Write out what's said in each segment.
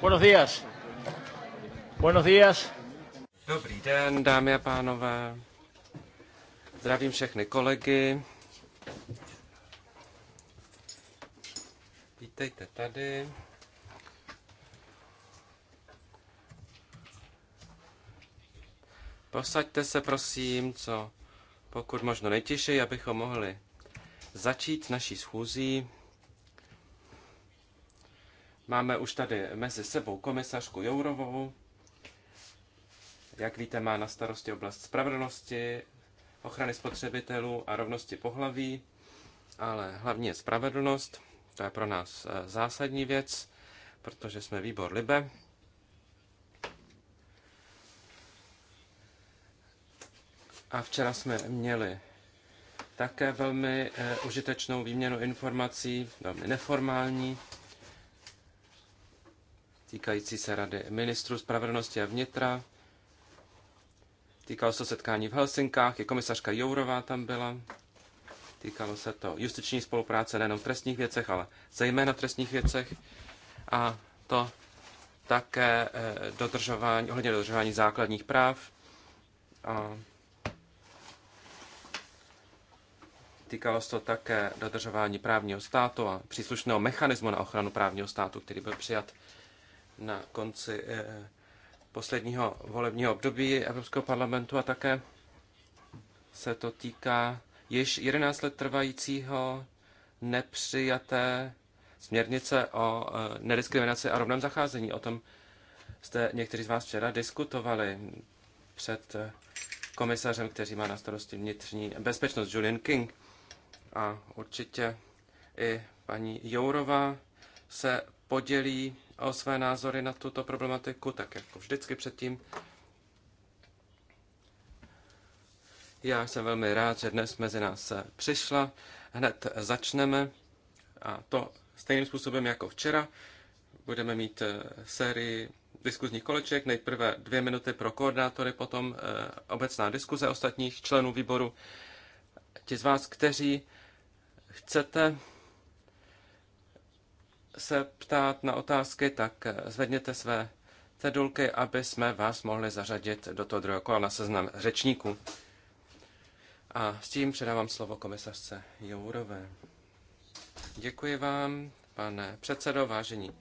Buenos días. Buenos días. Dobrý den, dámy a pánové. Zdravím všechny kolegy. Vítejte tady. Posaďte se, prosím, co pokud možno nejtěžší, abychom mohli začít naší schůzí. Máme už tady mezi sebou komisařku Jourovou. Jak víte, má na starosti oblast spravedlnosti, ochrany spotřebitelů a rovnosti pohlaví, ale hlavně spravedlnost. To je pro nás eh, zásadní věc, protože jsme výbor Libe. A včera jsme měli také velmi eh, užitečnou výměnu informací, velmi neformální, týkající se Rady ministrů spravedlnosti a vnitra. Týkalo se setkání v Helsinkách, i komisařka Jourová tam byla. Týkalo se to justiční spolupráce nejenom v trestních věcech, ale zejména v trestních věcech. A to také eh, dodržování, ohledně dodržování základních práv. A týkalo se to také dodržování právního státu a příslušného mechanismu na ochranu právního státu, který byl přijat na konci eh, posledního volebního období Evropského parlamentu a také se to týká již 11 let trvajícího nepřijaté směrnice o eh, nediskriminaci a rovném zacházení. O tom jste někteří z vás včera diskutovali před eh, komisařem, který má na starosti vnitřní bezpečnost, Julian King. A určitě i paní Jourova se podělí o své názory na tuto problematiku, tak jako vždycky předtím. Já jsem velmi rád, že dnes mezi nás přišla. Hned začneme a to stejným způsobem jako včera. Budeme mít eh, sérii diskuzních koleček, nejprve dvě minuty pro koordinátory, potom eh, obecná diskuze ostatních členů výboru. Ti z vás, kteří chcete se ptát na otázky, tak eh, zvedněte své cedulky, aby jsme vás mohli zařadit do toho druhého kola na seznam řečníků. A s tím předávám slovo komisařce Jourové. Děkuji vám, pane předsedo, vážení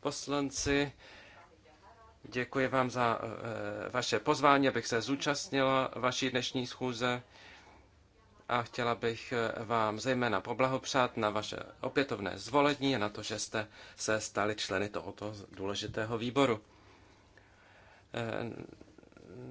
poslanci. Děkuji vám za eh, vaše pozvání, abych se zúčastnila vaší dnešní schůze a chtěla bych eh, vám zejména poblahopřát na vaše opětovné zvolení a na to, že jste se stali členy tohoto důležitého výboru. Eh,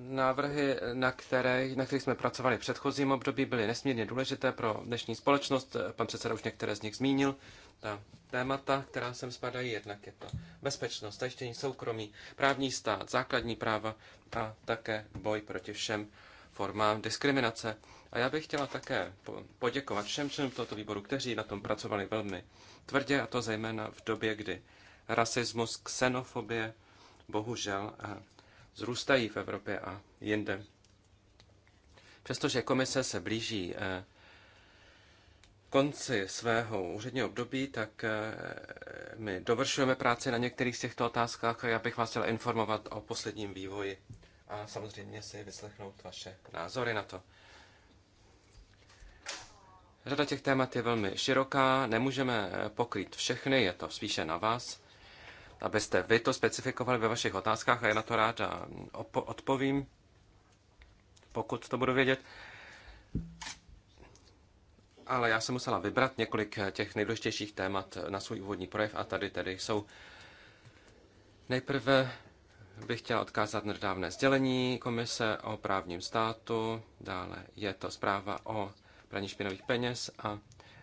návrhy, na, které, na kterých jsme pracovali v předchozím období, byly nesmírně důležité pro dnešní společnost. Pan předseda už některé z nich zmínil. Ta témata, která sem spadají, jednak je to bezpečnost, zajištění soukromí, právní stát, základní práva a také boj proti všem forma diskriminace. A já bych chtěla také poděkovat všem členům tohoto výboru, kteří na tom pracovali velmi tvrdě, a to zejména v době, kdy rasismus, xenofobie bohužel eh, zrůstají v Evropě a jinde. Přestože komise se blíží eh, konci svého úředního období, tak eh, my dovršujeme práci na některých z těchto otázkách a já bych vás chtěl informovat o posledním vývoji a samozřejmě si vyslechnout vaše názory na to. Řada těch témat je velmi široká, nemůžeme eh, pokrýt všechny, je to spíše na vás, abyste vy to specifikovali ve vašich otázkách a já na to rád eh, odpovím, pokud to budu vědět. Ale já jsem musela vybrat několik eh, těch nejdůležitějších témat na svůj úvodní projev a tady tedy jsou nejprve bych chtěla odkázat na dávné sdělení Komise o právním státu, dále je to zpráva o praní špinových peněz a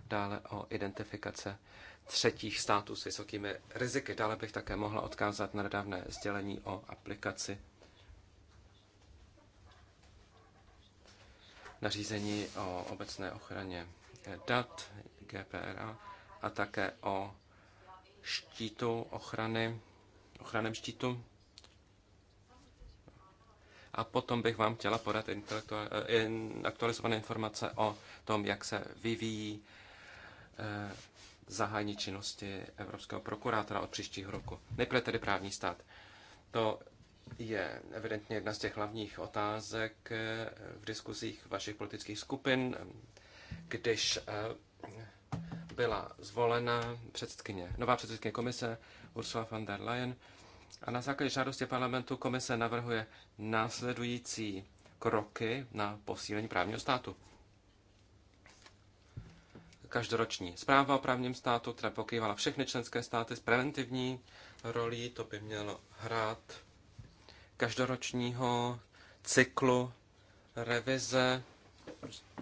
dále o identifikace třetích států s vysokými riziky. Dále bych také mohla odkázat na nedávné sdělení o aplikaci nařízení o obecné ochraně dat GPRA a také o štítu ochrany, ochranem štítu. A potom bych vám chtěla podat eh, aktualizované informace o tom, jak se vyvíjí eh, zahájení činnosti Evropského prokurátora od příštího roku. Nejprve tedy právní stát. To je evidentně jedna z těch hlavních otázek eh, v diskuzích vašich politických skupin. Když byla zvolena předsedkyně, nová předsedkyně komise Ursula von der Leyen, a na základě žádosti parlamentu komise navrhuje následující kroky na posílení právního státu. Každoroční zpráva o právním státu, která pokývala všechny členské státy s preventivní rolí, to by mělo hrát každoročního cyklu revize.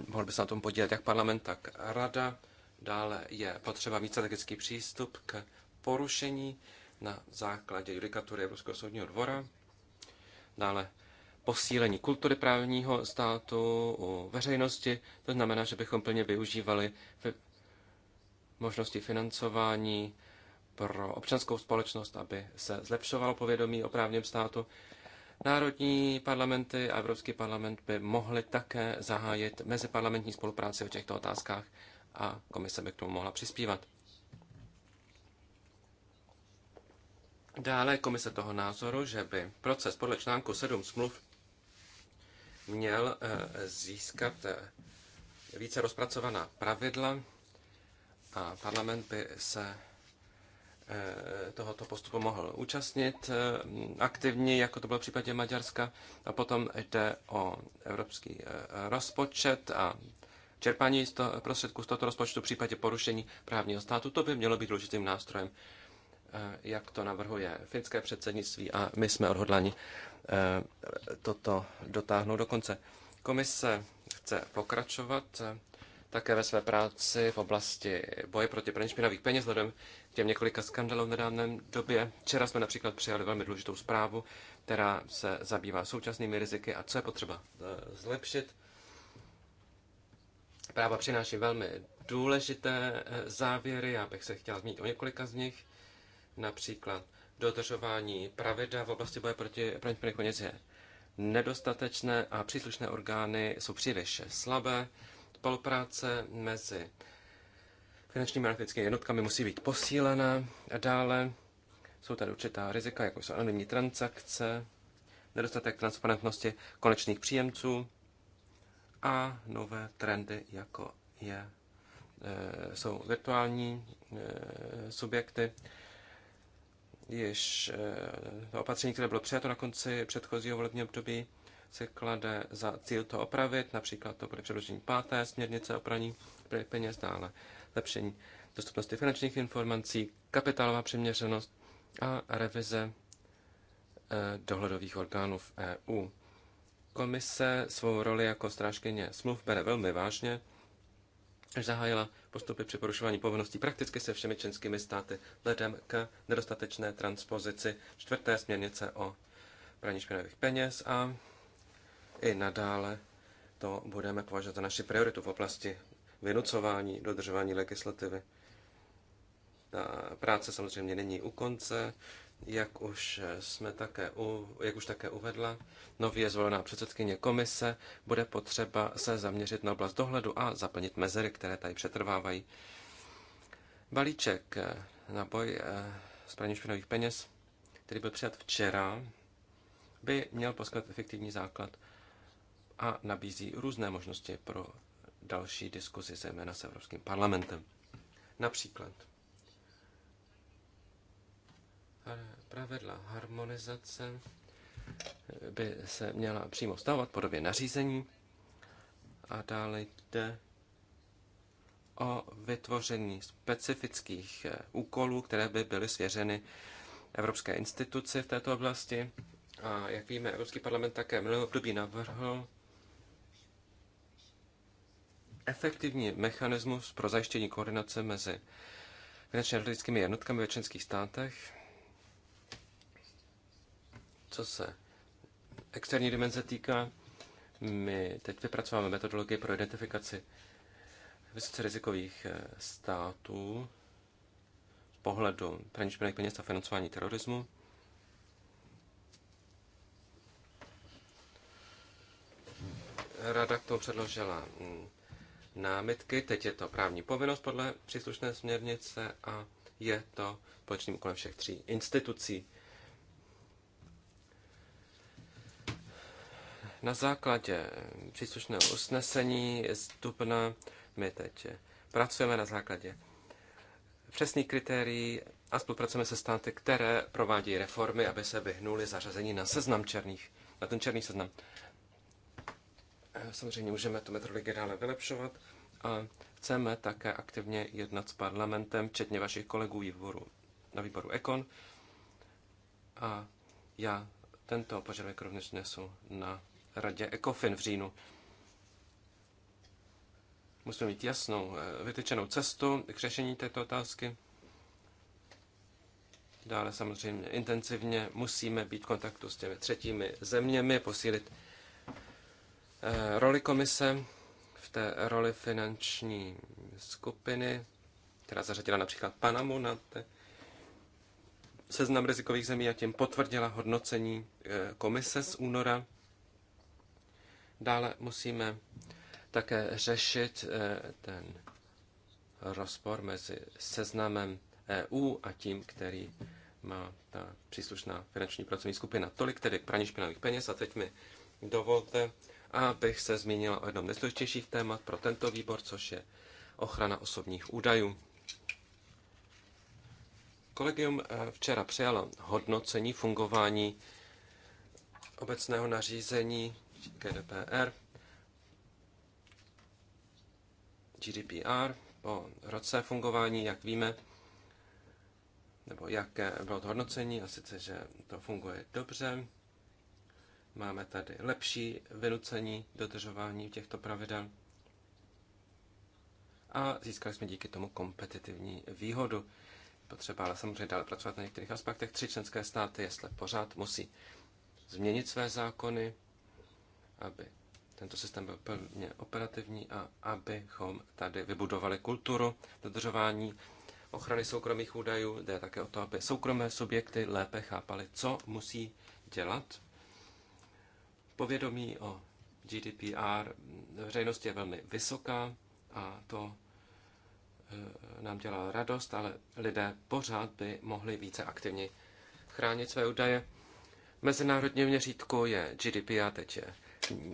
Mohl by se na tom podílet jak parlament, tak rada. Dále je potřeba více strategický přístup k porušení na základě judikatury Evropského soudního dvora. Dále posílení kultury právního státu u veřejnosti. To znamená, že bychom plně využívali možnosti financování pro občanskou společnost, aby se zlepšovalo povědomí o právním státu. Národní parlamenty a Evropský parlament by mohly také zahájit meziparlamentní spolupráci o těchto otázkách a komise by k tomu mohla přispívat. Dále komise toho názoru, že by proces podle článku 7 smluv měl eh, získat eh, více rozpracovaná pravidla a parlament by se eh, tohoto postupu mohl účastnit aktivně, jako to bylo v případě Maďarska. A potom jde o evropský rozpočet a čerpání prostředků z tohoto rozpočtu v případě porušení právního státu. To by mělo být důležitým nástrojem Eh, jak to navrhuje finské předsednictví a my jsme odhodlani eh, toto dotáhnout do konce. Komise chce pokračovat eh, také ve své práci v oblasti boje proti praní špinavých peněz, vzhledem k těm několika skandalům v nedávném době. Včera jsme například přijali velmi důležitou zprávu, která se zabývá současnými riziky a co je potřeba zlepšit. Práva přináší velmi důležité závěry, já bych se chtěl zmínit o několika z nich. Například dodržování pravidel v oblasti boje proti praní špinavých peněz je nedostatečné a příslušné orgány jsou příliš slabé. Spolupráce mezi finančními analytickými jednotkami musí být posílena. A dále jsou tady určitá rizika, jako jsou anonymní transakce, nedostatek transparentnosti konečných příjemců a nové trendy, jako je, e, jsou virtuální e, subjekty již eh, to opatření, které bylo přijato na konci předchozího volebního období, se klade za cíl to opravit, například to bude předložení páté směrnice o praní peněz, dále lepšení dostupnosti finančních informací, kapitálová přiměřenost a revize eh, dohledových orgánů v EU. Komise svou roli jako strážkyně smluv bere velmi vážně zahájila postupy při porušování povinností prakticky se všemi členskými státy vzhledem k nedostatečné transpozici čtvrté směrnice o praní špinavých peněz a i nadále to budeme považovat za naši prioritu v oblasti vynucování, dodržování legislativy. Ta práce samozřejmě není u konce, jak už jsme také, u, jak už také uvedla, nově zvolená předsedkyně komise bude potřeba se zaměřit na oblast dohledu a zaplnit mezery, které tady přetrvávají. Balíček eh, na boj eh, s praním špinavých peněz, který byl přijat včera, by měl poskat efektivní základ a nabízí různé možnosti pro další diskuzi, zejména s Evropským parlamentem. Například Eh, pravidla harmonizace eh, by se měla přímo stávat podobě nařízení a dále jde o vytvoření specifických eh, úkolů, které by byly svěřeny Evropské instituci v této oblasti. A jak víme, Evropský parlament také minulý období navrhl efektivní mechanismus pro zajištění koordinace mezi finančně jednotkami ve členských státech co se externí dimenze týká, my teď vypracováme metodologii pro identifikaci vysoce rizikových eh, států z pohledu praní špinavých peněz a financování terorismu. Rada k tomu předložila mm, námitky, teď je to právní povinnost podle příslušné směrnice a je to společným úkolem všech tří institucí. Na základě příslušného usnesení z Dubna my teď pracujeme na základě přesných kritérií a spolupracujeme se státy, které provádí reformy, aby se vyhnuli zařazení na seznam černých, na ten černý seznam. Samozřejmě můžeme tu metodologii dále vylepšovat a chceme také aktivně jednat s parlamentem, včetně vašich kolegů výboru, na výboru EKON. A já tento požadavek rovněž nesu na radě ECOFIN v říjnu. Musíme mít jasnou, eh, vytyčenou cestu k řešení této otázky. Dále samozřejmě intenzivně musíme být v kontaktu s těmi třetími zeměmi, posílit eh, roli komise v té roli finanční skupiny, která zařadila například Panamu na té seznam rizikových zemí a tím potvrdila hodnocení eh, komise z února. Dále musíme také řešit eh, ten rozpor mezi seznamem EU a tím, který má ta příslušná finanční pracovní skupina. Tolik tedy k praní špinavých peněz a teď mi dovolte, abych se zmínila o jednom z nejdůležitějších témat pro tento výbor, což je ochrana osobních údajů. Kolegium eh, včera přijalo hodnocení fungování obecného nařízení GDPR, GDPR po roce fungování, jak víme, nebo jaké bylo to hodnocení, a sice, že to funguje dobře. Máme tady lepší vynucení dodržování těchto pravidel a získali jsme díky tomu kompetitivní výhodu. Potřeba ale samozřejmě dále pracovat na některých aspektech. Tři členské státy, jestli pořád musí změnit své zákony, aby tento systém byl plně operativní a abychom tady vybudovali kulturu dodržování ochrany soukromých údajů. Jde také o to, aby soukromé subjekty lépe chápali, co musí dělat. Povědomí o GDPR veřejnosti je velmi vysoká a to eh, nám dělá radost, ale lidé pořád by mohli více aktivně chránit své údaje. V měřítko je GDPR, teď je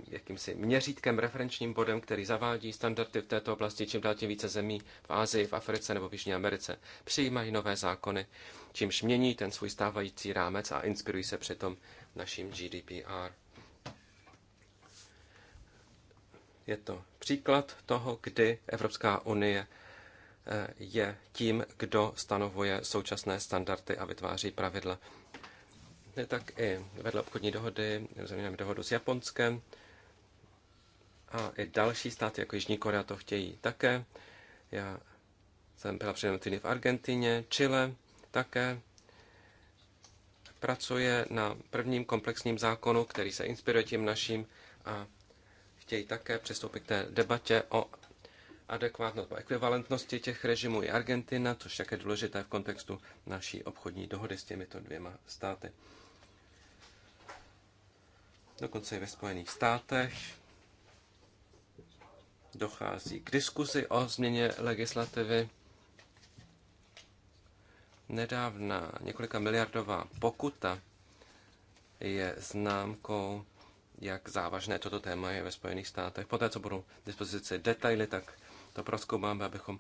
jakýmsi měřítkem, referenčním bodem, který zavádí standardy v této oblasti. Čím dál tím více zemí v Ázii, v Africe nebo v Jižní Americe přijímají nové zákony, čímž mění ten svůj stávající rámec a inspirují se přitom naším GDPR. Je to příklad toho, kdy Evropská unie eh, je tím, kdo stanovuje současné standardy a vytváří pravidla tak i vedle obchodní dohody, zeměnáme dohodu s Japonskem a i další státy, jako Jižní Korea, to chtějí také. Já jsem byla před týdny v Argentině, Chile také. Pracuje na prvním komplexním zákonu, který se inspiruje tím naším a chtějí také přistoupit k té debatě o adekvátnost a ekvivalentnosti těch režimů i Argentina, což je také důležité v kontextu naší obchodní dohody s těmito dvěma státy dokonce i ve Spojených státech. Dochází k diskuzi o změně legislativy. Nedávna několika miliardová pokuta je známkou, jak závažné toto téma je ve Spojených státech. Poté, co budou v dispozici detaily, tak to proskoumáme, abychom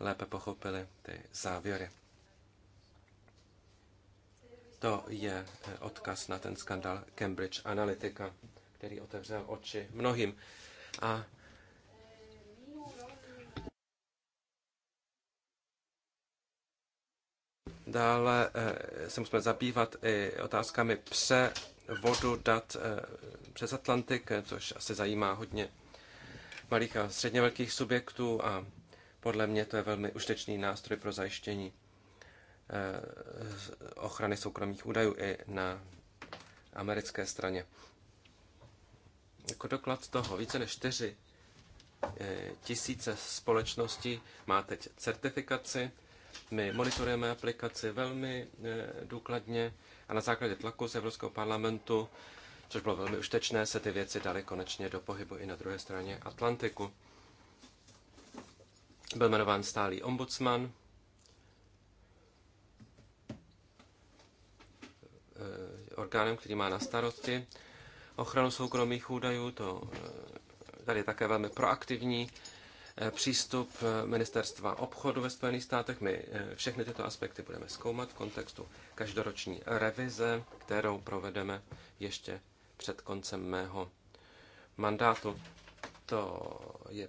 lépe pochopili ty závěry. To je eh, odkaz na ten skandal Cambridge Analytica, který otevřel oči mnohým. A Dále eh, se musíme zabývat i otázkami převodu dat eh, přes Atlantik, což asi zajímá hodně malých a středně velkých subjektů a podle mě to je velmi užitečný nástroj pro zajištění Eh, ochrany soukromých údajů i na americké straně. Jako doklad toho více než 4 eh, tisíce společností má teď certifikaci. My monitorujeme aplikaci velmi eh, důkladně a na základě tlaku z Evropského parlamentu, což bylo velmi užtečné, se ty věci daly konečně do pohybu i na druhé straně Atlantiku. Byl jmenován stálý ombudsman, orgánem, který má na starosti ochranu soukromých údajů. To eh, tady je také velmi proaktivní eh, přístup eh, ministerstva obchodu ve Spojených státech. My všechny tyto aspekty budeme zkoumat v kontextu každoroční revize, kterou provedeme ještě před koncem mého mandátu. To je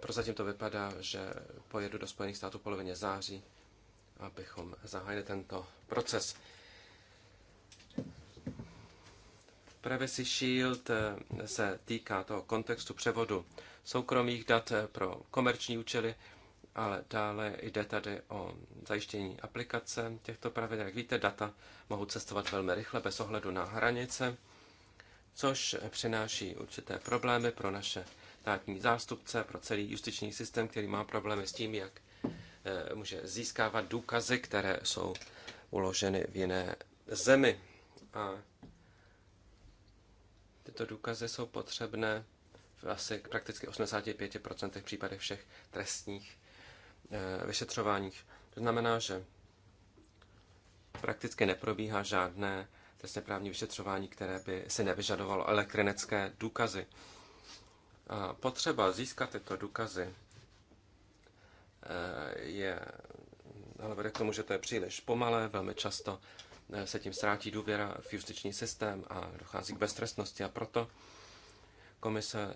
prozatím to vypadá, že pojedu do Spojených států polovině září, abychom zahájili tento proces. Privacy Shield eh, se týká toho kontextu převodu soukromých dat eh, pro komerční účely, ale dále jde tady o zajištění aplikace těchto pravidel. Jak víte, data mohou cestovat velmi rychle bez ohledu na hranice, což přináší určité problémy pro naše státní zástupce, pro celý justiční systém, který má problémy s tím, jak eh, může získávat důkazy, které jsou uloženy v jiné zemi. A Tyto důkazy jsou potřebné v asi prakticky 85% případech všech trestních eh, vyšetřováních. To znamená, že prakticky neprobíhá žádné trestně právní vyšetřování, které by si nevyžadovalo elektronické důkazy. A potřeba získat tyto důkazy eh, je, ale vede k tomu, že to je příliš pomalé, velmi často Eh, se tím ztrátí důvěra v justiční systém a dochází k beztrestnosti. A proto komise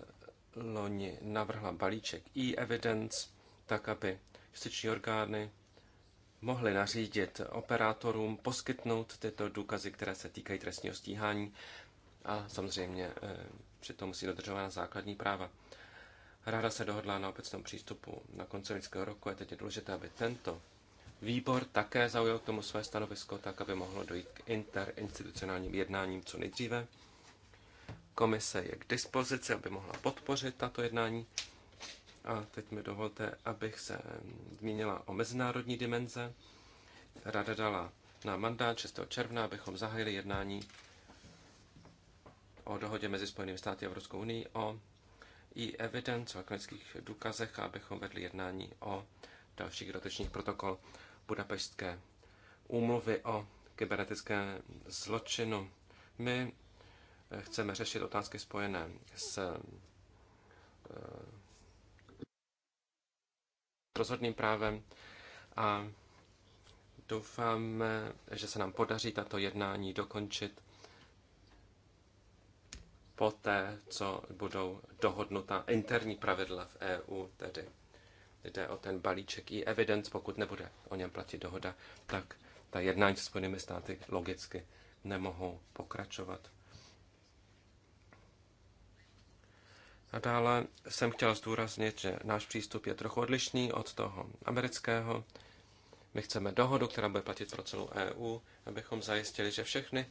loni navrhla balíček e-evidence, tak aby justiční orgány mohly nařídit operátorům poskytnout tyto důkazy, které se týkají trestního stíhání a samozřejmě eh, přitom musí dodržována základní práva. Ráda se dohodla na obecném přístupu na konci lidského roku a teď je důležité, aby tento Výbor také zaujal k tomu své stanovisko, tak aby mohlo dojít k interinstitucionálním jednáním co nejdříve. Komise je k dispozici, aby mohla podpořit tato jednání. A teď mi dovolte, abych se zmínila o mezinárodní dimenze. Rada dala na mandát 6. června, abychom zahájili jednání o dohodě mezi Spojenými státy a Evropskou unii o e-evidence, o klinických důkazech, abychom vedli jednání o dalších dotečních protokol budapeštské úmluvy o kybernetické zločinu. My eh, chceme řešit otázky spojené s eh, rozhodným právem a doufáme, že se nám podaří tato jednání dokončit poté, co budou dohodnuta interní pravidla v EU, tedy jde o ten balíček i evidence, pokud nebude o něm platit dohoda, tak ta jednání s Spojenými státy logicky nemohou pokračovat. A dále jsem chtěl zdůraznit, že náš přístup je trochu odlišný od toho amerického. My chceme dohodu, která bude platit pro celou EU, abychom zajistili, že všechny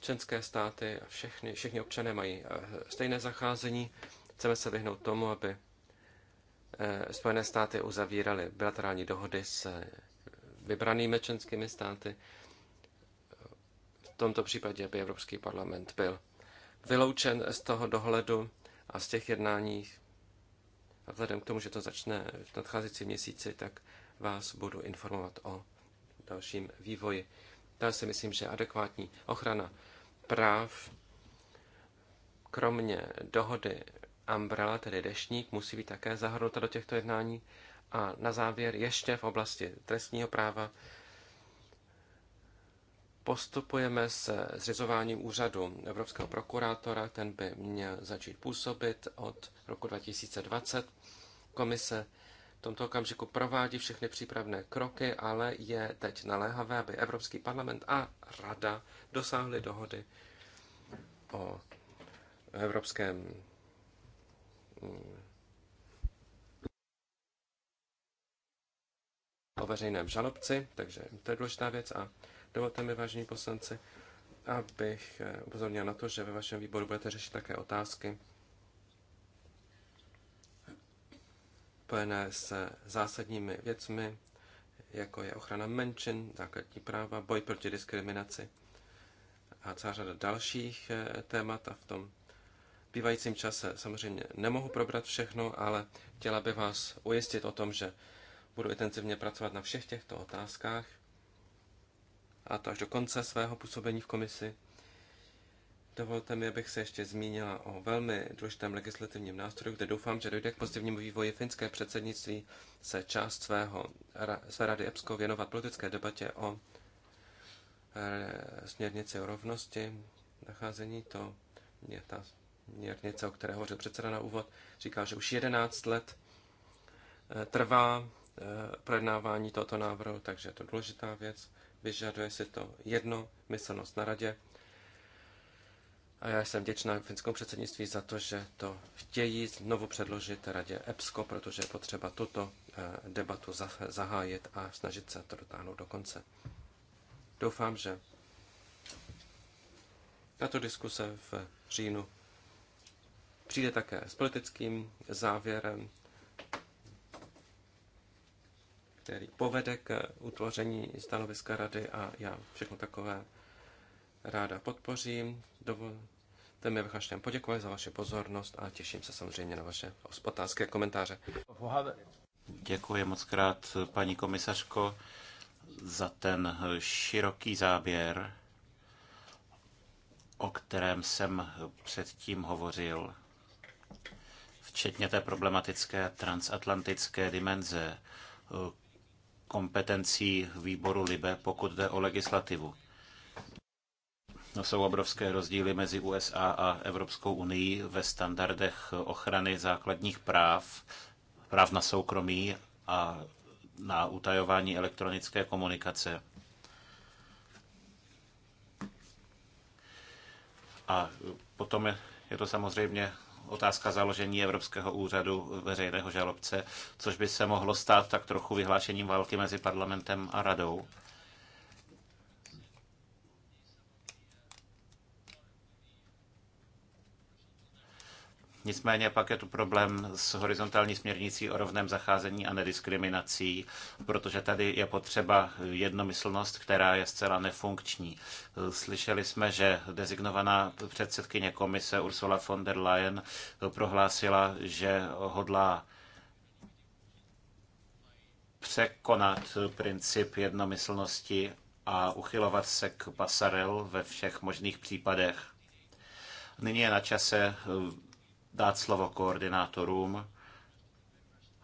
členské státy a všechny, všichni občané mají eh, stejné zacházení. Chceme se vyhnout tomu, aby Eh, Spojené státy uzavíraly bilaterální dohody s eh, vybranými členskými státy. V tomto případě by Evropský parlament byl vyloučen z toho dohledu a z těch jednání. A vzhledem k tomu, že to začne v nadcházející měsíci, tak vás budu informovat o dalším vývoji. Tady si myslím, že adekvátní ochrana práv, kromě dohody umbrella, tedy dešník, musí být také zahrnuta do těchto jednání. A na závěr ještě v oblasti trestního práva postupujeme s zřizováním úřadu Evropského prokurátora, ten by měl začít působit od roku 2020. Komise v tomto okamžiku provádí všechny přípravné kroky, ale je teď naléhavé, aby Evropský parlament a Rada dosáhly dohody o Evropském o veřejném žalobci, takže to je důležitá věc a dovolte mi, vážení poslanci, abych eh, upozornil na to, že ve vašem výboru budete řešit také otázky spojené s zásadními věcmi, jako je ochrana menšin, základní práva, boj proti diskriminaci a celá řada dalších eh, témat a v tom zbývajícím čase samozřejmě nemohu probrat všechno, ale chtěla bych vás ujistit o tom, že budu intenzivně pracovat na všech těchto otázkách a to až do konce svého působení v komisi. Dovolte mi, abych se ještě zmínila o velmi důležitém legislativním nástroji, kde doufám, že dojde k pozitivnímu vývoji. Finské předsednictví se část svého, své rady EPSCO věnovat politické debatě o e, směrnici o rovnosti, nacházení to je ta něco, o které hovořil předseda na úvod, říká, že už 11 let eh, trvá eh, projednávání tohoto návrhu, takže je to důležitá věc. Vyžaduje si to jedno myslnost na radě. A já jsem vděčná finskou předsednictví za to, že to chtějí znovu předložit radě EPSCO, protože je potřeba tuto eh, debatu zahájit a snažit se to dotáhnout do konce. Doufám, že tato diskuse v říjnu přijde také s politickým závěrem, který povede k utvoření stanoviska rady a já všechno takové ráda podpořím. Dovolte mi, abych až za vaši pozornost a těším se samozřejmě na vaše otázky a komentáře. Děkuji moc krát, paní komisařko, za ten široký záběr, o kterém jsem předtím hovořil včetně té problematické transatlantické dimenze eh, kompetencí výboru LIBE, pokud jde o legislativu. No, jsou obrovské rozdíly mezi USA a Evropskou unii ve standardech ochrany základních práv, práv na soukromí a na utajování elektronické komunikace. A potom je to samozřejmě otázka založení Evropského úřadu veřejného žalobce, což by se mohlo stát tak trochu vyhlášením války mezi parlamentem a radou. Nicméně pak je tu problém s horizontální směrnicí o rovném zacházení a nediskriminací, protože tady je potřeba jednomyslnost, která je zcela nefunkční. Slyšeli jsme, že dezignovaná předsedkyně komise Ursula von der Leyen prohlásila, že hodlá překonat princip jednomyslnosti a uchylovat se k pasarel ve všech možných případech. Nyní je na čase dát slovo koordinátorům,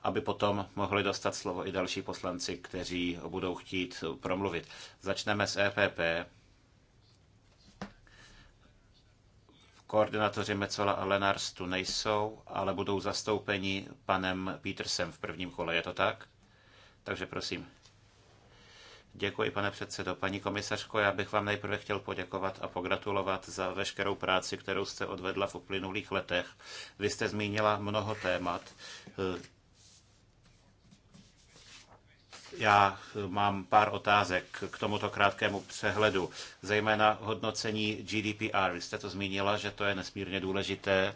aby potom mohli dostat slovo i další poslanci, kteří budou chtít promluvit. Začneme s EPP. Koordinátoři Mecola a Lenars tu nejsou, ale budou zastoupeni panem Petersem v prvním kole. Je to tak? Takže prosím. Děkuji, pane předsedo. Paní komisařko, já bych vám nejprve chtěl poděkovat a pogratulovat za veškerou práci, kterou jste odvedla v uplynulých letech. Vy jste zmínila mnoho témat. Já mám pár otázek k tomuto krátkému přehledu, zejména hodnocení GDPR. Vy jste to zmínila, že to je nesmírně důležité.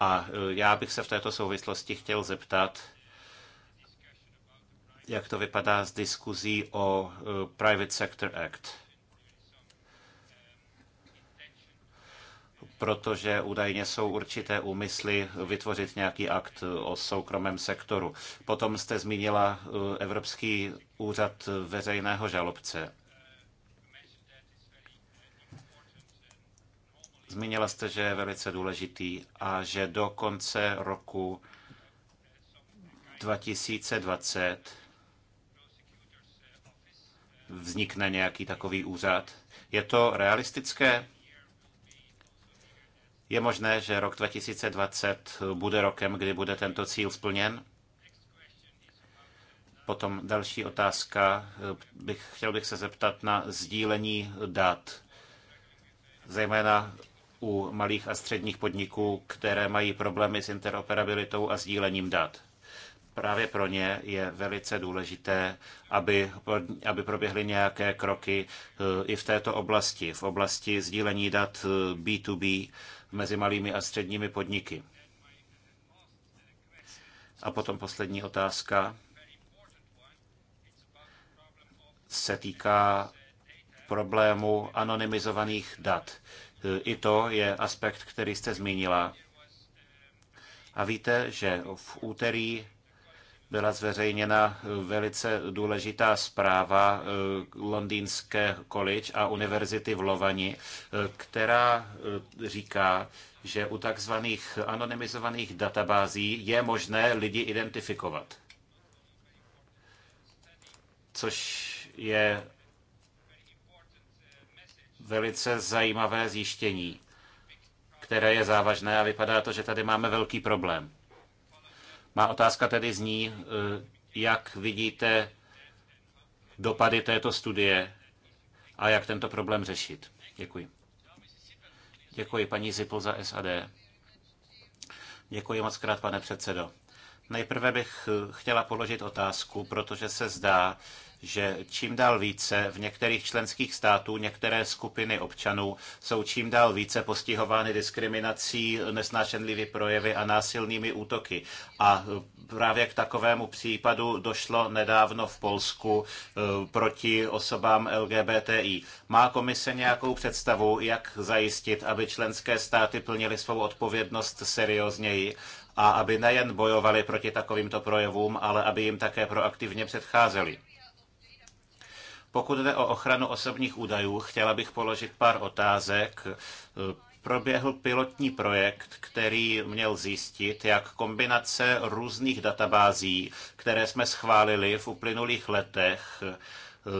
A já bych se v této souvislosti chtěl zeptat, jak to vypadá s diskuzí o eh, Private Sector Act. protože údajně jsou určité úmysly vytvořit nějaký akt eh, o soukromém sektoru. Potom jste zmínila eh, Evropský úřad veřejného žalobce. Zmínila jste, že je velice důležitý a že do konce roku 2020 vznikne nějaký takový úřad. Je to realistické? Je možné, že rok 2020 bude rokem, kdy bude tento cíl splněn? Potom další otázka. Bych, chtěl bych se zeptat na sdílení dat, zejména u malých a středních podniků, které mají problémy s interoperabilitou a sdílením dat. Právě pro ně je velice důležité, aby, aby proběhly nějaké kroky eh, i v této oblasti, v oblasti sdílení dat B2B eh, mezi malými a středními podniky. A potom poslední otázka se týká problému anonymizovaných dat. Eh, I to je aspekt, který jste zmínila. A víte, že v úterý byla zveřejněna eh, velice důležitá zpráva eh, Londýnské college a univerzity v Lovani, eh, která říká, že u takzvaných anonymizovaných databází je možné lidi identifikovat. Což je velice zajímavé zjištění, které je závažné a vypadá to, že tady máme velký problém. Má otázka tedy zní, eh, jak vidíte dopady této studie a jak tento problém řešit. Děkuji. Děkuji paní Zipl za SAD. Děkuji moc krát, pane předsedo. Nejprve bych eh, chtěla položit otázku, protože se zdá, že čím dál více v některých členských států některé skupiny občanů jsou čím dál více postihovány diskriminací, nesnášenlivými projevy a násilnými útoky. A e, právě k takovému případu došlo nedávno v Polsku e, proti osobám LGBTI. Má komise nějakou představu, jak zajistit, aby členské státy plnily svou odpovědnost seriózněji a aby nejen bojovali proti takovýmto projevům, ale aby jim také proaktivně předcházeli? Pokud jde o ochranu osobních údajů, chtěla bych položit pár otázek proběhl pilotní projekt, který měl zjistit, jak kombinace různých databází, které jsme schválili v uplynulých letech,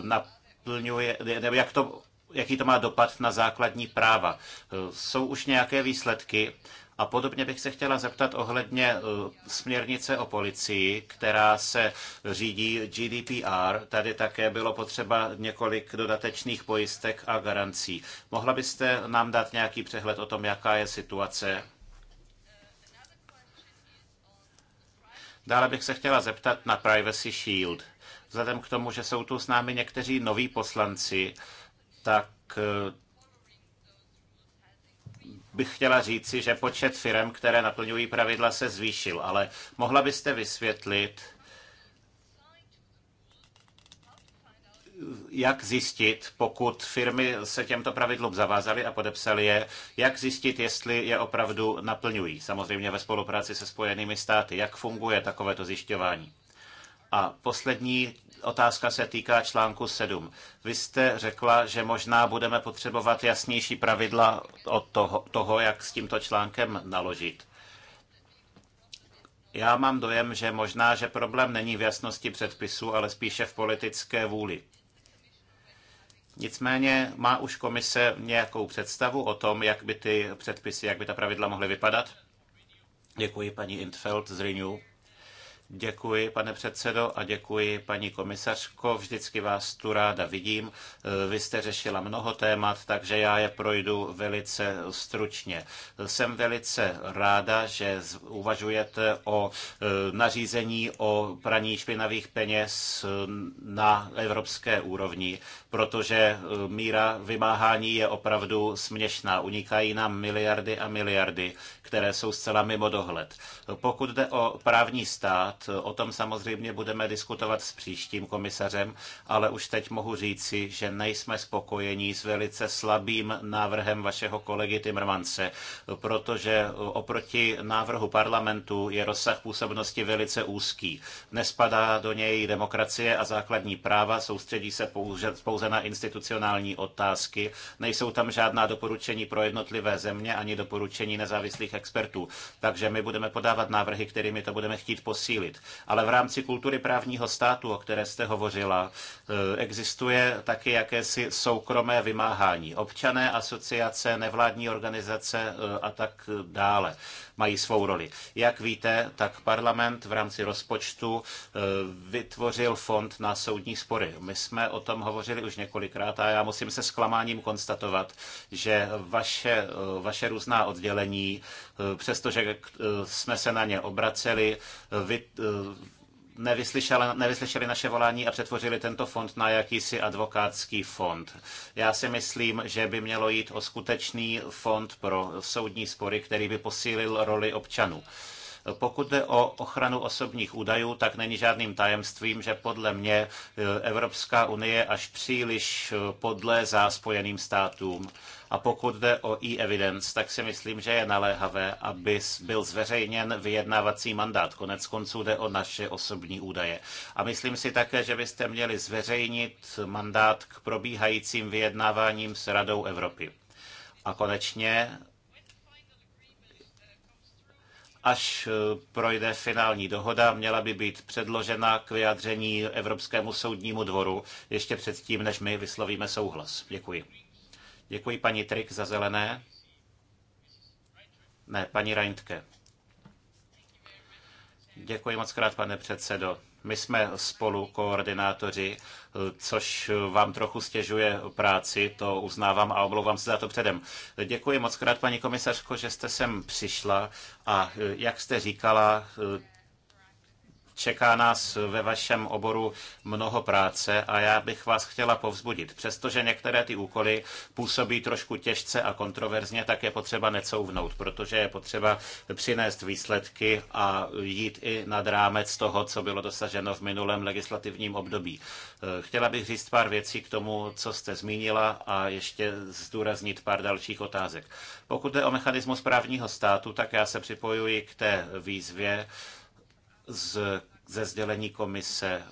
naplňuje, nebo jak to, jaký to má dopad na základní práva. Jsou už nějaké výsledky a podobně bych se chtěla zeptat ohledně eh, směrnice o policii, která se řídí GDPR. Tady také bylo potřeba několik dodatečných pojistek a garancí. Mohla byste nám dát nějaký přehled o tom, jaká je situace? Dále bych se chtěla zeptat na Privacy Shield. Vzhledem k tomu, že jsou tu s námi někteří noví poslanci, tak eh, bych chtěla říci, že počet firm, které naplňují pravidla, se zvýšil, ale mohla byste vysvětlit, jak zjistit, pokud firmy se těmto pravidlům zavázaly a podepsaly je, jak zjistit, jestli je opravdu naplňují, samozřejmě ve spolupráci se Spojenými státy, jak funguje takovéto zjišťování. A poslední otázka se týká článku 7. Vy jste řekla, že možná budeme potřebovat jasnější pravidla od toho, toho jak s tímto článkem naložit. Já mám dojem, že možná, že problém není v jasnosti předpisu, ale spíše v politické vůli. Nicméně má už komise nějakou představu o tom, jak by ty předpisy, jak by ta pravidla mohly vypadat? Děkuji paní Intfeld z Renew. Děkuji, pane předsedo, a děkuji, paní komisařko. Vždycky vás tu ráda vidím. Eh, vy jste řešila mnoho témat, takže já je projdu velice stručně. Jsem velice ráda, že uvažujete o eh, nařízení o praní špinavých peněz eh, na evropské úrovni protože eh, míra vymáhání je opravdu směšná. Unikají nám miliardy a miliardy, které jsou zcela mimo dohled. Pokud jde o právní stát, o tom samozřejmě budeme diskutovat s příštím komisařem, ale už teď mohu říci, že nejsme spokojení s velice slabým návrhem vašeho kolegy Timmermanse, protože eh, oproti návrhu parlamentu je rozsah působnosti velice úzký. Nespadá do něj demokracie a základní práva, soustředí se pouze pouze na institucionální otázky. Nejsou tam žádná doporučení pro jednotlivé země ani doporučení nezávislých expertů. Takže my budeme podávat návrhy, kterými to budeme chtít posílit. Ale v rámci kultury právního státu, o které jste hovořila, eh, existuje taky jakési soukromé vymáhání. Občané, asociace, nevládní organizace eh, a tak dále mají svou roli. Jak víte, tak parlament v rámci rozpočtu eh, vytvořil fond na soudní spory. My jsme o tom hovořili už několikrát a já musím se zklamáním konstatovat, že vaše, eh, vaše různá oddělení, eh, přestože jsme se na ně obraceli, vy, nevyslyšeli, nevyslyšeli naše volání a přetvořili tento fond na jakýsi advokátský fond. Já si myslím, že by mělo jít o skutečný fond pro soudní spory, který by posílil roli občanů. Pokud jde o ochranu osobních údajů, tak není žádným tajemstvím, že podle mě e, Evropská unie až příliš e, za Spojeným státům. A pokud jde o e-evidence, tak si myslím, že je naléhavé, aby byl zveřejněn vyjednávací mandát. Konec konců jde o naše osobní údaje. A myslím si také, že byste měli zveřejnit mandát k probíhajícím vyjednáváním s Radou Evropy. A konečně až eh, projde finální dohoda, měla by být předložena k vyjádření Evropskému soudnímu dvoru ještě předtím, než my vyslovíme souhlas. Děkuji. Děkuji paní Trik za zelené. Ne, paní Reintke. Děkuji moc krát, pane předsedo. My jsme spolu koordinátoři, což vám trochu stěžuje práci, to uznávám a omlouvám se za to předem. Děkuji moc krát, paní komisařko, že jste sem přišla a jak jste říkala, Čeká nás ve vašem oboru mnoho práce a já bych vás chtěla povzbudit. Přestože některé ty úkoly působí trošku těžce a kontroverzně, tak je potřeba necouvnout, protože je potřeba přinést výsledky a jít i nad rámec toho, co bylo dosaženo v minulém legislativním období. Chtěla bych říct pár věcí k tomu, co jste zmínila a ještě zdůraznit pár dalších otázek. Pokud jde o mechanismus právního státu, tak já se připojuji k té výzvě, z, ze sdělení komise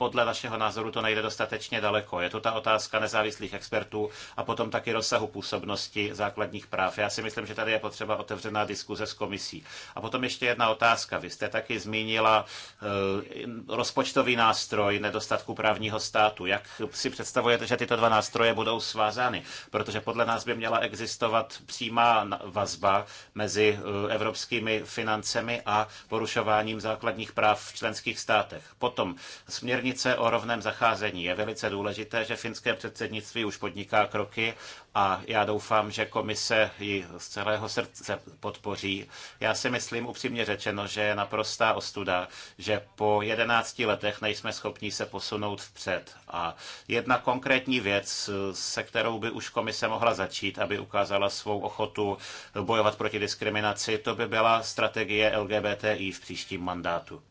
podle vašeho názoru to nejde dostatečně daleko? Je to ta otázka nezávislých expertů a potom taky rozsahu působnosti základních práv. Já si myslím, že tady je potřeba otevřená diskuze s komisí. A potom ještě jedna otázka. Vy jste taky zmínila eh, rozpočtový nástroj nedostatku právního státu. Jak si představujete, že tyto dva nástroje budou svázány? Protože podle nás by měla existovat přímá vazba mezi eh, evropskými financemi a porušováním základních práv v členských státech. Potom směrnice Směrnice o rovném zacházení. Je velice důležité, že finské předsednictví už podniká kroky a já doufám, že komise ji z celého srdce podpoří. Já si myslím upřímně řečeno, že je naprostá ostuda, že po 11 letech nejsme schopni se posunout vpřed. A jedna konkrétní věc, se kterou by už komise mohla začít, aby ukázala svou ochotu bojovat proti diskriminaci, to by byla strategie LGBTI v příštím mandátu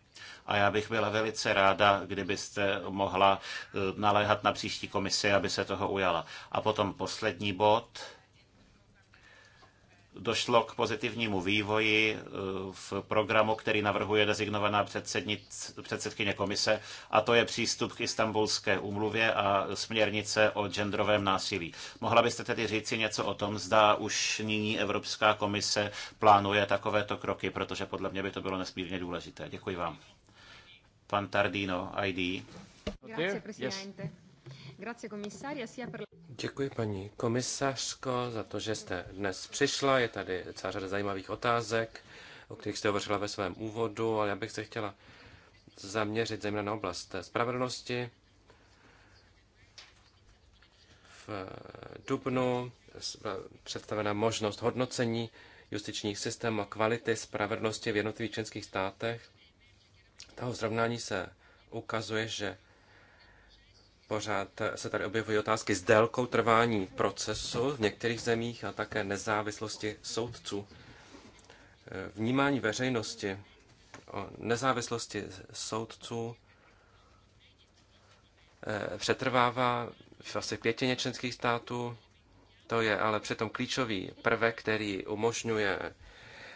a já bych byla velice ráda, kdybyste mohla eh, naléhat na příští komisi, aby se toho ujala. A potom poslední bod došlo k pozitivnímu vývoji eh, v programu, který navrhuje designovaná předsedkyně komise, a to je přístup k istambulské úmluvě a směrnice o genderovém násilí. Mohla byste tedy říci něco o tom, zda už nyní Evropská komise plánuje takovéto kroky, protože podle mě by to bylo nesmírně důležité. Děkuji vám. Pan Tardino, ID. Děkuji, paní komisařko, za to, že jste dnes přišla. Je tady celá řada zajímavých otázek, o kterých jste hovořila ve svém úvodu, ale já bych se chtěla zaměřit zejména na oblast spravedlnosti. V eh, dubnu byla představena možnost hodnocení justičních systémů a kvality spravedlnosti v jednotlivých členských státech toho zrovnání se ukazuje, že pořád se tady objevují otázky s délkou trvání procesu v některých zemích a také nezávislosti soudců. Vnímání veřejnosti o nezávislosti soudců eh, přetrvává v asi pětině členských států. To je ale přitom klíčový prvek, který umožňuje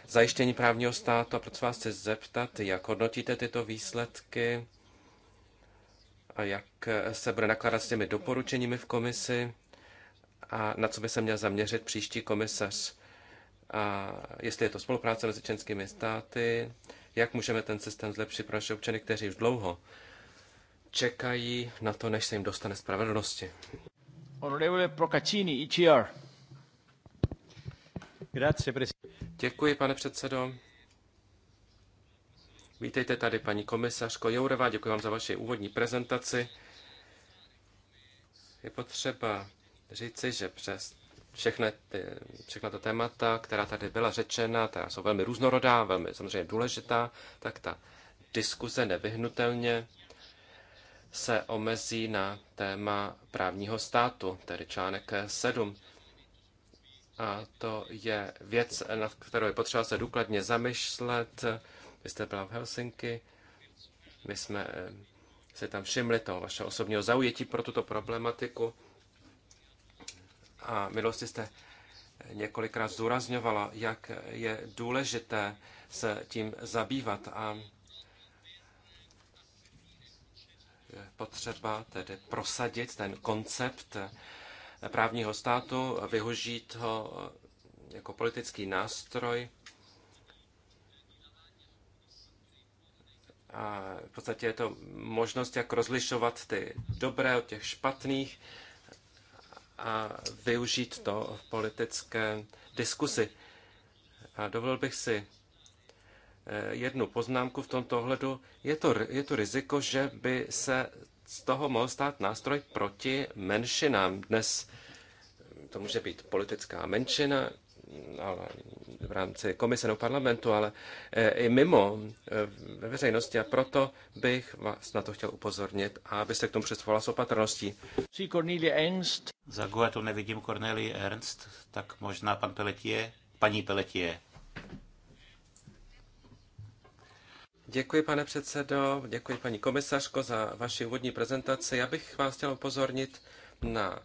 zajištění právního státu. A proto vás chci zeptat, jak hodnotíte tyto výsledky a jak se bude nakládat s těmi doporučeními v komisi a na co by se měl zaměřit příští komisař. A jestli je to spolupráce mezi členskými státy, jak můžeme ten systém zlepšit pro naše občany, kteří už dlouho čekají na to, než se jim dostane spravedlnosti. Honorable Procaccini, ICR. E Děkuji, pane předsedo. Vítejte tady, paní komisařko Jourová, děkuji vám za vaši úvodní prezentaci. Je potřeba říci, že přes všechny ty, všechna ta témata, která tady byla řečena, ta jsou velmi různorodá, velmi samozřejmě důležitá, tak ta diskuze nevyhnutelně se omezí na téma právního státu, tedy článek 7 a to je věc, na kterou je potřeba se důkladně zamyšlet. Vy jste byla v Helsinki, my jsme eh, se tam všimli toho vašeho osobního zaujetí pro tuto problematiku a milosti jste několikrát zdůrazňovala, jak je důležité se tím zabývat a potřeba tedy prosadit ten koncept právního státu, vyhožít ho eh, jako politický nástroj A v podstatě je to možnost, jak rozlišovat ty dobré od těch špatných a využít to v politické diskusi. A dovolil bych si eh, jednu poznámku v tomto ohledu. Je to, je to riziko, že by se z toho mohl stát nástroj proti menšinám. Dnes to může být politická menšina ale v rámci komise nebo parlamentu, ale eh, i mimo eh, ve veřejnosti a proto bych vás na to chtěl upozornit a abyste k tomu přistupovala s opatrností. Ernst. Za Goetu nevidím Cornelie Ernst, tak možná pan peletie, paní peletie. Děkuji, pane předsedo, děkuji, paní komisařko, za vaši úvodní prezentaci. Já bych vás chtěl upozornit na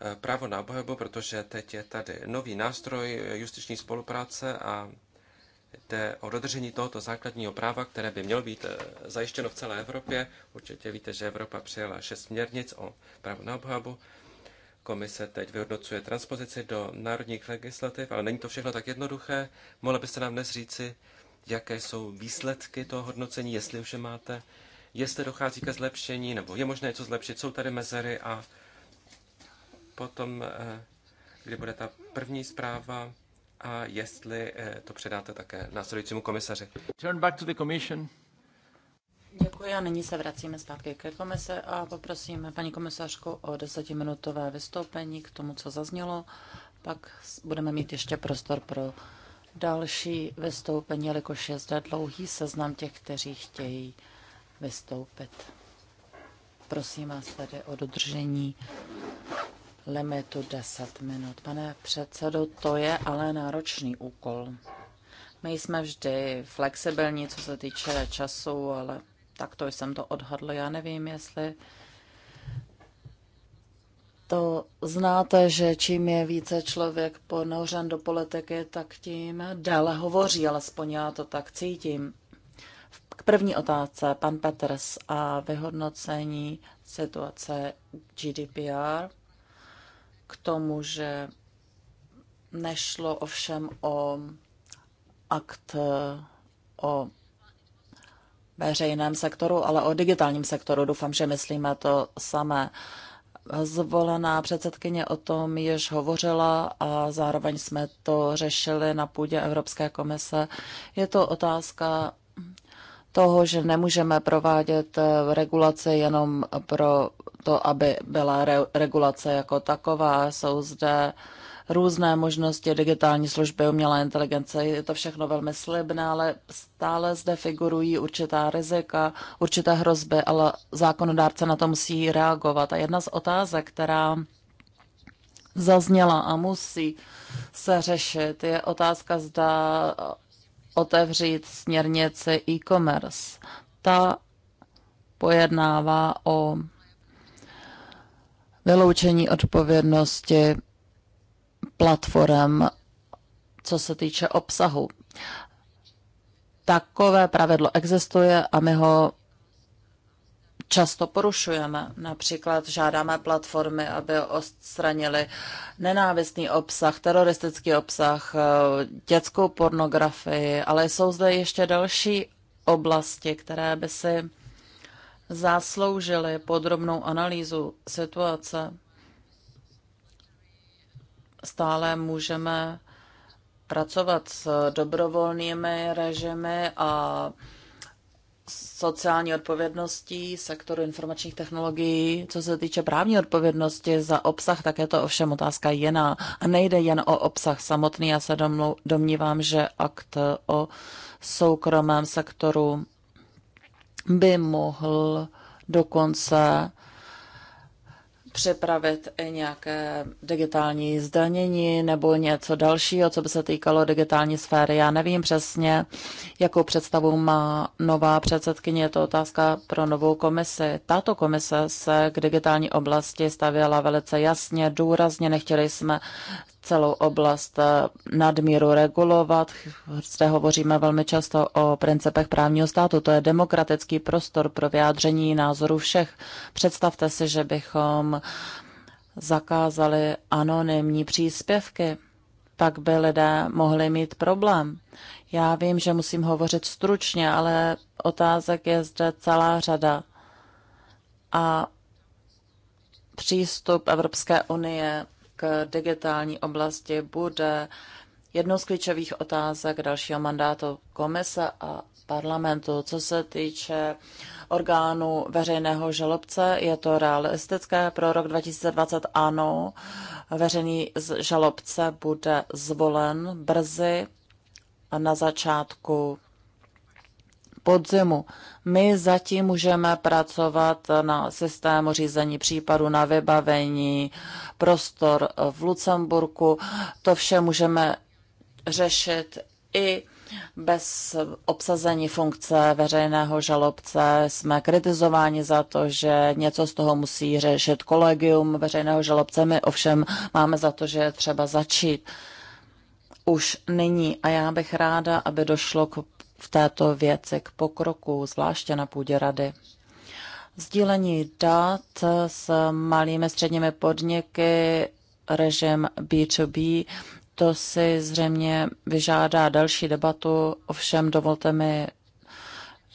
eh, právo na obhajobu, protože teď je tady nový nástroj justiční spolupráce a jde o dodržení tohoto základního práva, které by mělo být eh, zajištěno v celé Evropě. Určitě víte, že Evropa přijala šest směrnic o právo na obhajobu. Komise teď vyhodnocuje transpozici do národních legislativ, ale není to všechno tak jednoduché. Mohla byste nám dnes říci, jaké jsou výsledky toho hodnocení, jestli už je máte, jestli dochází ke zlepšení, nebo je možné něco zlepšit, jsou tady mezery a potom, eh, kdy bude ta první zpráva a jestli eh, to předáte také následujícímu komisaři. Turn back to the commission. Děkuji a nyní se vracíme zpátky ke komise a poprosíme paní komisařku o desetiminutové vystoupení k tomu, co zaznělo. Pak budeme mít ještě prostor pro další vystoupení, jelikož je zde dlouhý seznam těch, kteří chtějí vystoupit. Prosím vás tedy o dodržení limitu 10 minut. Pane předsedo, to je ale náročný úkol. My jsme vždy flexibilní, co se týče času, ale takto jsem to odhadl. Já nevím, jestli to znáte, že čím je více člověk ponořen do politiky, tak tím déle hovoří, alespoň já to tak cítím. K první otázce, pan Peters a vyhodnocení situace GDPR k tomu, že nešlo ovšem o akt o veřejném sektoru, ale o digitálním sektoru. Doufám, že myslíme to samé. Uh, zvolená předsedkyně o tom již hovořila a zároveň jsme to řešili na půdě Evropské komise. Je to otázka toho, že nemůžeme provádět eh, regulace jenom pro to, aby byla re- regulace jako taková. Jsou zde uh, různé možnosti digitální služby, umělé inteligence. Je to všechno velmi slibné, ale stále zde figurují určitá rizika, určité hrozby, ale zákonodárce na to musí reagovat. A jedna z otázek, která zazněla a musí se řešit, je otázka, zda otevřít směrnici e-commerce. Ta pojednává o vyloučení odpovědnosti platform, co se týče obsahu. Takové pravidlo existuje a my ho často porušujeme. Například žádáme platformy, aby odstranili nenávistný obsah, teroristický obsah, eh, dětskou pornografii, ale jsou zde ještě další oblasti, které by si zasloužily podrobnou analýzu situace stále můžeme pracovat s dobrovolnými režimy a sociální odpovědností sektoru informačních technologií. Co se týče právní odpovědnosti za obsah, tak je to ovšem otázka jiná. A nejde jen o obsah samotný. Já se domnívám, že akt o soukromém sektoru by mohl dokonce připravit i nějaké digitální zdanění nebo něco dalšího, co by se týkalo digitální sféry. Já nevím přesně, jakou představu má nová předsedkyně. Je to otázka pro novou komisi. Tato komise se k digitální oblasti stavěla velice jasně, důrazně. Nechtěli jsme celou oblast eh, nadmíru regulovat. Zde hovoříme velmi často o principech právního státu. To je demokratický prostor pro vyjádření názorů všech. Představte si, že bychom zakázali anonymní příspěvky. Pak by lidé mohli mít problém. Já vím, že musím hovořit stručně, ale otázek je zde celá řada. A přístup Evropské unie k digitální oblasti bude jednou z klíčových otázek dalšího mandátu komise a parlamentu. Co se týče orgánu veřejného žalobce, je to realistické. Pro rok 2020 ano, veřejný žalobce bude zvolen brzy na začátku podzimu. My zatím můžeme pracovat na systému řízení případu, na vybavení, prostor v Lucemburku. To vše můžeme řešit i bez obsazení funkce veřejného žalobce jsme kritizováni za to, že něco z toho musí řešit kolegium veřejného žalobce. My ovšem máme za to, že je třeba začít už nyní. A já bych ráda, aby došlo k v této věci k pokroku, zvláště na půdě rady. Sdílení dat s malými středními podniky, režim B2B, to si zřejmě vyžádá další debatu, ovšem dovolte mi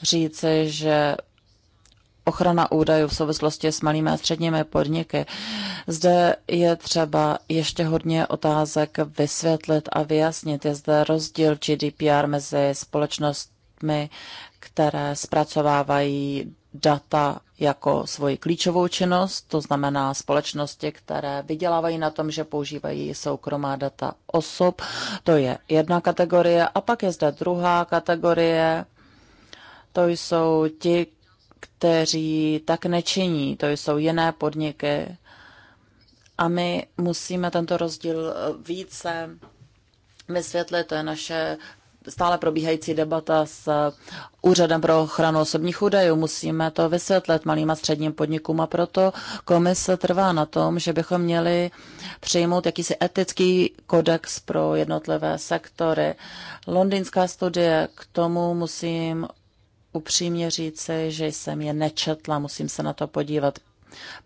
říci, že ochrana údajů v souvislosti s malými a středními podniky. Zde je třeba ještě hodně otázek vysvětlit a vyjasnit. Je zde rozdíl GDPR mezi společnostmi, které zpracovávají data jako svoji klíčovou činnost, to znamená společnosti, které vydělávají na tom, že používají soukromá data osob. To je jedna kategorie. A pak je zde druhá kategorie. To jsou ti, kteří tak nečiní, to jsou jiné podniky. A my musíme tento rozdíl eh, více vysvětlit, to je naše stále probíhající debata s eh, Úřadem pro ochranu osobních údajů. Musíme to vysvětlit malým a středním podnikům a proto komise trvá na tom, že bychom měli přijmout jakýsi etický kodex pro jednotlivé sektory. Londýnská studie, k tomu musím upřímně říci, že jsem je nečetla, musím se na to podívat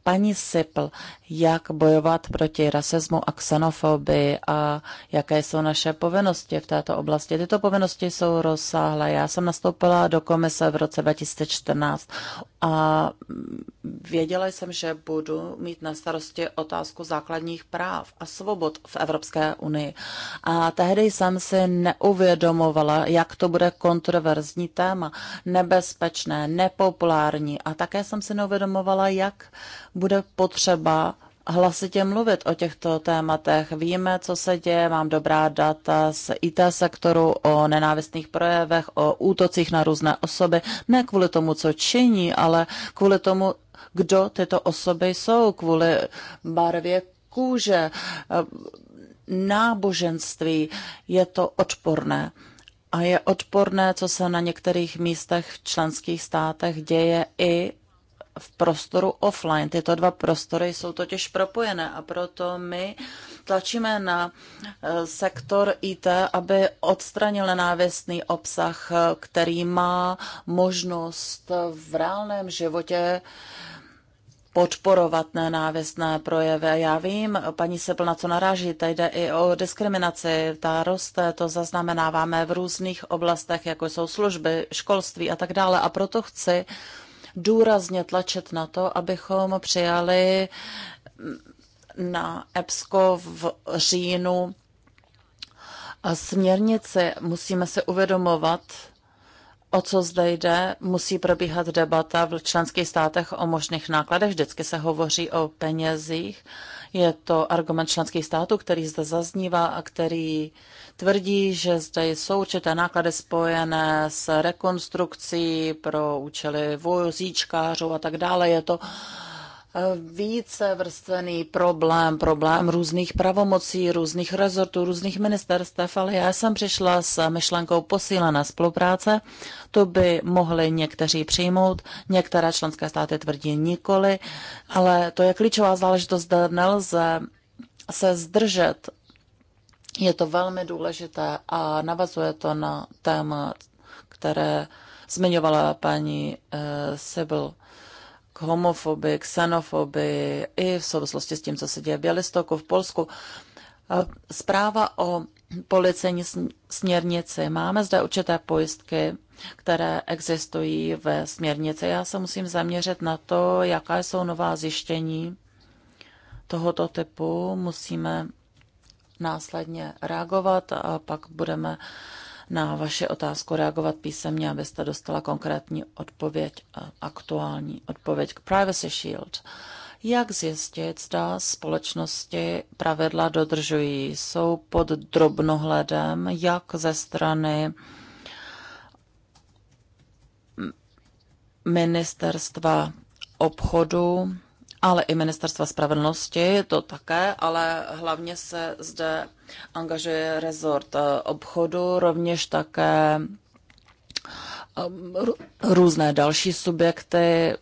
Paní Sipl, jak bojovat proti rasismu a xenofobii a jaké jsou naše povinnosti v této oblasti? Tyto povinnosti jsou rozsáhlé. Já jsem nastoupila do komise v roce 2014 a věděla jsem, že budu mít na starosti otázku základních práv a svobod v Evropské unii. A tehdy jsem si neuvědomovala, jak to bude kontroverzní téma, nebezpečné, nepopulární a také jsem si neuvědomovala, jak bude potřeba hlasitě mluvit o těchto tématech. Víme, co se děje, mám dobrá data z IT sektoru o nenávistných projevech, o útocích na různé osoby, ne kvůli tomu, co činí, ale kvůli tomu, kdo tyto osoby jsou, kvůli barvě kůže, náboženství. Je to odporné. A je odporné, co se na některých místech v členských státech děje i v prostoru offline. Tyto dva prostory jsou totiž propojené a proto my tlačíme na eh, sektor IT, aby odstranil nenávistný obsah, který má možnost v reálném životě podporovat nenávistné projevy. Já vím, paní Sepl, na co naráží, tady jde i o diskriminaci, ta roste, to zaznamenáváme v různých oblastech, jako jsou služby, školství a tak dále. A proto chci důrazně tlačit na to, abychom přijali na EPSCO v říjnu směrnici. Musíme se uvědomovat, o co zde jde, musí probíhat debata v členských státech o možných nákladech. Vždycky se hovoří o penězích. Je to argument členských států, který zde zaznívá a který tvrdí, že zde jsou určité náklady spojené s rekonstrukcí pro účely vozíčkářů a tak dále. Je to uh, více vrstvený problém, problém různých pravomocí, různých rezortů, různých ministerstev, ale já jsem přišla s myšlenkou posílené spolupráce. To by mohli někteří přijmout, některé členské státy tvrdí nikoli, ale to je klíčová záležitost, zde nelze se zdržet. Je to velmi důležité a navazuje to na téma, které zmiňovala paní uh, k homofobii, xenofobii i v souvislosti s tím, co se děje v Bělistoku, v Polsku. Zpráva o policejní směrnici. Máme zde určité pojistky, které existují ve směrnici. Já se musím zaměřit na to, jaká jsou nová zjištění tohoto typu. Musíme následně reagovat a pak budeme uh, na vaše otázku reagovat písemně, abyste dostala konkrétní odpověď, aktuální odpověď k Privacy Shield. Jak zjistit, zda společnosti pravidla dodržují? Jsou pod drobnohledem, jak ze strany ministerstva obchodu, ale i ministerstva spravedlnosti, to také, ale hlavně se zde angažuje rezort eh, obchodu, rovněž také eh, různé další subjekty.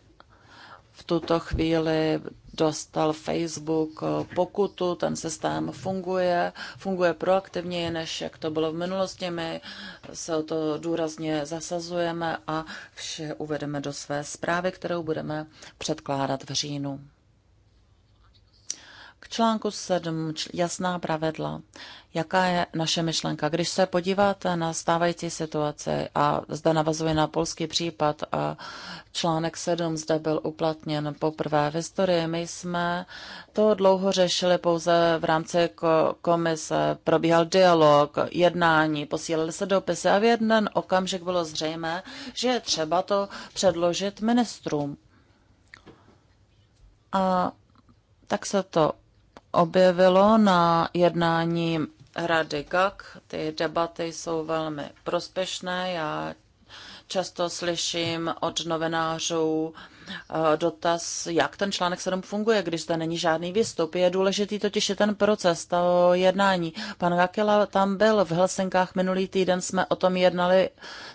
V tuto chvíli dostal Facebook eh, pokutu, ten systém funguje, funguje proaktivněji, než jak to bylo v minulosti. My se o to důrazně zasazujeme a vše uvedeme do své zprávy, kterou budeme předkládat v říjnu. K článku 7 jasná pravidla. Jaká je naše myšlenka? Když se podíváte na stávající situaci a zde navazuje na polský případ a článek 7 zde byl uplatněn poprvé v historii, my jsme to dlouho řešili pouze v rámci komise. Probíhal dialog, jednání, posílali se dopisy a v jeden okamžik bylo zřejmé, že je třeba to předložit ministrům. A tak se to objevilo na jednání Rady GAK. Ty debaty jsou velmi prospěšné. Já často slyším od novinářů eh, dotaz, jak ten článek 7 funguje, když zde není žádný výstup. Je důležitý totiž je ten proces, to jednání. Pan Gakila tam byl v Helsinkách minulý týden, jsme o tom jednali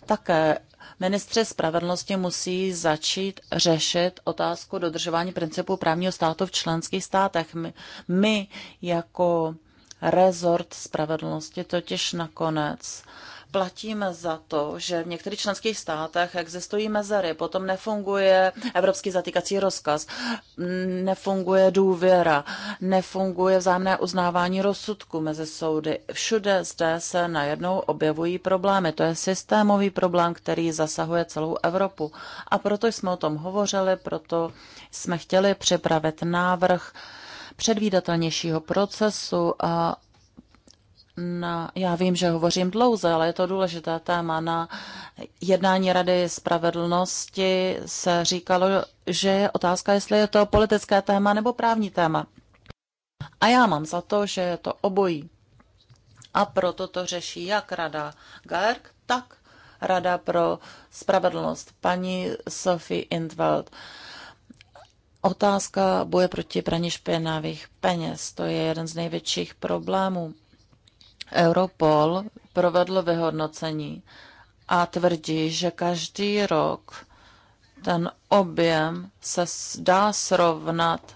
také ministři spravedlnosti musí začít řešit otázku dodržování principů právního státu v členských státech. My, my jako rezort spravedlnosti totiž nakonec uh, platíme za to, že v některých členských státech existují mezery, potom nefunguje evropský zatýkací rozkaz, nefunguje důvěra, nefunguje vzájemné uznávání rozsudku mezi soudy. Všude zde se najednou objevují problémy. To je systémový problém, který zasahuje celou Evropu. A proto jsme o tom hovořili, proto jsme chtěli připravit návrh, předvídatelnějšího procesu a na, já vím, že hovořím dlouze, ale je to důležité téma. Na jednání Rady spravedlnosti se říkalo, že je otázka, jestli je to politické téma nebo právní téma. A já mám za to, že je to obojí. A proto to řeší jak Rada GERK, tak Rada pro spravedlnost, paní Sophie Intveld. Otázka boje proti praní špinavých peněz, to je jeden z největších problémů Europol provedl vyhodnocení a tvrdí, že každý rok ten objem se dá srovnat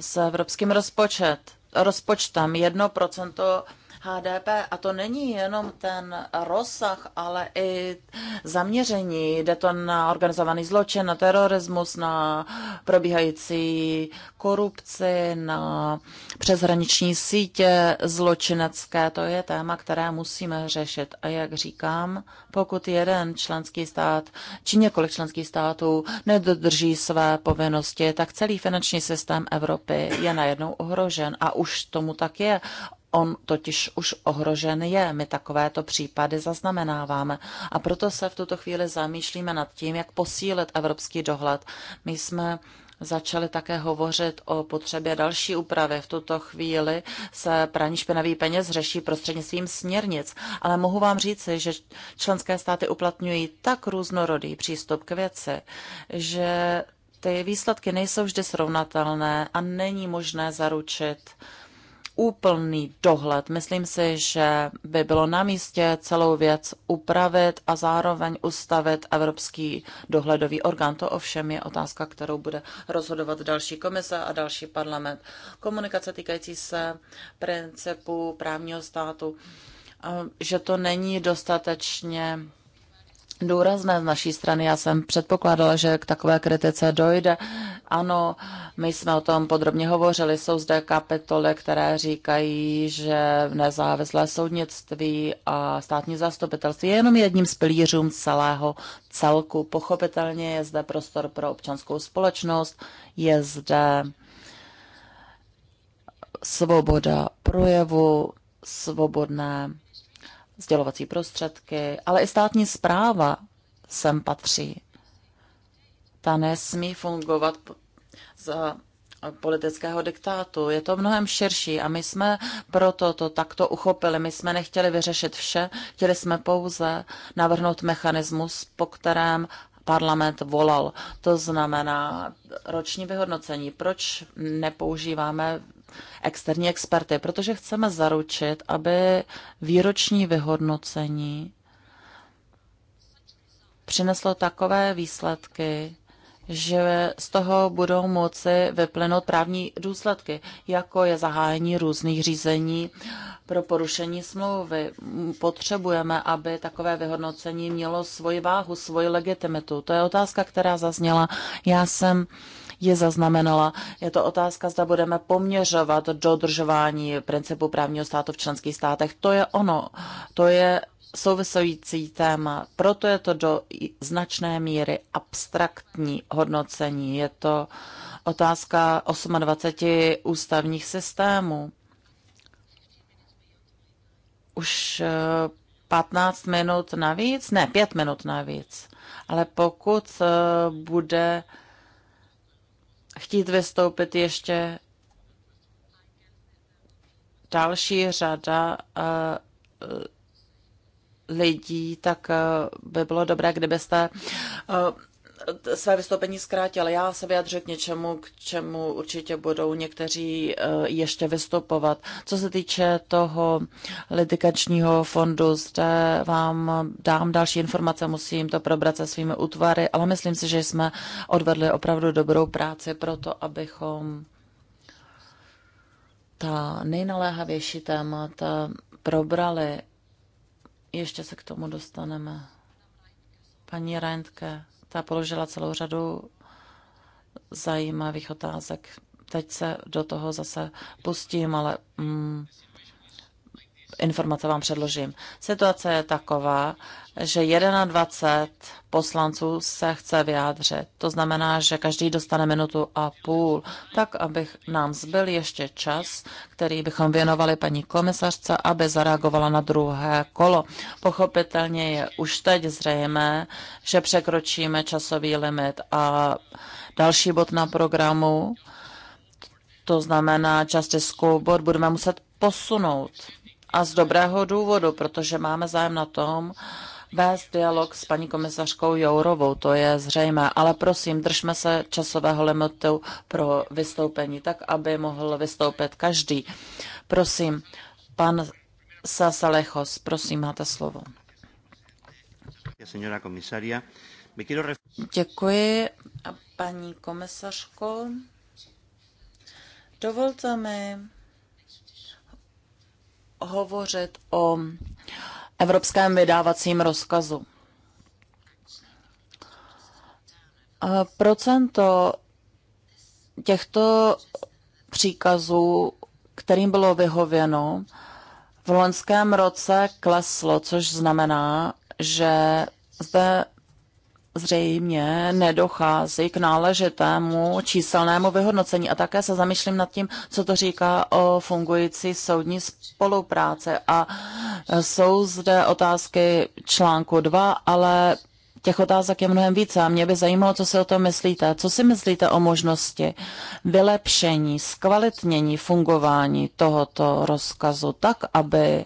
s evropským rozpočet, rozpočtem. 1% HDP. A to není jenom ten rozsah, ale i zaměření. Jde to na organizovaný zločin, na terorismus, na probíhající korupci, na přeshraniční sítě zločinecké. To je téma, které musíme řešit. A jak říkám, pokud jeden členský stát či několik členských států nedodrží své povinnosti, tak celý finanční systém Evropy je najednou ohrožen. A už tomu tak je. On totiž už ohrožen je. My takovéto případy zaznamenáváme. A proto se v tuto chvíli zamýšlíme nad tím, jak posílit evropský dohled. My jsme začali také hovořit o potřebě další úpravy. V tuto chvíli se praní špinavý peněz řeší prostřednictvím směrnic, ale mohu vám říci, že členské státy uplatňují tak různorodý přístup k věci, že ty výsledky nejsou vždy srovnatelné a není možné zaručit úplný dohled. Myslím si, že by bylo na místě celou věc upravit a zároveň ustavit Evropský dohledový orgán. To ovšem je otázka, kterou bude rozhodovat další komise a další parlament. Komunikace týkající se principu právního státu, že to není dostatečně důrazné z naší strany. Já jsem předpokládala, že k takové kritice dojde. Ano, my jsme o tom podrobně hovořili. Jsou zde kapitoly, které říkají, že nezávislé soudnictví a státní zastupitelství je jenom jedním z pilířů celého celku. Pochopitelně je zde prostor pro občanskou společnost, je zde svoboda projevu, svobodné sdělovací prostředky, ale i státní zpráva sem patří. Ta nesmí fungovat za politického diktátu. Je to mnohem širší a my jsme proto to takto uchopili. My jsme nechtěli vyřešit vše, chtěli jsme pouze navrhnout mechanismus, po kterém parlament volal. To znamená roční vyhodnocení. Proč nepoužíváme externí experty, protože chceme zaručit, aby výroční vyhodnocení přineslo takové výsledky, že z toho budou moci vyplynout právní důsledky, jako je zahájení různých řízení pro porušení smlouvy. Potřebujeme, aby takové vyhodnocení mělo svoji váhu, svoji legitimitu. To je otázka, která zazněla. Já jsem je zaznamenala. Je to otázka, zda budeme poměřovat dodržování principu právního státu v členských státech. To je ono. To je související téma. Proto je to do značné míry abstraktní hodnocení. Je to otázka 28 ústavních systémů. Už 15 eh, minut navíc, ne, 5 minut navíc. Ale pokud eh, bude chtít vystoupit ještě další řada eh, eh, lidí, tak eh, by bylo dobré, kdybyste své vystoupení zkrátil. Já se vyjadřu k něčemu, k čemu určitě budou někteří eh, ještě vystupovat. Co se týče toho litigačního fondu, zde vám dám další informace, musím to probrat se svými útvary, ale myslím si, že jsme odvedli opravdu dobrou práci pro to, abychom ta nejnaléhavější témata probrali. Ještě se k tomu dostaneme. Paní Reintke, ta položila celou řadu zajímavých otázek. Teď se do toho zase pustím, ale mm, informace vám předložím. Situace je taková, že 21 poslanců se chce vyjádřit. To znamená, že každý dostane minutu a půl, tak abych nám zbyl ještě čas, který bychom věnovali paní komisařce, aby zareagovala na druhé kolo. Pochopitelně je už teď zřejmé, že překročíme časový limit a další bod na programu, to znamená Justice School Board, budeme muset posunout a z dobrého důvodu, protože máme zájem na tom, vést dialog s paní komisařkou Jourovou, to je zřejmé, ale prosím, držme se časového limitu pro vystoupení, tak aby mohl vystoupit každý. Prosím, pan Sasalechos, prosím, máte slovo. Děkuji, paní komisařko. Dovolte mi hovořit o evropském vydávacím rozkazu. procento těchto příkazů, kterým bylo vyhověno, v loňském roce kleslo, což znamená, že zde zřejmě nedochází k náležitému číselnému vyhodnocení. A také se zamýšlím nad tím, co to říká o fungující soudní spolupráce. A jsou zde otázky článku 2, ale těch otázek je mnohem více a mě by zajímalo, co si o tom myslíte. Co si myslíte o možnosti vylepšení, zkvalitnění fungování tohoto rozkazu tak, aby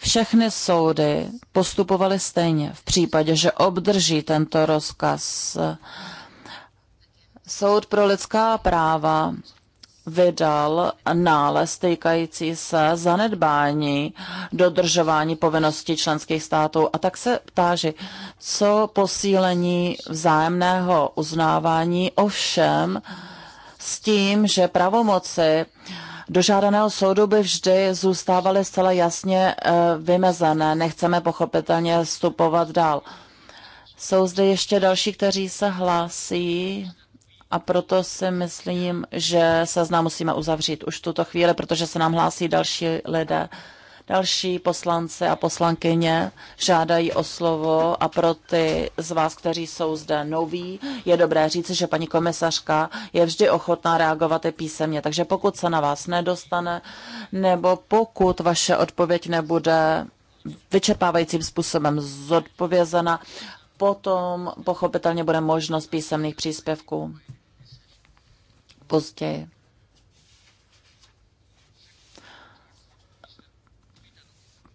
všechny soudy postupovaly stejně. V případě, že obdrží tento rozkaz, Soud pro lidská práva vydal nález týkající se zanedbání dodržování povinností členských států. A tak se ptáži, co posílení vzájemného uznávání ovšem s tím, že pravomoci uh, dožádaného soudu by vždy zůstávaly zcela jasně eh, vymezené. Nechceme pochopitelně vstupovat dál. Jsou zde ještě další, kteří se hlásí a proto si myslím, že seznam musíme uzavřít už v tuto chvíli, protože se nám hlásí další lidé. Další poslanci a poslankyně žádají o slovo a pro ty z vás, kteří jsou zde noví, je dobré říci, že paní komisařka je vždy ochotná reagovat i písemně. Takže pokud se na vás nedostane, nebo pokud vaše odpověď nebude vyčerpávajícím způsobem zodpovězena, potom pochopitelně bude možnost písemných příspěvků později.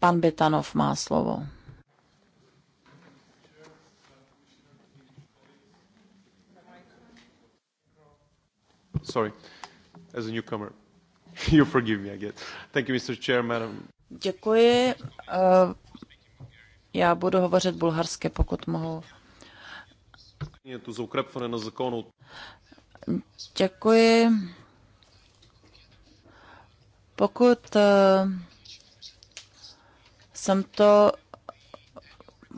Pan Bytanov má slovo. Sorry, as a newcomer, you forgive me, I guess. Thank you, Mr. Chair, madam. Děkuji. Eh, já budu hovořit bulharsky, pokud mohu. Děkuji. Pokud eh, jsem to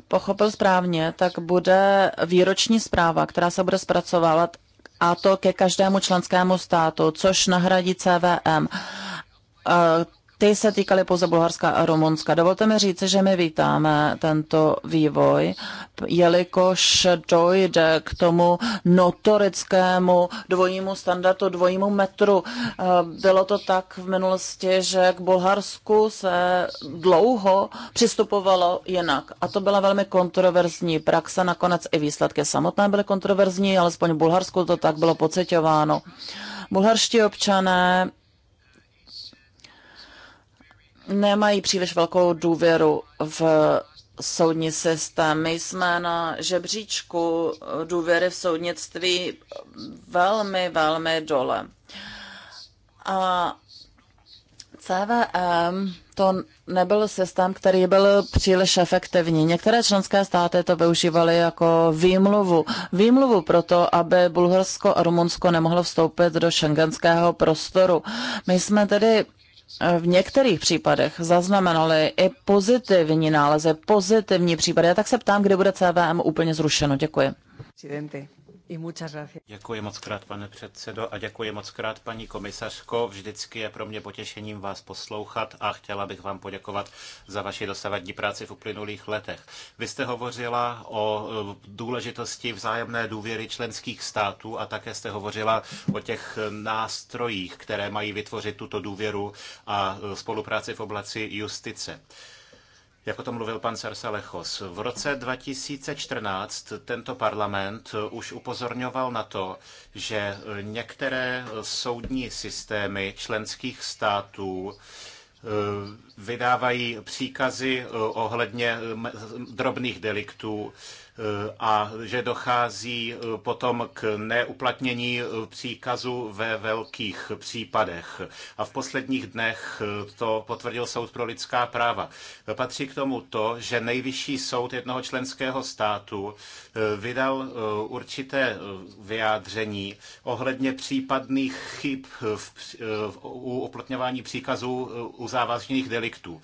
pochopil správně, tak bude výroční zpráva, která se bude zpracovávat a to ke každému členskému státu, což nahradí CVM. Eh, ty se týkaly pouze Bulharska a Rumunska. Dovolte mi říct, že my vítáme tento vývoj, jelikož dojde k tomu notorickému dvojímu standardu, dvojímu metru. Eh, bylo to tak v minulosti, že k Bulharsku se dlouho přistupovalo jinak. A to byla velmi kontroverzní praxe. Nakonec i výsledky samotné byly kontroverzní, alespoň v Bulharsku to tak bylo pocitováno. Bulharští občané nemají příliš velkou důvěru v soudní systém. My jsme na žebříčku důvěry v soudnictví velmi, velmi dole. A CVM to nebyl systém, který byl příliš efektivní. Některé členské státy to využívaly jako výmluvu. Výmluvu proto, aby Bulharsko a Rumunsko nemohlo vstoupit do šengenského prostoru. My jsme tedy v některých případech zaznamenali i pozitivní nálezy, pozitivní případy. Já tak se ptám, kde bude CVM úplně zrušeno. Děkuji. Presidente. Děkuji moc krát, pane předsedo, a děkuji moc krát, paní komisařko. Vždycky je pro mě potěšením vás poslouchat a chtěla bych vám poděkovat za vaši dosavadní práci v uplynulých letech. Vy jste hovořila o eh, důležitosti vzájemné důvěry členských států a také jste hovořila o těch nástrojích, které mají vytvořit tuto důvěru a eh, spolupráci v oblasti justice jak o tom mluvil pan Lechos. V roce 2014 tento parlament už upozorňoval na to, že některé soudní systémy členských států eh, vydávají příkazy eh, ohledně drobných deliktů, Eh, a že dochází eh, potom k neuplatnění eh, příkazu ve velkých případech. A v posledních dnech to potvrdil Soud pro lidská práva. Patří k tomu to, že nejvyšší soud jednoho členského státu vydal určité vyjádření ohledně případných chyb u uplatňování příkazů u závažných deliktů.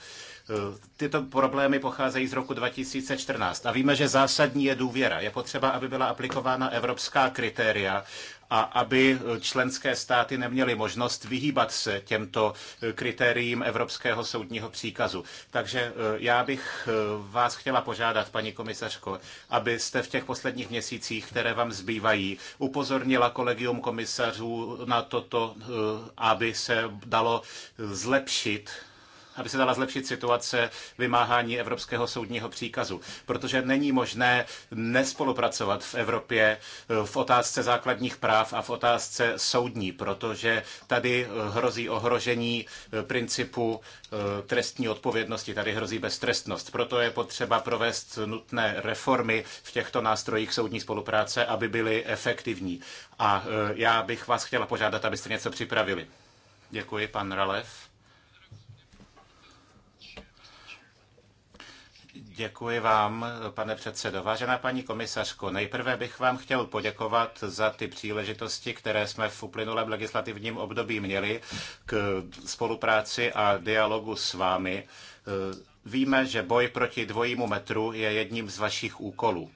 Eh, tyto problémy pocházejí z roku 2014 a víme, že zásadní je důvěra. Je potřeba, aby byla aplikována evropská kritéria a aby eh, členské státy neměly možnost vyhýbat se těmto eh, kritériím Evropského soudního příkazu. Takže já bych vás chtěla požádat, paní komisařko, abyste v těch posledních měsících, které vám zbývají, upozornila kolegium komisařů na toto, aby se dalo zlepšit aby se dala zlepšit situace vymáhání evropského soudního příkazu. Protože není možné nespolupracovat v Evropě eh, v otázce základních práv a v otázce soudní, protože tady eh, hrozí ohrožení eh, principu trestní odpovědnosti, tady hrozí beztrestnost. Proto je potřeba provést nutné reformy v těchto nástrojích soudní spolupráce, aby byly efektivní. A já bych vás chtěla požádat, abyste něco připravili. Děkuji, pan Ralev. Děkuji vám, pane předsedo. Vážená paní komisařko, nejprve bych vám chtěl poděkovat za ty příležitosti, které jsme v uplynulém legislativním období měli k spolupráci a dialogu s vámi. Víme, že boj proti dvojímu metru je jedním z vašich úkolů.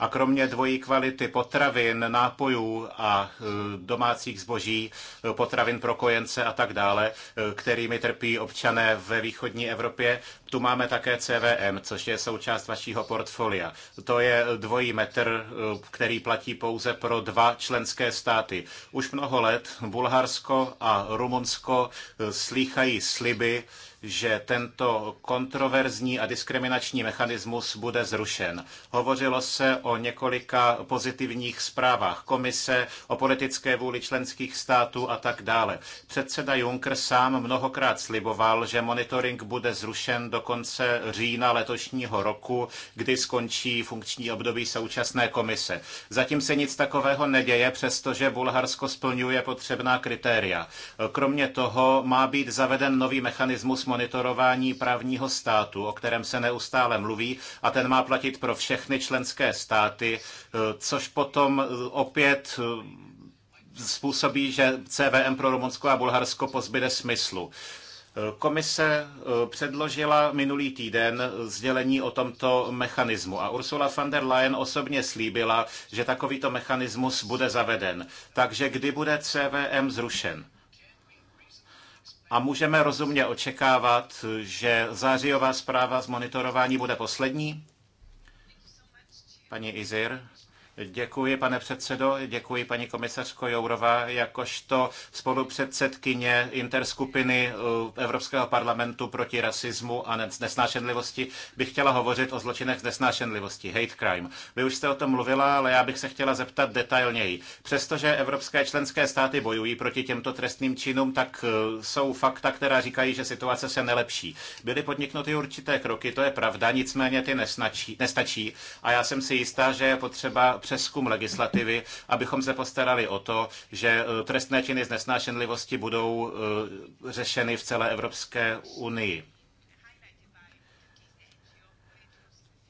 A kromě dvojí kvality potravin, nápojů a e, domácích zboží, e, potravin pro kojence a tak dále, e, kterými trpí občané ve východní Evropě, tu máme také CVM, což je součást vašího portfolia. To je dvojí metr, který platí pouze pro dva členské státy. Už mnoho let Bulharsko a Rumunsko slýchají sliby, že tento kontroverzní a diskriminační mechanismus bude zrušen. Hovořilo se o několika pozitivních zprávách komise, o politické vůli členských států a tak dále. Předseda Juncker sám mnohokrát sliboval, že monitoring bude zrušen do konce října letošního roku, kdy skončí funkční období současné komise. Zatím se nic takového neděje, přestože Bulharsko splňuje potřebná kritéria. Kromě toho má být zaveden nový mechanismus monitorování právního státu, o kterém se neustále mluví, a ten má platit pro všechny členské státy, eh, což potom eh, opět eh, způsobí, že CVM pro Rumunsko a Bulharsko pozbyde smyslu. Komise předložila minulý týden sdělení o tomto mechanismu a Ursula von der Leyen osobně slíbila, že takovýto mechanismus bude zaveden. Takže kdy bude CVM zrušen? A můžeme rozumně očekávat, že zářijová zpráva z monitorování bude poslední? Paní Izir, Děkuji, pane předsedo, děkuji, paní komisařko Jourová, jakožto spolupředsedkyně interskupiny eh, Evropského parlamentu proti rasismu a nesnášenlivosti bych chtěla hovořit o zločinech z nesnášenlivosti, hate crime. Vy už jste o tom mluvila, ale já bych se chtěla zeptat detailněji. Přestože evropské členské státy bojují proti těmto trestným činům, tak eh, jsou fakta, která říkají, že situace se nelepší. Byly podniknuty určité kroky, to je pravda, nicméně ty nesnačí, nestačí a já jsem si jistá, že je potřeba přeskum legislativy, abychom se postarali o to, že e, trestné činy z nesnášenlivosti budou e, řešeny v celé Evropské unii.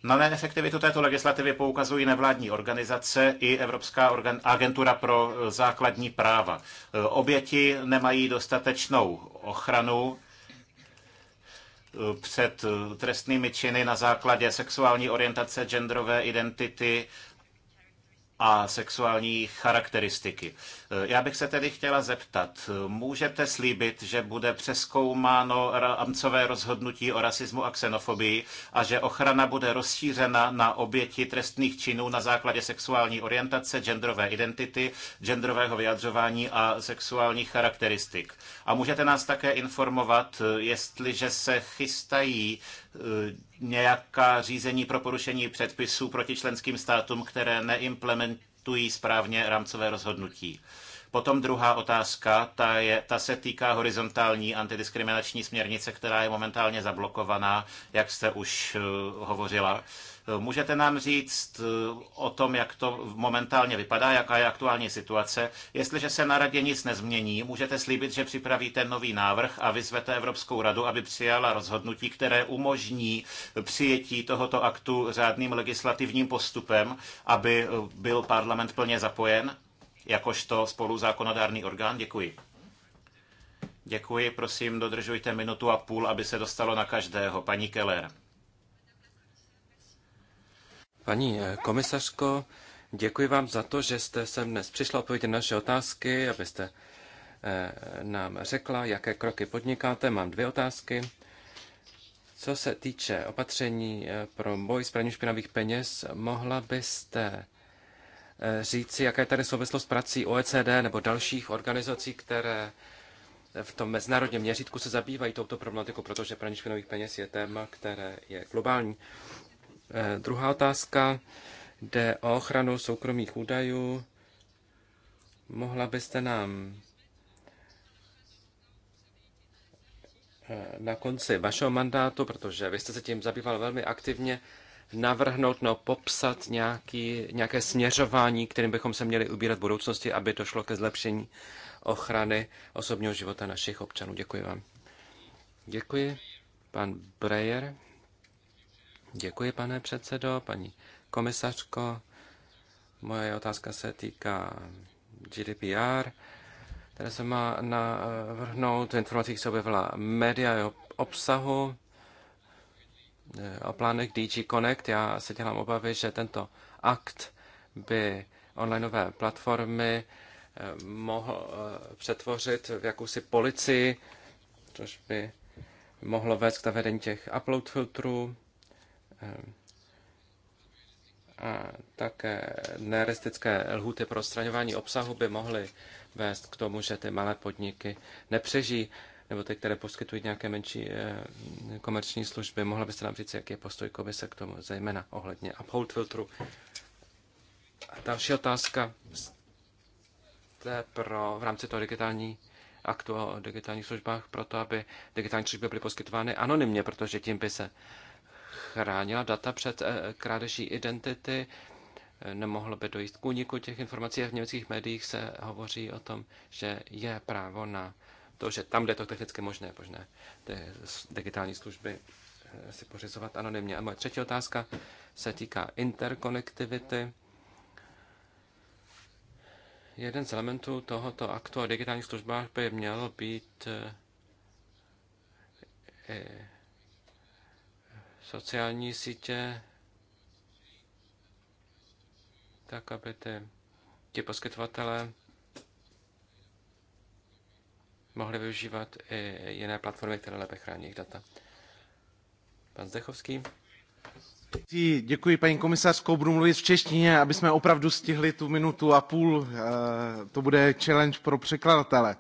Na neefektivitu této legislativy poukazují nevládní organizace i Evropská agentura pro e, základní práva. Oběti nemají dostatečnou ochranu před trestnými činy na základě sexuální orientace, genderové identity a sexuální charakteristiky. Eh, já bych se tedy chtěla zeptat, můžete slíbit, že bude přeskoumáno rámcové rozhodnutí o rasismu a xenofobii a že ochrana bude rozšířena na oběti trestných činů na základě sexuální orientace, genderové identity, genderového vyjadřování a sexuálních charakteristik. A můžete nás také informovat, eh, jestliže se chystají eh, nějaká řízení pro porušení předpisů proti členským státům, které neimplementují správně rámcové rozhodnutí. Potom druhá otázka, ta, je, ta se týká horizontální antidiskriminační směrnice, která je momentálně zablokovaná, jak jste už eh, hovořila. Uh, Můžete nám říct eh, o tom, jak to momentálně vypadá, jaká je aktuální situace? Jestliže se na radě nic nezmění, můžete slíbit, že připravíte nový návrh a vyzvete Evropskou radu, aby přijala rozhodnutí, které umožní přijetí tohoto aktu řádným legislativním postupem, aby eh, byl parlament plně zapojen? jakožto spoluzákonodárný orgán. Děkuji. Děkuji, prosím, dodržujte minutu a půl, aby se dostalo na každého. Paní Keller. Paní eh, komisařko, děkuji vám za to, že jste sem dnes přišla odpovědět na naše otázky, abyste eh, nám řekla, jaké kroky podnikáte. Mám dvě otázky. Co se týče opatření eh, pro boj s praním špinavých peněz, mohla byste říci, jaká je tady souvislost prací OECD nebo dalších organizací, které v tom mezinárodním měřítku se zabývají touto problematikou, protože praní špinavých peněz je téma, které je globální. Eh, druhá otázka jde o ochranu soukromých údajů. Mohla byste nám eh, na konci vašeho mandátu, protože vy jste se tím zabýval velmi aktivně, navrhnout, no popsat nějaký, nějaké směřování, kterým bychom se měli ubírat v budoucnosti, aby došlo ke zlepšení ochrany osobního života našich občanů. Děkuji vám. Děkuji. Pan Breyer. Děkuji, pane předsedo, paní komisařko. Moje otázka se týká GDPR, které se má navrhnout. Informací se objevila média o obsahu eh, o plánech DG Connect. Já se dělám obavy, že tento akt by onlineové platformy eh, mohl eh, přetvořit v jakousi policii, což by mohlo vést k zavedení těch upload filtrů Eh, a také nerealistické lhuty pro straňování obsahu by mohly vést k tomu, že ty malé podniky nepřežijí, nebo ty, které poskytují nějaké menší eh, komerční služby. Mohla byste nám říct, jaký je postoj komise k tomu, zejména ohledně uphold filtru. A další otázka jste pro, v rámci toho digitální aktu o digitálních službách pro to, aby digitální služby byly poskytovány anonymně, protože tím by se chránila data před eh, krádeží identity, nemohlo by dojít k úniku těch informací. A v německých médiích se hovoří o tom, že je právo na to, že tam, kde je to technicky možné, možné ty digitální služby eh, si pořizovat anonymně. A moje třetí otázka se týká interkonektivity. Jeden z elementů tohoto aktu o digitálních službách by měl být eh, sociální sítě, tak aby ty, ti poskytovatele mohli využívat i jiné platformy, které lépe chrání jejich data. Pan Zdechovský. Děkuji, paní komisařko. Budu mluvit v češtině, aby jsme opravdu stihli tu minutu a půl. Eh, to bude challenge pro překladatele.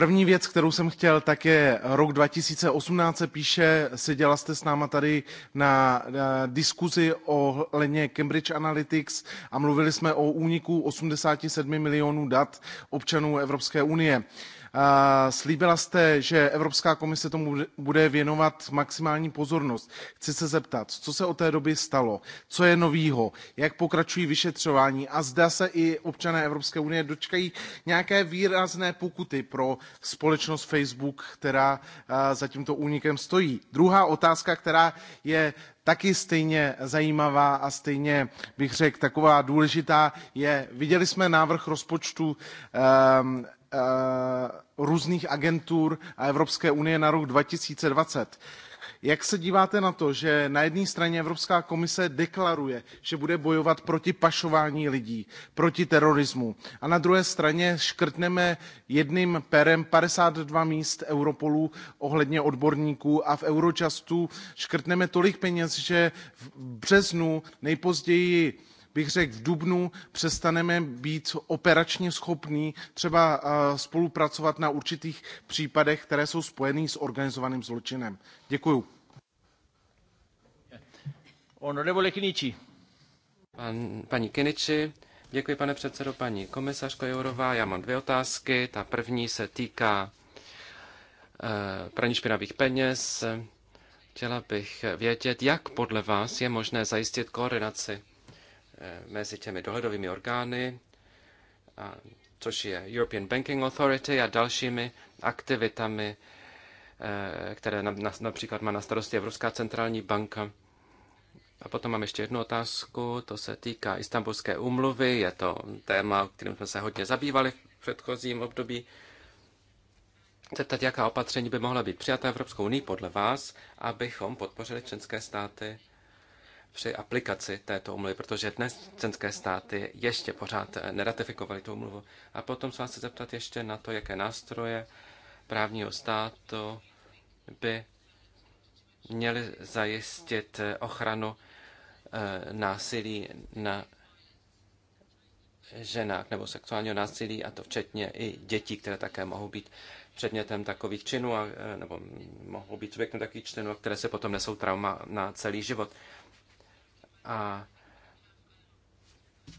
První věc, kterou jsem chtěl, tak je rok 2018 se píše, seděla jste s náma tady na, na diskuzi ohledně Cambridge Analytics a mluvili jsme o úniku 87 milionů dat občanů Evropské unie. Uh, Slíbila jste, že Evropská komise tomu bude věnovat maximální pozornost. Chci se zeptat, co se od té doby stalo, co je novýho, jak pokračují vyšetřování a zda se i občané Evropské unie dočkají nějaké výrazné pokuty pro společnost Facebook, která za tímto únikem stojí. Druhá otázka, která je taky stejně zajímavá a stejně bych řekl taková důležitá je, viděli jsme návrh rozpočtu um, Eh, různých agentur a Evropské unie na rok 2020. Jak se díváte na to, že na jedné straně Evropská komise deklaruje, že bude bojovat proti pašování lidí, proti terorismu a na druhé straně škrtneme jedným perem 52 míst Europolu ohledně odborníků a v Eurojustu škrtneme tolik peněz, že v březnu nejpozději bych řekl, v Dubnu přestaneme být operačně schopní třeba eh, spolupracovat na určitých případech, které jsou spojené s organizovaným zločinem. Děkuju. Honorable Kiniči. Pan, paní Kiniči, děkuji pane předsedo, paní komisařko Jourová. Já mám dvě otázky. Ta první se týká eh, praní špinavých peněz. Chtěla bych vědět, jak podle vás je možné zajistit koordinaci Eh, mezi těmi dohledovými orgány, což je European Banking Authority a dalšími aktivitami, eh, které například má na starosti Evropská centrální banka. A potom mám ještě jednu otázku, to se týká Istanbulské úmluvy. Je to téma, kterým jsme se hodně zabývali v předchozím období. Zeptat, jaká opatření by mohla být přijata Evropskou unii podle vás, abychom podpořili členské státy při aplikaci této umluvy, protože dnes členské státy ještě pořád neratifikovaly tu umluvu. A potom se vás chci zeptat ještě na to, jaké nástroje právního státu by měly zajistit ochranu eh, násilí na ženách nebo sexuálního násilí, a to včetně i dětí, které také mohou být předmětem takových činů, a, eh, nebo mohou být subjektem takových činů, které se potom nesou trauma na celý život. A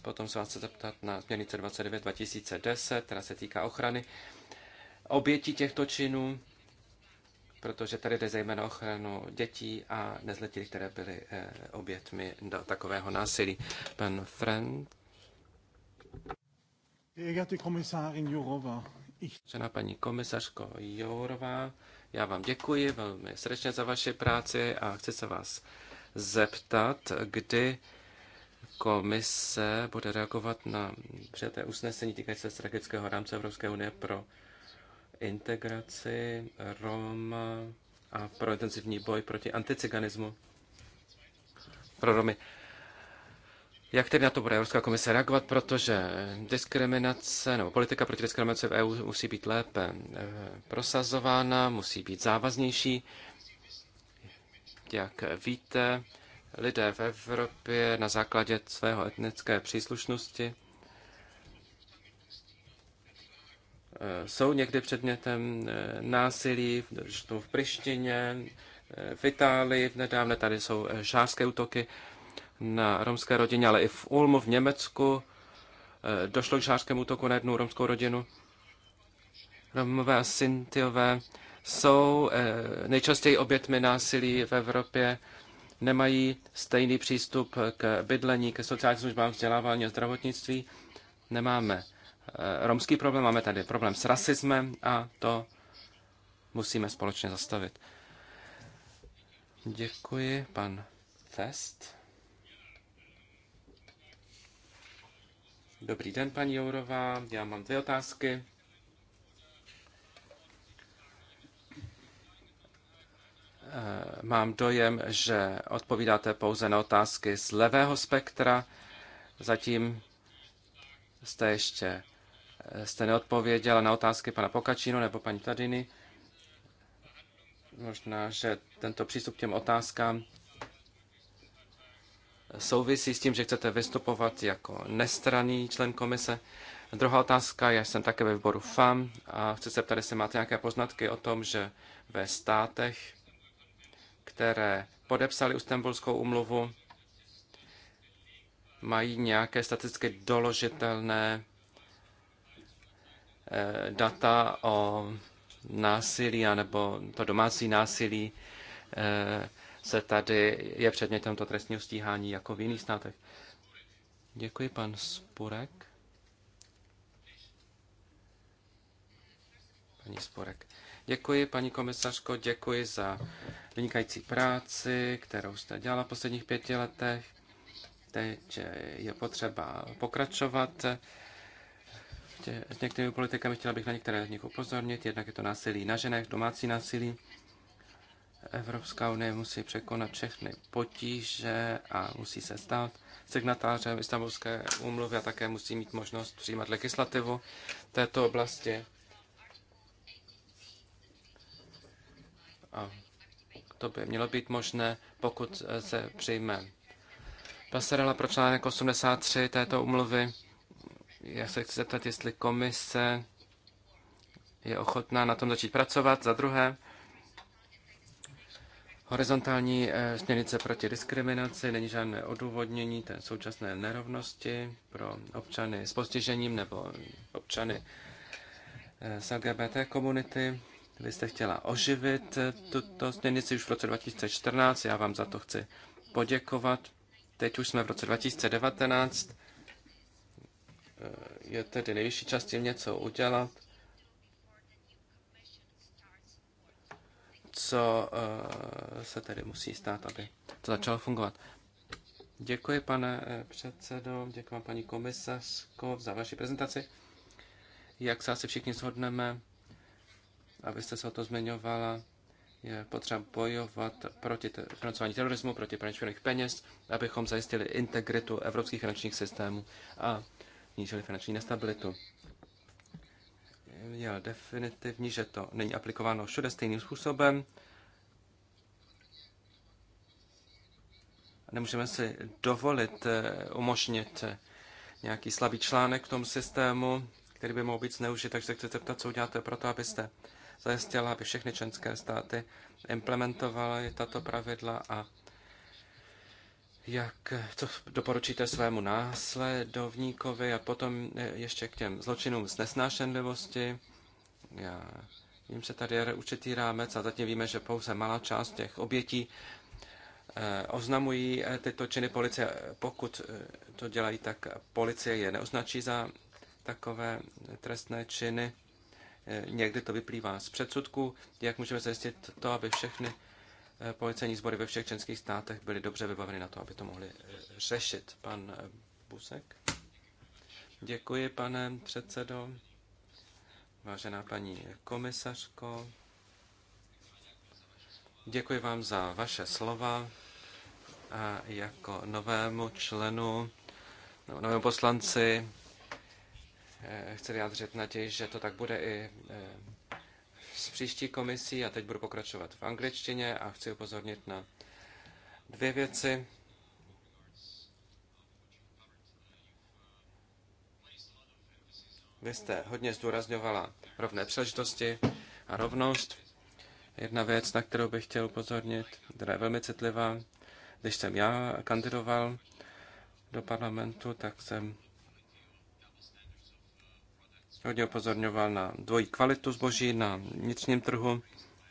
potom se vás chcete ptat na směrnice 29 2010, která se týká ochrany obětí těchto činů, protože tady jde zejména ochranu dětí a nezletilých, které byly eh, obětmi takového násilí. Pan Friend. Žena paní komisařko Jourová, já vám děkuji velmi srdečně za vaši práci a chci se vás zeptat, kdy komise bude reagovat na přijaté usnesení týkající se strategického rámce Evropské unie pro integraci Rom a pro intenzivní boj proti anticiganismu pro Romy. Jak tedy na to bude Evropská komise reagovat, protože diskriminace nebo politika proti diskriminaci v EU musí být lépe eh, prosazována, musí být závaznější jak víte, lidé v Evropě na základě svého etnické příslušnosti eh, jsou někdy předmětem eh, násilí, v Prištině, eh, v Itálii, v nedávné tady jsou žářské útoky na romské rodině, ale i v Ulmu v Německu došlo k žářskému útoku na jednu romskou rodinu. Romové a Sintiové jsou eh, nejčastěji obětmi násilí v Evropě, nemají stejný přístup k bydlení, ke sociálním službám, vzdělávání a zdravotnictví. Nemáme eh, romský problém, máme tady problém s rasismem a to musíme společně zastavit. Děkuji, pan Fest. Dobrý den, paní Jourová. Já mám dvě otázky. Eh, mám dojem, že odpovídáte pouze na otázky z levého spektra. Zatím jste ještě eh, jste neodpověděla na otázky pana Pokačino nebo paní Tadiny. Možná, že tento přístup k těm otázkám souvisí s tím, že chcete vystupovat jako nestraný člen komise. Druhá otázka, já jsem také ve výboru FAM a chci se ptát, jestli máte nějaké poznatky o tom, že ve státech které podepsali Istanbulskou umluvu, mají nějaké statisticky doložitelné eh, data o násilí, anebo to domácí násilí eh, se tady je předmětem to trestního stíhání jako v jiných státech. Děkuji, pan Spurek. Paní Sporek. Děkuji, paní komisařko, děkuji za vynikající práci, kterou jste dělala v posledních pěti letech. Teď je potřeba pokračovat. S některými politikami chtěla bych na některé z nich upozornit. Jednak je to násilí na ženech, domácí násilí. Evropská unie musí překonat všechny potíže a musí se stát signatářem Istanbulské úmluvy a také musí mít možnost přijímat legislativu této oblasti. A to by mělo být možné, pokud eh, se přijme pasarela pro článek 83 této umluvy. Já se chci zeptat, jestli komise je ochotná na tom začít pracovat. Za druhé, horizontální eh, směrnice proti diskriminaci, není žádné odůvodnění té současné nerovnosti pro občany s postižením nebo občany eh, z LGBT komunity. Vy jste chtěla oživit tuto směrnici už v roce 2014, já vám za to chci poděkovat. Teď už jsme v roce 2019, eh, je tedy nejvyšší čas tím něco udělat. Co eh, se tedy musí stát, aby to začalo fungovat? Děkuji, pane eh, předsedo, děkuji vám, paní komisařko, za vaši prezentaci. Jak se asi všichni shodneme, abyste se o to zmiňovala, je potřeba bojovat proti te- financování terorismu, proti praní peněz, abychom zajistili integritu evropských finančních systémů a snížili finanční nestabilitu. Je definitivní, že to není aplikováno všude stejným způsobem. Nemůžeme si dovolit eh, umožnit eh, nějaký slabý článek v tom systému, který by mohl být zneužit, takže chcete ptat, co uděláte pro to, abyste zajistila, aby všechny členské státy implementovaly tato pravidla a jak co doporučíte svému následovníkovi a potom ještě k těm zločinům z nesnášenlivosti. Já vím, že tady je určitý rámec a zatím víme, že pouze malá část těch obětí eh, oznamují eh, tyto činy policie. Pokud eh, to dělají, tak policie je neoznačí za takové trestné činy. Eh, někdy to vyplývá z předsudku, jak můžeme zajistit to, aby všechny eh, policejní sbory ve všech členských státech byly dobře vybaveny na to, aby to mohli eh, řešit. Pan Busek. Děkuji, pane předsedo. Vážená paní komisařko, děkuji vám za vaše slova. A jako novému členu, novému poslanci Eh, chci vyjádřit naději, že to tak bude i eh, s příští komisí. A teď budu pokračovat v angličtině a chci upozornit na dvě věci. Vy jste hodně zdůrazňovala rovné příležitosti a rovnost. Jedna věc, na kterou bych chtěl upozornit, která je velmi citlivá. Když jsem já kandidoval do parlamentu, tak jsem hodně upozorňoval na dvojí kvalitu zboží na vnitřním trhu.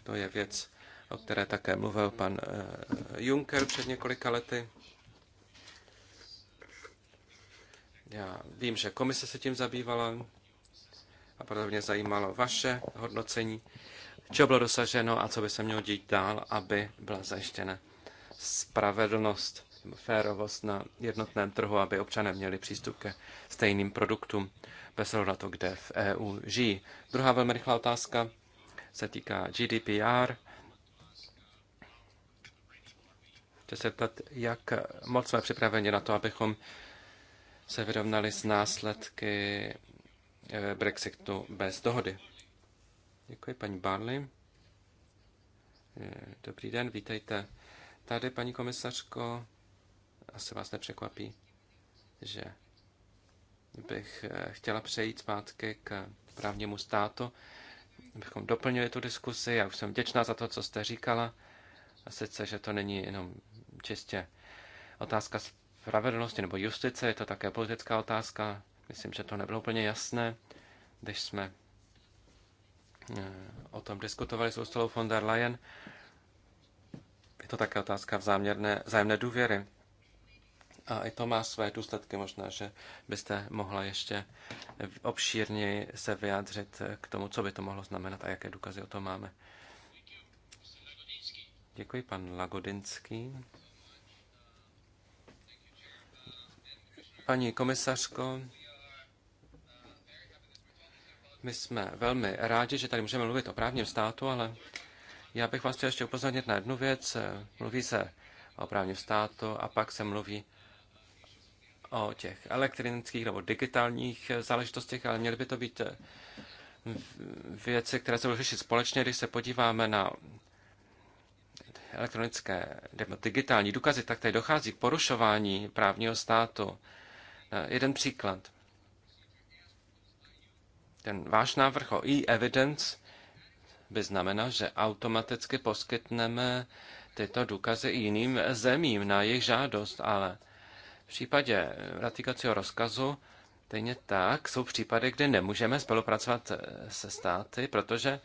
To je věc, o které také mluvil pan eh, Juncker před několika lety. Já vím, že komise se tím zabývala a proto mě zajímalo vaše hodnocení, čeho bylo dosaženo a co by se mělo dít dál, aby byla zajištěna spravedlnost, férovost na jednotném trhu, aby občané měli přístup ke stejným produktům bez na to, kde v EU žijí. Druhá velmi rychlá otázka se týká GDPR. Chci se ptat, jak moc jsme připraveni na to, abychom se vyrovnali s následky eh, Brexitu bez dohody. Děkuji, paní Barley. Eh, dobrý den, vítejte. Tady, paní komisařko, asi vás nepřekvapí, že bych eh, chtěla přejít zpátky k právnímu státu, abychom doplnili tu diskusi. Já už jsem vděčná za to, co jste říkala. A sice, že to není jenom čistě otázka spravedlnosti nebo justice, je to také politická otázka. Myslím, že to nebylo úplně jasné, když jsme eh, o tom diskutovali s Ústavou von der Leyen. Je to také otázka záměrné, vzájemné důvěry. A i to má své důsledky. Možná, že byste mohla ještě obšírněji se vyjádřit k tomu, co by to mohlo znamenat a jaké důkazy o tom máme. Děkuji, pan Lagodinský. Paní komisařko, my jsme velmi rádi, že tady můžeme mluvit o právním státu, ale já bych vás chtěl ještě upozornit na jednu věc. Mluví se o právním státu a pak se mluví o těch elektronických nebo digitálních eh, záležitostech, ale měly by to být eh, věci, které se budou řešit společně, když se podíváme na elektronické nebo digitální důkazy, tak tady dochází k porušování právního státu. Eh, jeden příklad. Ten váš návrh o e-evidence by znamenal, že automaticky poskytneme tyto důkazy i jiným zemím na jejich žádost, ale v případě ratifikacího rozkazu stejně tak jsou případy, kdy nemůžeme spolupracovat eh, se státy, protože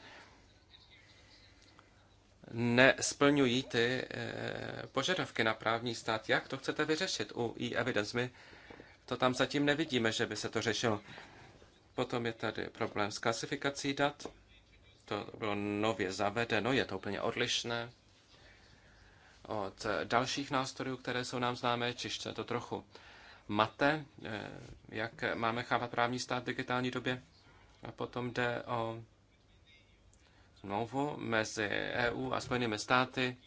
nesplňují ty eh, požadavky na právní stát. Jak to chcete vyřešit u e-evidence? My to tam zatím nevidíme, že by se to řešilo. Potom je tady problém s klasifikací dat. To bylo nově zavedeno, je to úplně odlišné od dalších nástrojů, které jsou nám známé, čiž to trochu mate, eh, jak máme chápat právní stát v digitální době. A potom jde o smlouvu mezi EU a Spojenými státy,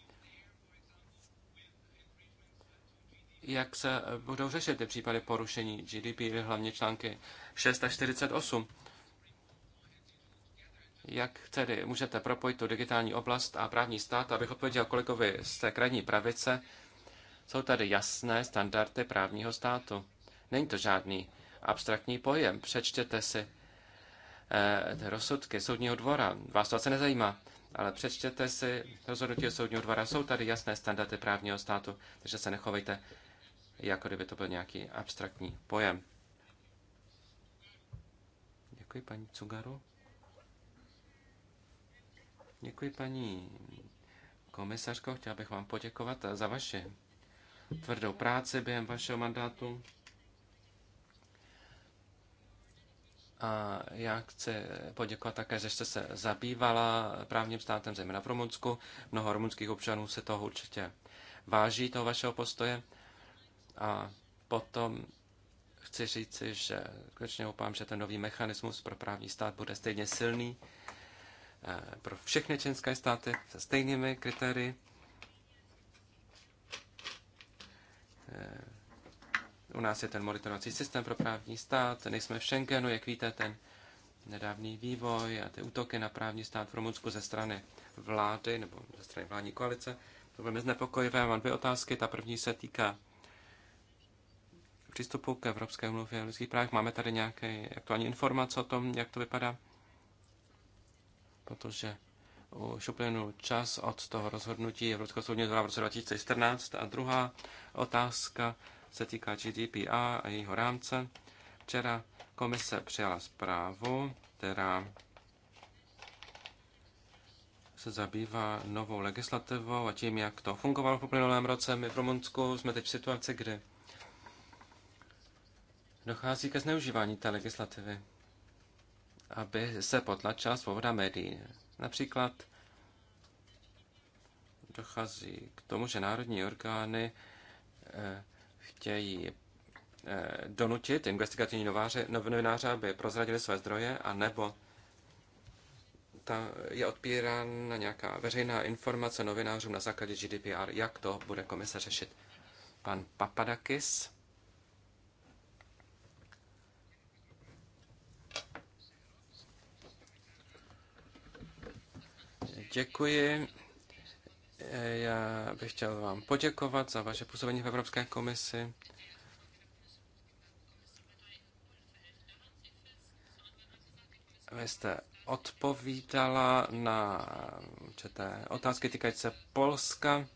jak se budou řešit ty případy porušení GDP, hlavně články 6 a 48. Jak tedy můžete propojit tu digitální oblast a právní stát, abych odpověděl kolegovi z té krajní pravice, jsou tady jasné standardy právního státu. Není to žádný abstraktní pojem. Přečtěte si eh, rozsudky soudního dvora. Vás to asi nezajímá, ale přečtěte si rozhodnutí soudního dvora. Jsou tady jasné standardy právního státu, takže se nechovejte, jako kdyby to byl nějaký abstraktní pojem. Děkuji, paní Cugaru. Děkuji, paní komisařko. Chtěl bych vám poděkovat za vaši tvrdou práci během vašeho mandátu. A já chci poděkovat také, že jste se zabývala právním státem, zejména v Rumunsku. Mnoho rumunských občanů se toho určitě váží, toho vašeho postoje. A potom chci říci, že skutečně upám, že ten nový mechanismus pro právní stát bude stejně silný Eh, pro všechny členské státy se stejnými kritérii. Eh, u nás je ten monitorovací systém pro právní stát, nejsme v Schengenu, jak víte, ten nedávný vývoj a ty útoky na právní stát v Rumunsku ze strany vlády nebo ze strany vládní koalice. To velmi znepokojivé. Mám dvě otázky. Ta první se týká přístupu k Evropské umluvě o lidských právech. Máme tady nějaké aktuální informace o tom, jak to vypadá? protože už uplynul čas od toho rozhodnutí Evropského soudního dvora v roce 2014. A druhá otázka se týká GDPR a jejího rámce. Včera komise přijala zprávu, která se zabývá novou legislativou a tím, jak to fungovalo v uplynulém roce. My v Rumunsku jsme teď v situaci, kdy dochází ke zneužívání té legislativy aby se potlačila svoboda médií. Například dochází k tomu, že národní orgány eh, chtějí eh, donutit investigativní nováře, no, novináře, aby prozradili své zdroje, a ta je odpírána nějaká veřejná informace novinářům na základě GDPR. Jak to bude komise řešit? Pan Papadakis. Děkuji. Eh, já bych chtěl vám poděkovat za vaše působení v Evropské komisi. Vy jste odpovídala na určité otázky týkající se Polska.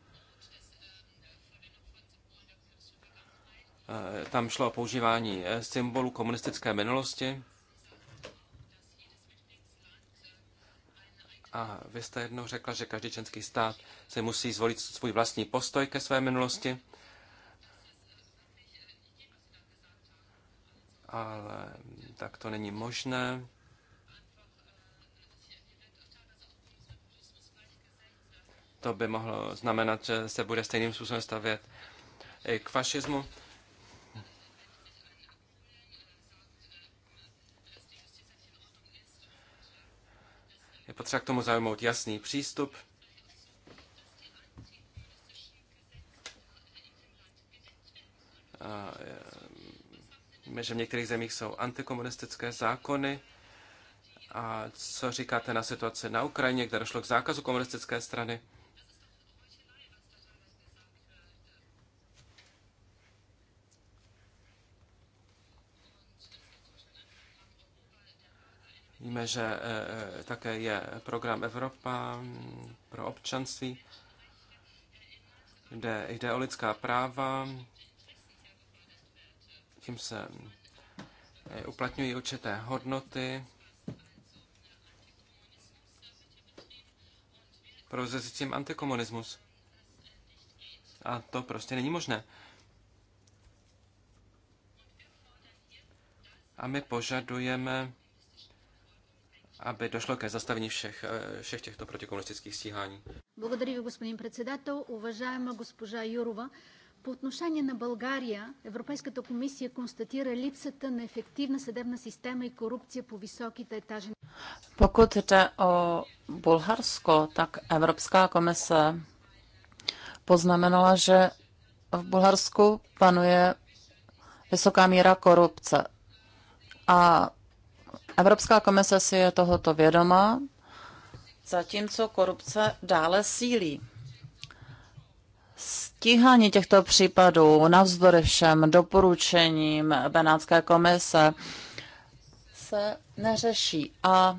Eh, tam šlo o používání eh, symbolu komunistické minulosti. A vy jste jednou řekla, že každý členský stát se musí zvolit svůj vlastní postoj ke své minulosti. Ale tak to není možné. To by mohlo znamenat, že se bude stejným způsobem stavět i k fašismu. Je potřeba k tomu zaujmout jasný přístup. E, víme, že v některých zemích jsou antikomunistické zákony. A co říkáte na situaci na Ukrajině, kde došlo k zákazu komunistické strany? Víme, že eh, eh, také je program Evropa mm, pro občanství, kde jde o lidská práva, tím se eh, uplatňují určité hodnoty, pro tím antikomunismus. A to prostě není možné. A my požadujeme aby došlo ke zastavení všech, všech těchto protikomunistických stíhání. Благодарю, ви, господин председател. Уважаема госпожа Юрова, по отношение на България, Европейската комисия констатира липсата на ефективна съдебна система и корупция по високите етажи. Pokud jde o Bulharsko, tak Evropská komise poznamenala, že v Bulharsku panuje vysoká míra korupce. A Evropská komise si je tohoto vědoma, zatímco korupce dále sílí. Stíhání těchto případů navzdory všem doporučením Benátské komise se neřeší a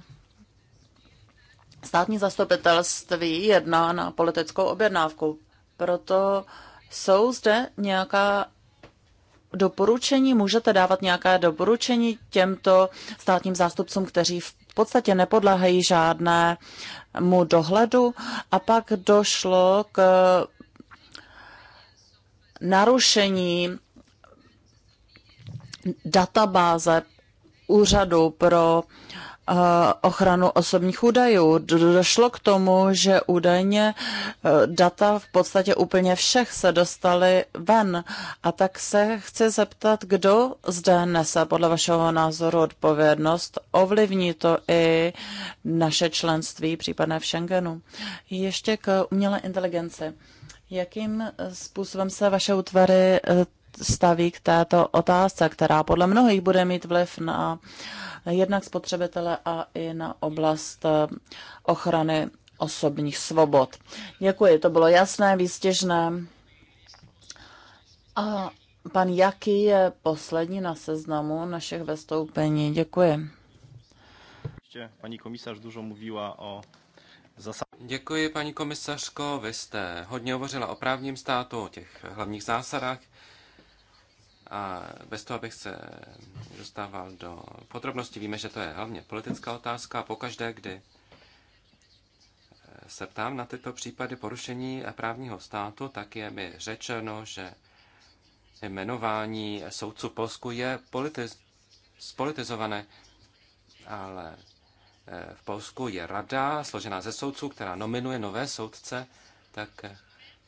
státní zastupitelství jedná na politickou objednávku. Proto jsou zde nějaká doporučení, můžete dávat nějaká doporučení těmto státním zástupcům, kteří v podstatě nepodléhají žádnému dohledu a pak došlo k narušení databáze úřadu pro uh, Eh, ochranu osobních údajů. Došlo k tomu, že údajně eh, data v podstatě úplně všech se dostaly ven. A tak se chci zeptat, kdo zde nese podle vašeho názoru odpovědnost. Ovlivní to i naše členství, případné v Schengenu. Ještě k umělé inteligenci. Jakým způsobem se vaše útvary eh, staví k této otázce, která podle mnohých bude mít vliv na uh, jednak spotřebitele a i na oblast eh, ochrany osobních svobod. Děkuji, to bylo jasné, výstěžné. A pan Jaký je poslední na seznamu našich vystoupení. Děkuji. Paní komisař dužo mluvila o Děkuji, paní komisařko. Vy jste hodně hovořila o právním státu, o těch hlavních zásadách. A bez toho, abych se dostával do podrobností, víme, že to je hlavně politická otázka. A pokaždé, kdy eh, se ptám na tyto případy porušení právního státu, tak je mi řečeno, že jmenování soudců v Polsku je politiz- spolitizované, ale eh, v Polsku je rada složená ze soudců, která nominuje nové soudce, tak eh,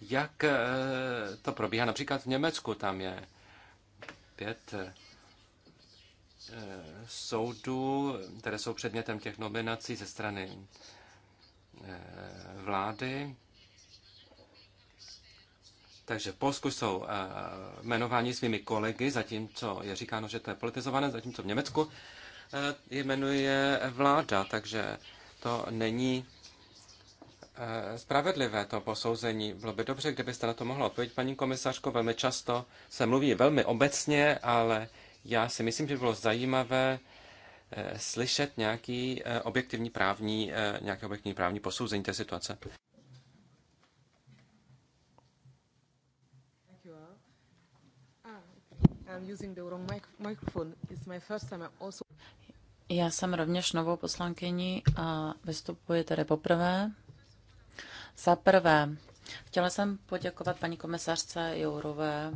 jak to probíhá například v Německu, tam je pět eh, soudů, které jsou předmětem těch nominací ze strany eh, vlády. Takže v Polsku jsou eh, jmenováni svými kolegy, zatímco je říkáno, že to je politizované, zatímco v Německu jmenuje vláda, takže to není Eh, spravedlivé to posouzení. Bylo by dobře, kdybyste na to mohla odpovědět, paní komisařko. Velmi často se mluví velmi obecně, ale já si myslím, že by bylo zajímavé eh, slyšet nějaký eh, objektivní právní, nějaké objektivní právní posouzení té situace. Ah, já jsem rovněž novou poslankyní a vystupuji tedy poprvé. Za prvé, chtěla jsem poděkovat paní komisařce Jourové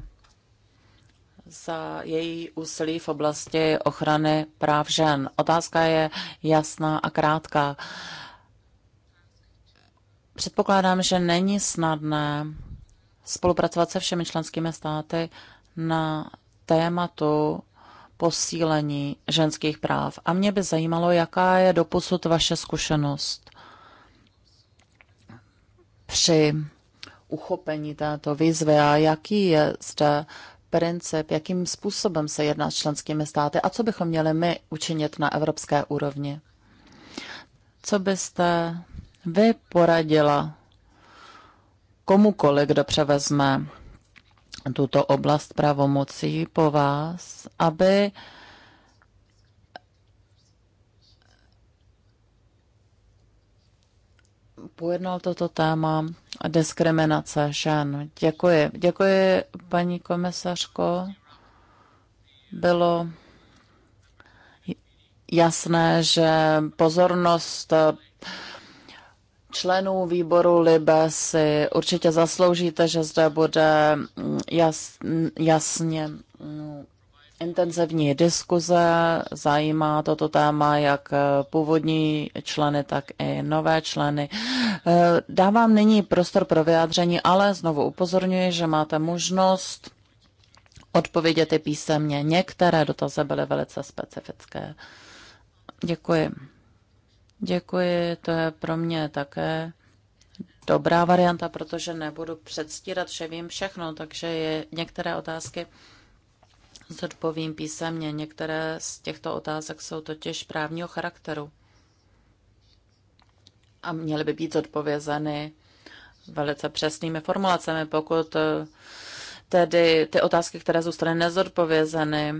za její úsilí v oblasti ochrany práv žen. Otázka je jasná a krátká. Předpokládám, že není snadné spolupracovat se všemi členskými státy na tématu posílení ženských práv. A mě by zajímalo, jaká je doposud vaše zkušenost při uchopení této výzvy a jaký je zde princip, jakým způsobem se jedná s členskými státy a co bychom měli my učinit na evropské úrovni. Co byste vy poradila komukoliv, kdo převezme tuto oblast pravomocí po vás, aby pojednal toto téma diskriminace žen. Děkuji. Děkuji, paní komisařko. Bylo jasné, že pozornost členů výboru LIBE si určitě zasloužíte, že zde bude jas, jasně intenzivní diskuze, zajímá toto téma jak původní členy, tak i nové členy. Eh, dávám nyní prostor pro vyjádření, ale znovu upozorňuji, že máte možnost odpovědět i písemně. Některé dotazy byly velice specifické. Děkuji. Děkuji, to je pro mě také dobrá varianta, protože nebudu předstírat, že vím všechno, takže je některé otázky zodpovím písemně. Některé z těchto otázek jsou totiž právního charakteru a měly by být zodpovězeny velice přesnými formulacemi. Pokud eh, tedy ty otázky, které zůstaly nezodpovězeny,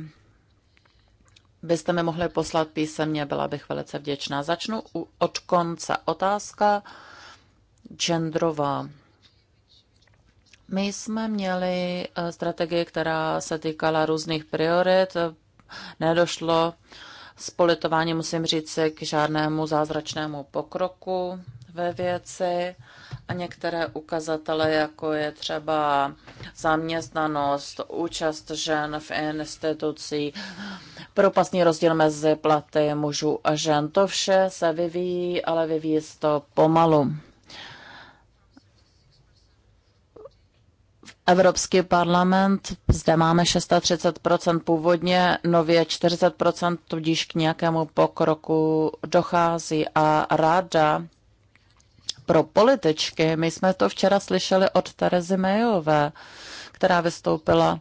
byste mi mohli poslat písemně, byla bych velice vděčná. Začnu od konce. Otázka genderová. My jsme měli eh, strategii, která se týkala různých priorit. Nedošlo s politováním, musím říct, k žádnému zázračnému pokroku ve věci a některé ukazatele, jako je třeba zaměstnanost, účast žen v institucí, propastní rozdíl mezi platy mužů a žen. To vše se vyvíjí, ale vyvíjí se to pomalu. Evropský parlament, zde máme 36% původně, nově 40%, tudíž k nějakému pokroku dochází a ráda pro političky. My jsme to včera slyšeli od Terezy Mayové, která vystoupila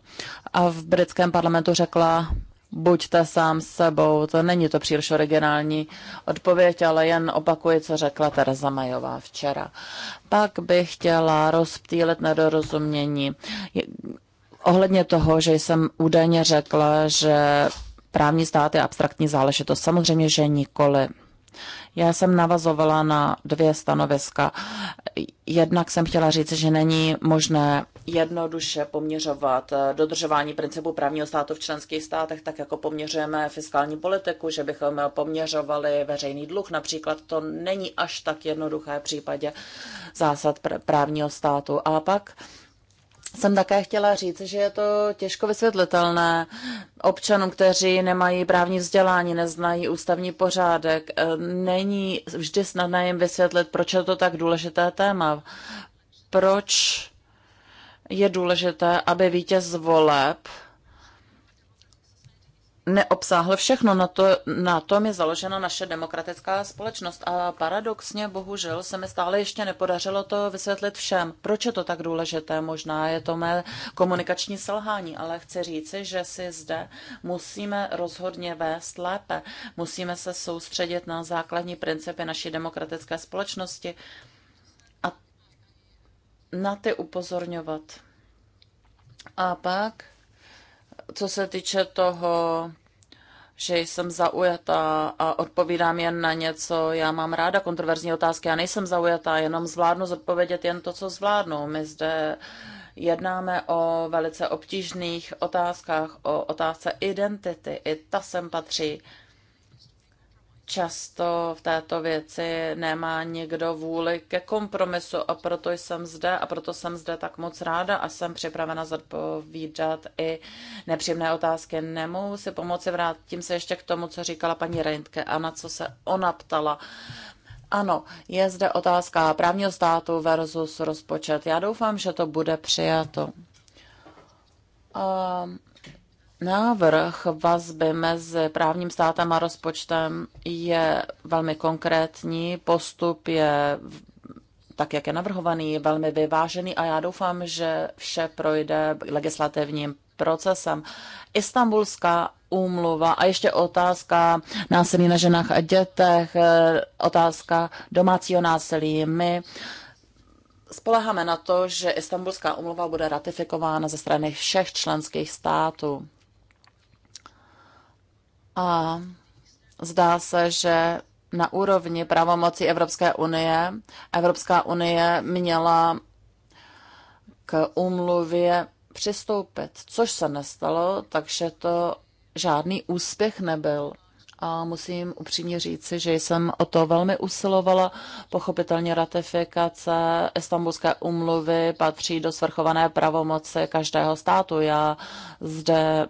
a v britském parlamentu řekla, buďte sám sebou. To není to příliš originální odpověď, ale jen opakuji, co řekla Tereza Majová včera. Pak bych chtěla rozptýlit nedorozumění ohledně toho, že jsem údajně řekla, že právní stát je abstraktní záležitost. Samozřejmě, že nikoli. Já jsem navazovala na dvě stanoviska. Jednak jsem chtěla říct, že není možné jednoduše poměřovat eh, dodržování principu právního státu v členských státech, tak jako poměřujeme fiskální politiku, že bychom eh, poměřovali veřejný dluh. Například to není až tak jednoduché v případě zásad právního státu. A pak jsem také chtěla říct, že je to těžko vysvětlitelné občanům, kteří nemají právní vzdělání, neznají ústavní pořádek. E, Není vždy snadné jim vysvětlit, proč je to tak důležité téma. Proč je důležité, aby vítěz voleb neobsáhl všechno. Na, to, na tom je založena naše demokratická společnost. A paradoxně, bohužel, se mi stále ještě nepodařilo to vysvětlit všem. Proč je to tak důležité? Možná je to mé komunikační selhání, ale chci říci, že si zde musíme rozhodně vést lépe. Musíme se soustředit na základní principy naší demokratické společnosti a na ty upozorňovat. A pak co se týče toho, že jsem zaujatá a odpovídám jen na něco. Já mám ráda kontroverzní otázky, já nejsem zaujatá, jenom zvládnu zodpovědět jen to, co zvládnu. My zde jednáme o velice obtížných otázkách, o otázce identity, i ta sem patří. Uh, často v této věci nemá někdo vůli ke kompromisu a proto jsem zde a proto jsem zde tak moc ráda a jsem připravena zodpovídat i nepříjemné otázky. Nemohu si pomoci, vrátím se ještě k tomu, co říkala paní Reintke a na co se ona ptala. Ano, je zde otázka právního státu versus rozpočet. Já doufám, že to bude přijato. Um, návrh vazby mezi právním státem a rozpočtem je velmi konkrétní, postup je tak, jak je navrhovaný, je velmi vyvážený a já doufám, že vše projde legislativním procesem. Istanbulská úmluva a ještě otázka násilí na ženách a dětech, eh, otázka domácího násilí. My spoleháme na to, že Istanbulská úmluva bude ratifikována ze strany všech členských států. A zdá se, že na úrovni pravomocí Evropské unie Evropská unie měla k úmluvě přistoupit, což se nestalo, takže to žádný úspěch nebyl. A musím upřímně říci, že jsem o to velmi usilovala. Pochopitelně ratifikace Istanbulské umluvy patří do svrchované pravomoci každého státu. Já zde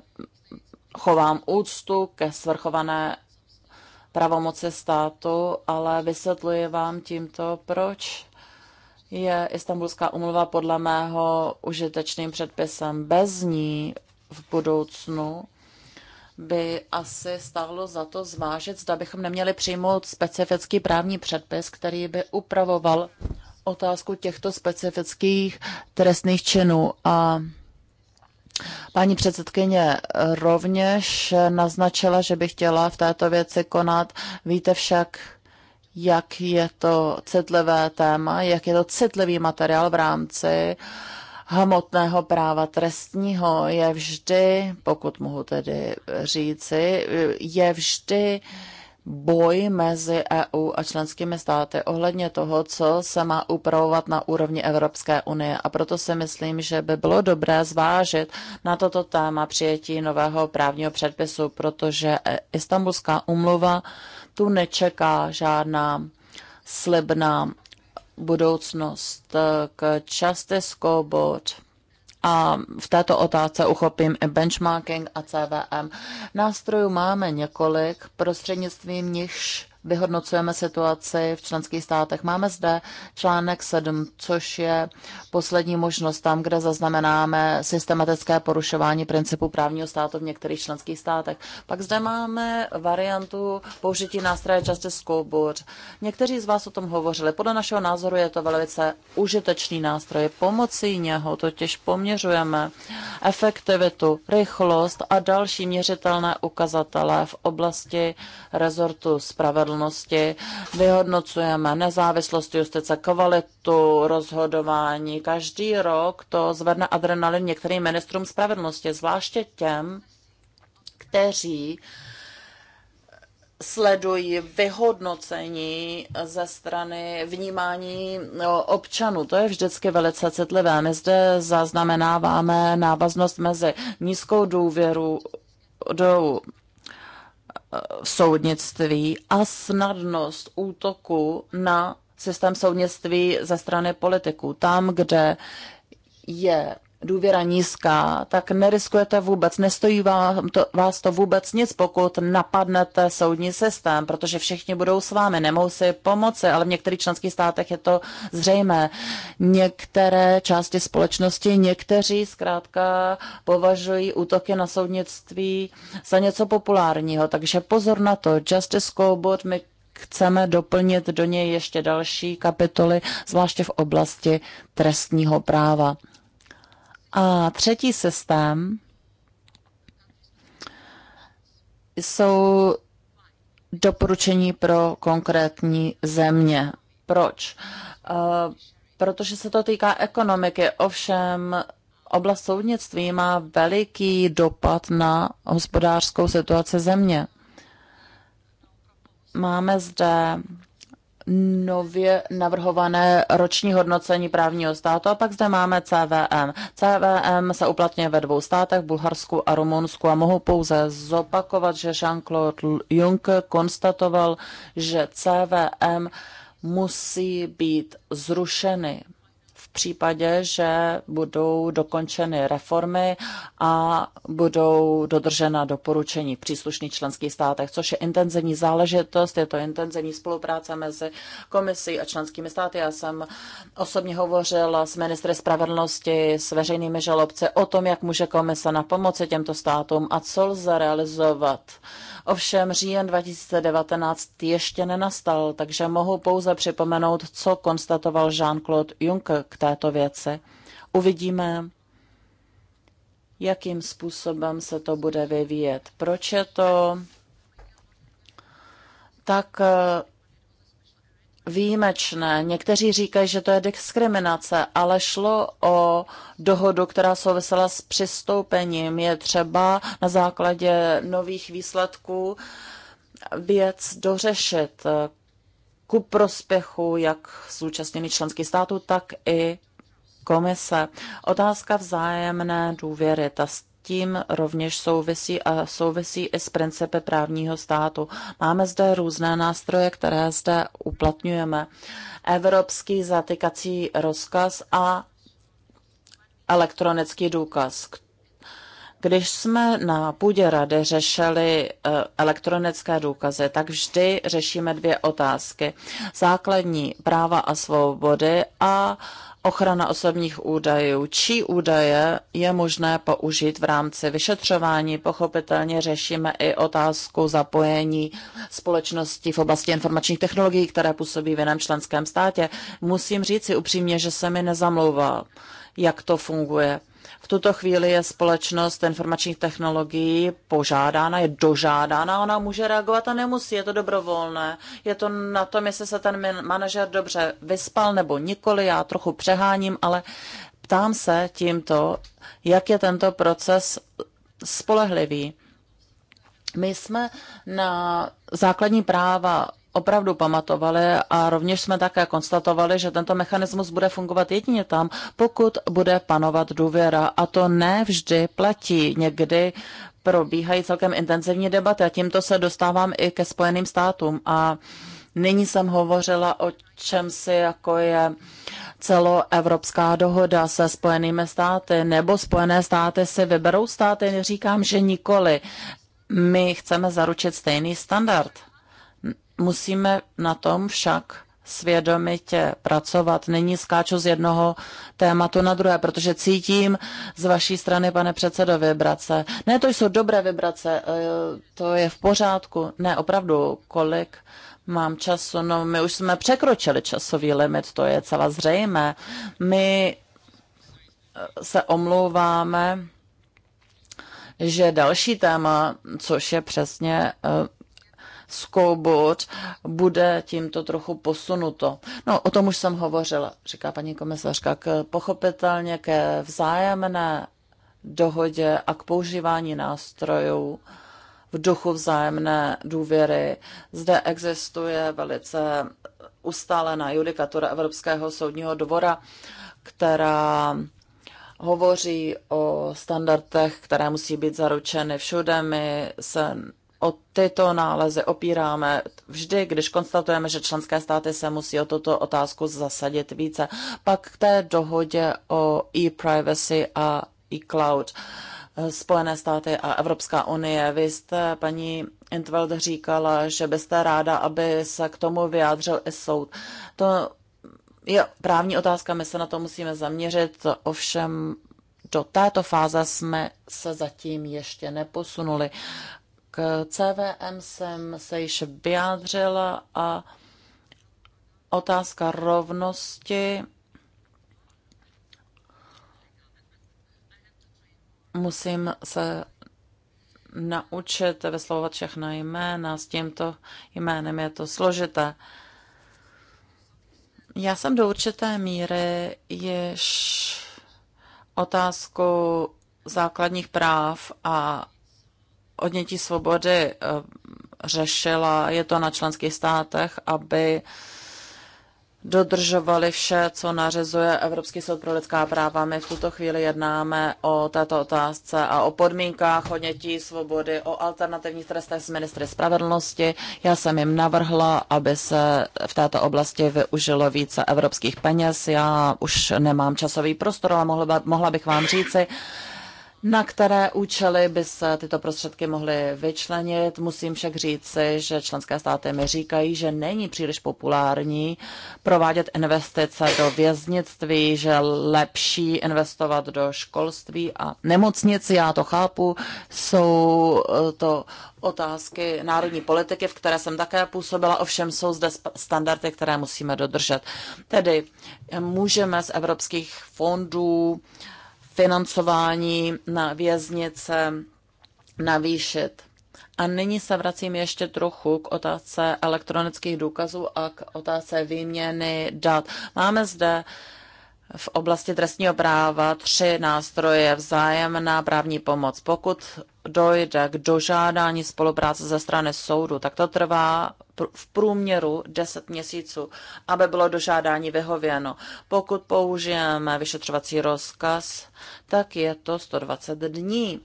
chovám úctu ke svrchované pravomoci státu, ale vysvětluji vám tímto, proč je Istanbulská umluva podle mého užitečným předpisem. Bez ní v budoucnu by asi stálo za to zvážit, zda bychom neměli přijmout specifický právní předpis, který by upravoval otázku těchto specifických trestných činů. A Paní předsedkyně rovněž naznačila, že by chtěla v této věci konat. Víte však, jak je to citlivé téma, jak je to citlivý materiál v rámci hmotného práva trestního je vždy, pokud mohu tedy říci, je vždy boj mezi EU a členskými státy ohledně toho, co se má upravovat na úrovni Evropské unie. A proto si myslím, že by bylo dobré zvážit na toto téma přijetí nového právního předpisu, protože Istanbulská umluva tu nečeká žádná slibná budoucnost. K časté skobot a v této otázce uchopím benchmarking a CVM. Nástrojů máme několik, prostřednictvím nichž vyhodnocujeme situaci v členských státech. Máme zde článek 7, což je poslední možnost tam, kde zaznamenáme systematické porušování principu právního státu v některých členských státech. Pak zde máme variantu použití nástroje Justice Scoreboard. Někteří z vás o tom hovořili. Podle našeho názoru je to velice užitečný nástroj. Pomocí něho totiž poměřujeme efektivitu, rychlost a další měřitelné ukazatele v oblasti rezortu spravedlnosti spravedlnosti, vyhodnocujeme nezávislost justice, kvalitu rozhodování. Každý rok to zvedne adrenalin některým ministrům spravedlnosti, zvláště těm, kteří sledují vyhodnocení ze strany vnímání občanů. To je vždycky velice citlivé. My zde zaznamenáváme návaznost mezi nízkou důvěru do Eh, v soudnictví a snadnost útoku na systém soudnictví ze strany politiků. Tam, kde je důvěra nízká, tak neriskujete vůbec, nestojí vám to, vás to vůbec nic, pokud napadnete soudní systém, protože všichni budou s vámi, nemohou si pomoci, ale v některých členských státech je to zřejmé. Některé části společnosti, někteří zkrátka považují útoky na soudnictví za něco populárního, takže pozor na to, Justice Cobot, my chceme doplnit do něj ještě další kapitoly, zvláště v oblasti trestního práva. A třetí systém jsou doporučení pro konkrétní země. Proč? Eh, protože se to týká ekonomiky, ovšem oblast soudnictví má veliký dopad na hospodářskou situaci země. Máme zde nově navrhované roční hodnocení právního státu a pak zde máme CVM. CVM se uplatňuje ve dvou státech, Bulharsku a Rumunsku a mohu pouze zopakovat, že Jean-Claude Juncker konstatoval, že CVM musí být zrušeny případě, že budou dokončeny reformy a budou dodržena doporučení v příslušných členských státech, což je intenzivní záležitost, je to intenzivní spolupráce mezi komisí a členskými státy. Já jsem osobně hovořila s ministry spravedlnosti, s veřejnými žalobci o tom, jak může komise na pomoci těmto státům a co lze realizovat Ovšem říjen 2019 ještě nenastal, takže mohu pouze připomenout, co konstatoval Jean-Claude Juncker k této věci. Uvidíme, jakým způsobem se to bude vyvíjet. Proč je to tak eh, výjimečné. Někteří říkají, že to je diskriminace, ale šlo o dohodu, která souvisela s přistoupením. Je třeba na základě nových výsledků věc dořešit ku prospěchu jak zúčastněných členských států, tak i komise. Otázka vzájemné důvěry, ta tím rovněž souvisí a souvisí i s principy právního státu. Máme zde různé nástroje, které zde uplatňujeme. Evropský zatykací rozkaz a elektronický důkaz. K když jsme na půdě rady řešili eh, elektronické důkazy, tak vždy řešíme dvě otázky. Základní práva a svobody a ochrana osobních údajů. Čí údaje je možné použít v rámci vyšetřování? Pochopitelně řešíme i otázku zapojení společnosti, v oblasti informačních technologií, které působí v jiném členském státě. Musím říci upřímně, že se mi nezamlouvá, jak to funguje tuto chvíli je společnost informačních technologií požádána, je dožádána, ona může reagovat a nemusí, je to dobrovolné. Je to na tom, jestli se ten manažer dobře vyspal nebo nikoli, já trochu přeháním, ale ptám se tímto, jak je tento proces spolehlivý. My jsme na základní práva opravdu pamatovali a rovněž jsme také konstatovali, že tento mechanismus bude fungovat jedině tam, pokud bude panovat důvěra. A to ne vždy platí. Někdy probíhají celkem intenzivní debaty a tímto se dostávám i ke Spojeným státům. A nyní jsem hovořila o čem si jako je celoevropská dohoda se Spojenými státy, nebo Spojené státy si vyberou státy, říkám, že nikoli. My chceme zaručit stejný standard. Musíme na tom však svědomitě pracovat. Nyní skáču z jednoho tématu na druhé, protože cítím z vaší strany, pane předsedo, vibrace. Ne, to jsou dobré vibrace, eh, to je v pořádku. Ne, opravdu, kolik mám času? No, my už jsme překročili časový limit, to je celá zřejmé. My eh, se omlouváme, že další téma, což je přesně eh, skoubut bude tímto trochu posunuto. No, o tom už jsem hovořila, říká paní komisařka, k pochopitelně ke vzájemné dohodě a k používání nástrojů v duchu vzájemné důvěry. Zde existuje velice ustálená judikatura Evropského soudního dvora, která hovoří o standardech, které musí být zaručeny všude. My se o tyto nálezy opíráme vždy, když konstatujeme, že členské státy se musí o tuto otázku zasadit více. Pak k té dohodě o e-privacy a e-cloud. Spojené státy a Evropská unie. Vy jste, paní Intveld, říkala, že byste ráda, aby se k tomu vyjádřil i soud. To je právní otázka, my se na to musíme zaměřit, ovšem do této fáze jsme se zatím ještě neposunuli. CVM jsem se již vyjádřila a otázka rovnosti musím se naučit vyslovovat všechna jména. S tímto jménem je to složité. Já jsem do určité míry již otázku základních práv a odnětí svobody eh, řešila, je to na členských státech, aby dodržovali vše, co nařizuje Evropský soud pro lidská práva. My v tuto chvíli jednáme o této otázce a o podmínkách odnětí svobody, o alternativních trestech s ministry spravedlnosti. Já jsem jim navrhla, aby se v této oblasti využilo více evropských peněz. Já už nemám časový prostor, ale mohla, mohla bych vám říci, na které účely by se tyto prostředky mohly vyčlenit. Musím však říci, že členské státy mi říkají, že není příliš populární provádět investice do věznictví, že lepší investovat do školství a nemocnic, já to chápu, jsou eh, to otázky národní politiky, v které jsem také působila, ovšem jsou zde standardy, které musíme dodržet. Tedy eh, můžeme z evropských fondů uh, financování na věznice navýšit. A nyní se vracím ještě trochu k otázce elektronických důkazů a k otázce výměny dat. Máme zde uh, v oblasti trestního práva tři nástroje vzájemná právní pomoc. Pokud dojde k dožádání spolupráce ze strany soudu, tak to trvá v průměru 10 měsíců, aby bylo dožádání vyhověno. Pokud použijeme vyšetřovací rozkaz, tak je to 120 dní.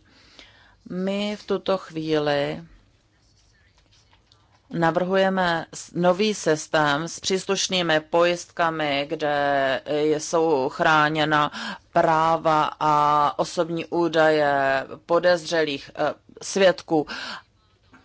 My v tuto chvíli navrhujeme nový systém s příslušnými pojistkami, kde jsou chráněna práva a osobní údaje podezřelých eh, svědků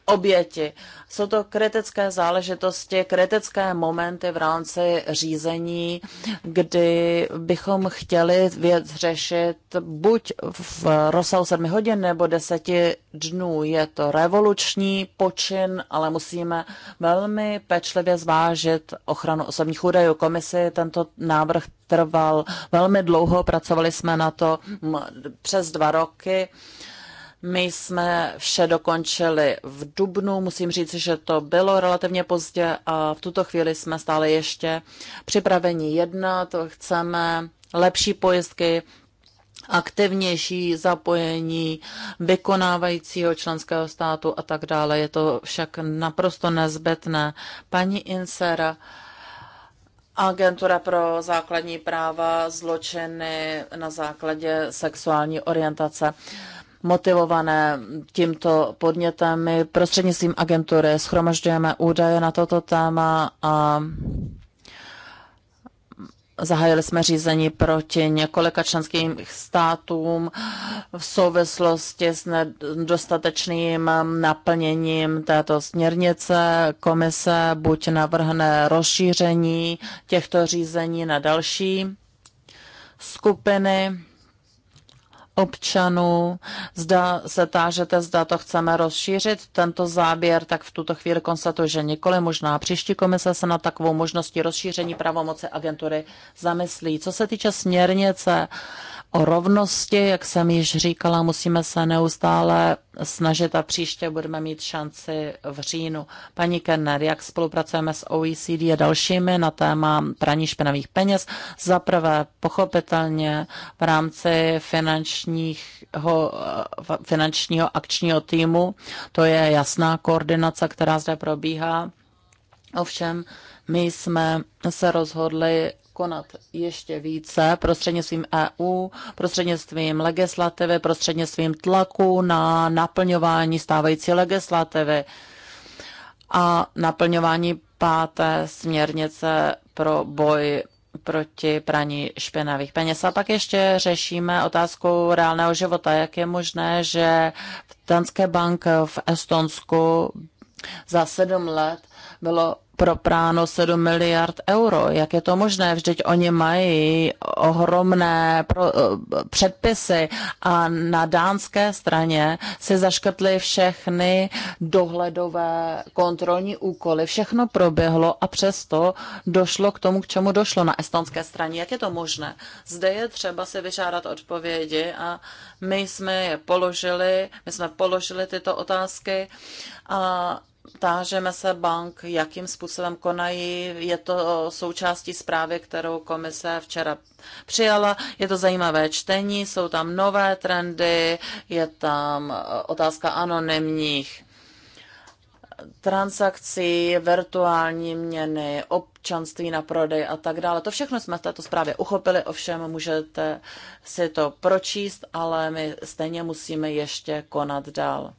oběti. Jsou to kritické záležitosti, kritické momenty v rámci řízení, kdy bychom chtěli věc řešit buď v rozsahu sedmi hodin nebo deseti dnů. Je to revoluční počin, ale musíme velmi pečlivě zvážit ochranu osobních údajů. Komisi tento návrh trval velmi dlouho, pracovali jsme na to přes dva roky. My jsme vše dokončili v Dubnu, musím říct, že to bylo relativně pozdě a v tuto chvíli jsme stále ještě připraveni jednat, chceme lepší pojistky, aktivnější zapojení vykonávajícího členského státu a tak dále. Je to však naprosto nezbytné. Paní Insera, Agentura pro základní práva, zločiny na základě sexuální orientace. Uh, motivované tímto podnětem. My prostřednictvím agentury schromažďujeme údaje na toto téma a Zahájili jsme řízení proti několika členským státům v souvislosti s nedostatečným naplněním této směrnice. Komise buď navrhne rozšíření těchto řízení na další skupiny občanů. Zda se tážete, zda to chceme rozšířit, tento záběr, tak v tuto chvíli konstatuji, že nikoli. Možná příští komise se na takovou možnosti rozšíření pravomoci agentury zamyslí. Co se týče směrnice o rovnosti, jak jsem již říkala, musíme se neustále snažit a příště budeme mít šanci v říjnu. Paní Kenner, jak spolupracujeme s OECD a dalšími na téma praní špinavých peněz? Za prvé, pochopitelně v rámci finančního, finančního akčního týmu, to je jasná koordinace, která zde probíhá. Ovšem, my jsme se rozhodli konat ještě více prostřednictvím EU, prostřednictvím legislativy, prostřednictvím tlaku na naplňování stávající legislativy a naplňování páté směrnice pro boj proti praní špinavých peněz. A pak ještě řešíme otázku reálného života. Jak je možné, že v Danské bank v Estonsku za sedm let bylo propráno 7 miliard euro. Jak je to možné? Vždyť oni mají ohromné pro, eh, předpisy a na dánské straně si zaškrtli všechny dohledové kontrolní úkoly. Všechno proběhlo a přesto došlo k tomu, k čemu došlo na estonské straně. Jak je to možné? Zde je třeba si vyžádat odpovědi a my jsme je položili, my jsme položili tyto otázky a Tážeme se bank, jakým způsobem konají. Je to součástí zprávy, kterou komise včera přijala. Je to zajímavé čtení, jsou tam nové trendy, je tam otázka anonymních transakcí, virtuální měny, občanství na prodej a tak dále. To všechno jsme v této zprávě uchopili, ovšem můžete si to pročíst, ale my stejně musíme ještě konat dál.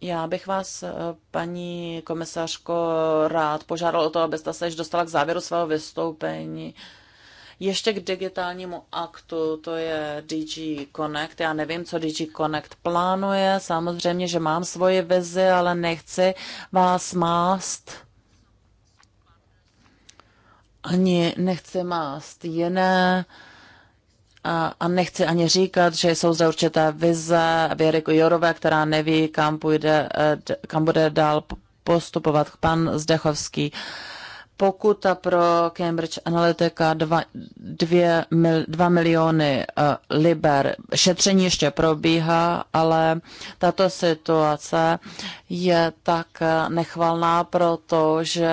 Já bych vás, eh, paní komisařko, rád požádal o to, abyste se již dostala k závěru svého vystoupení. Ještě k digitálnímu aktu, to je DG Connect. Já nevím, co DG Connect plánuje. Samozřejmě, že mám svoji vizi, ale nechci vás mást. Ani nechci mást jiné. Ne a, a nechci ani říkat, že jsou zde určité vize Věry Jorové, která neví, kam, půjde, eh, kam bude dál postupovat pan Zdechovský. Pokuta pro Cambridge Analytica 2 mil, miliony uh, liber. Šetření ještě probíhá, ale tato situace je tak eh, nechvalná, protože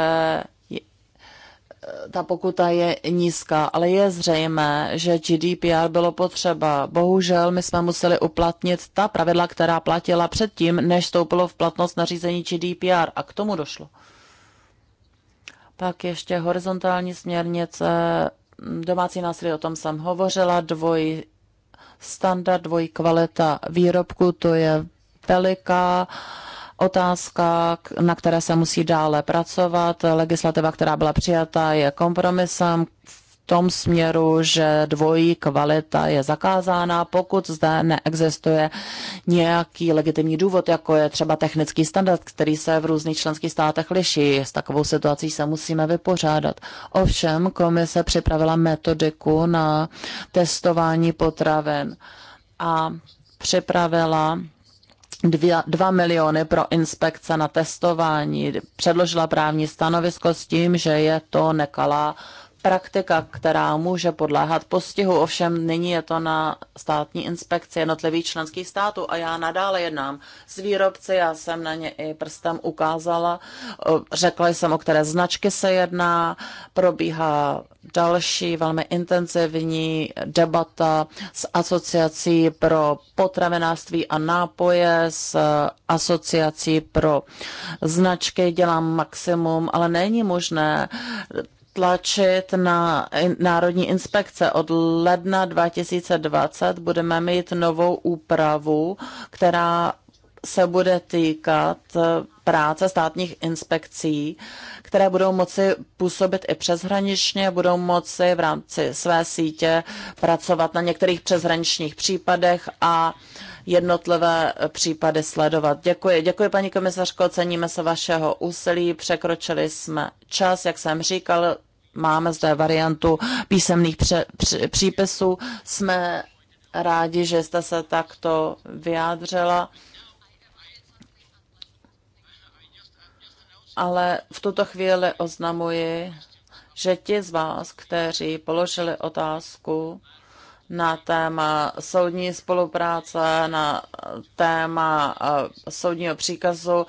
ta pokuta je nízká, ale je zřejmé, že GDPR bylo potřeba. Bohužel my jsme museli uplatnit ta pravidla, která platila předtím, než vstoupilo v platnost nařízení GDPR a k tomu došlo. Pak ještě horizontální směrnice, domácí násilí, o tom jsem hovořila, dvoj standard, dvoj kvalita výrobku, to je veliká uh, otázka, na které se musí dále pracovat. Legislativa, která byla přijata, je kompromisem v tom směru, že dvojí kvalita je zakázána, pokud zde neexistuje nějaký legitimní důvod, jako je třeba technický standard, který se v různých členských státech liší. S takovou situací se musíme vypořádat. Ovšem, komise připravila metodiku na testování potravin a připravila Dvě, dva miliony pro inspekce na testování. Předložila právní stanovisko s tím, že je to nekalá praktika, která může podléhat postihu, ovšem nyní je to na státní inspekci jednotlivých členských států a já nadále jednám s výrobci, já jsem na ně i prstem ukázala, řekla jsem, o které značky se jedná, probíhá další velmi intenzivní debata s asociací pro potravinářství a nápoje, s asociací pro značky, dělám maximum, ale není možné tlačit na Národní inspekce. Od ledna 2020 budeme mít novou úpravu, která se bude týkat eh, práce státních inspekcí, které budou moci působit i přeshraničně, budou moci v rámci své sítě pracovat na některých přeshraničních případech a uh, jednotlivé případy sledovat. Děkuji. Děkuji, paní komisařko, ceníme se vašeho úsilí. Překročili jsme čas, jak jsem říkal, máme zde variantu písemných pře- pří, přípisů. Jsme rádi, že jste se takto vyjádřila. Ale v tuto chvíli oznamuji, že ti z vás, kteří položili otázku, na téma soudní spolupráce, na téma eh, soudního příkazu.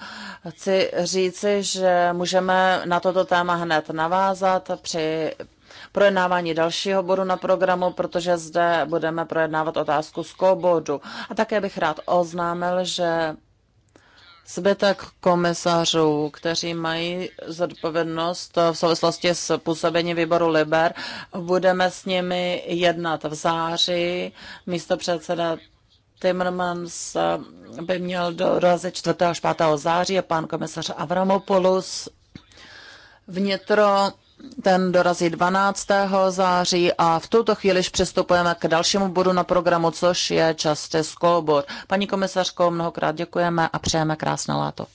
Chci říci, že můžeme na toto téma hned navázat při projednávání dalšího bodu na programu, protože zde budeme projednávat otázku kobodu. A také bych rád oznámil, že zbytek komisařů, kteří mají zodpovědnost v souvislosti s působením výboru Liber. Budeme s nimi jednat v září. Místo předseda Timmermans by měl dorazit 4. až 5. září a pan komisař Avramopoulos vnitro ten dorazí 12. září a v tuto chvíli přistupujeme k dalšímu bodu na programu, což je Justice Scoreboard. Paní komisařko, mnohokrát děkujeme a přejeme krásné léto.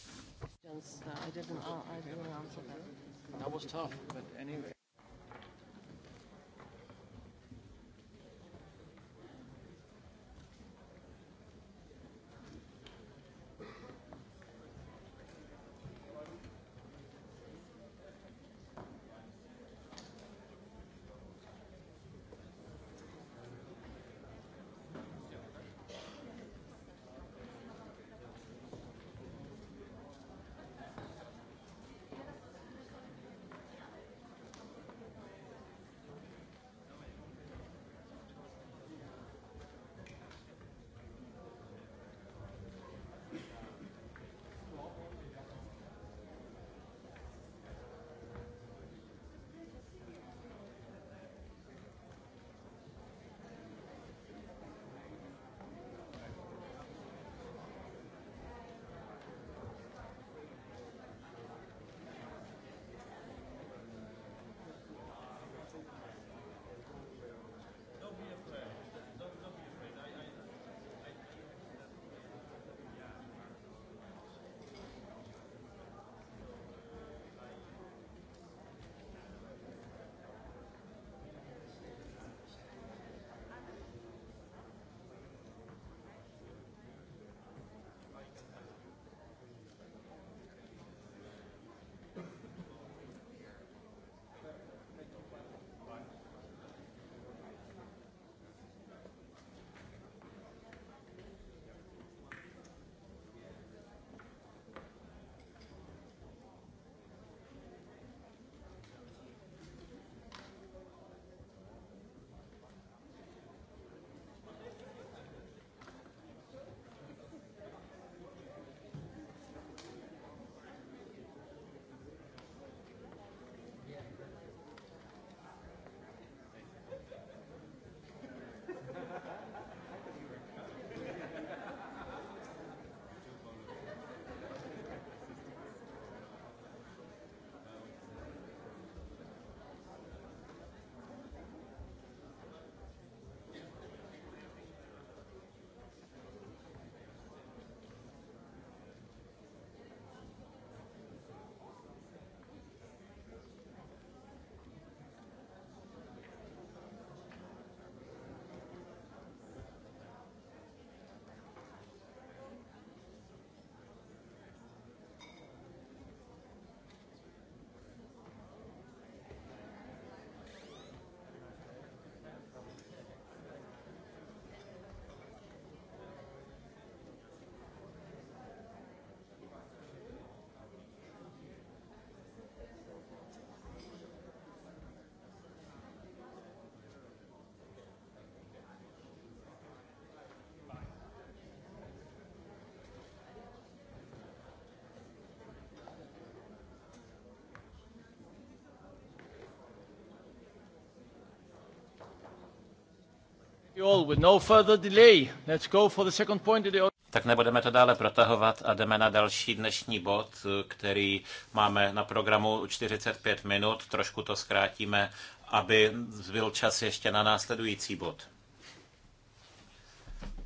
Tak nebudeme to dále protahovat a jdeme na další dnešní bod, který máme na programu 45 minut. Trošku to zkrátíme, aby zbyl čas ještě na následující bod.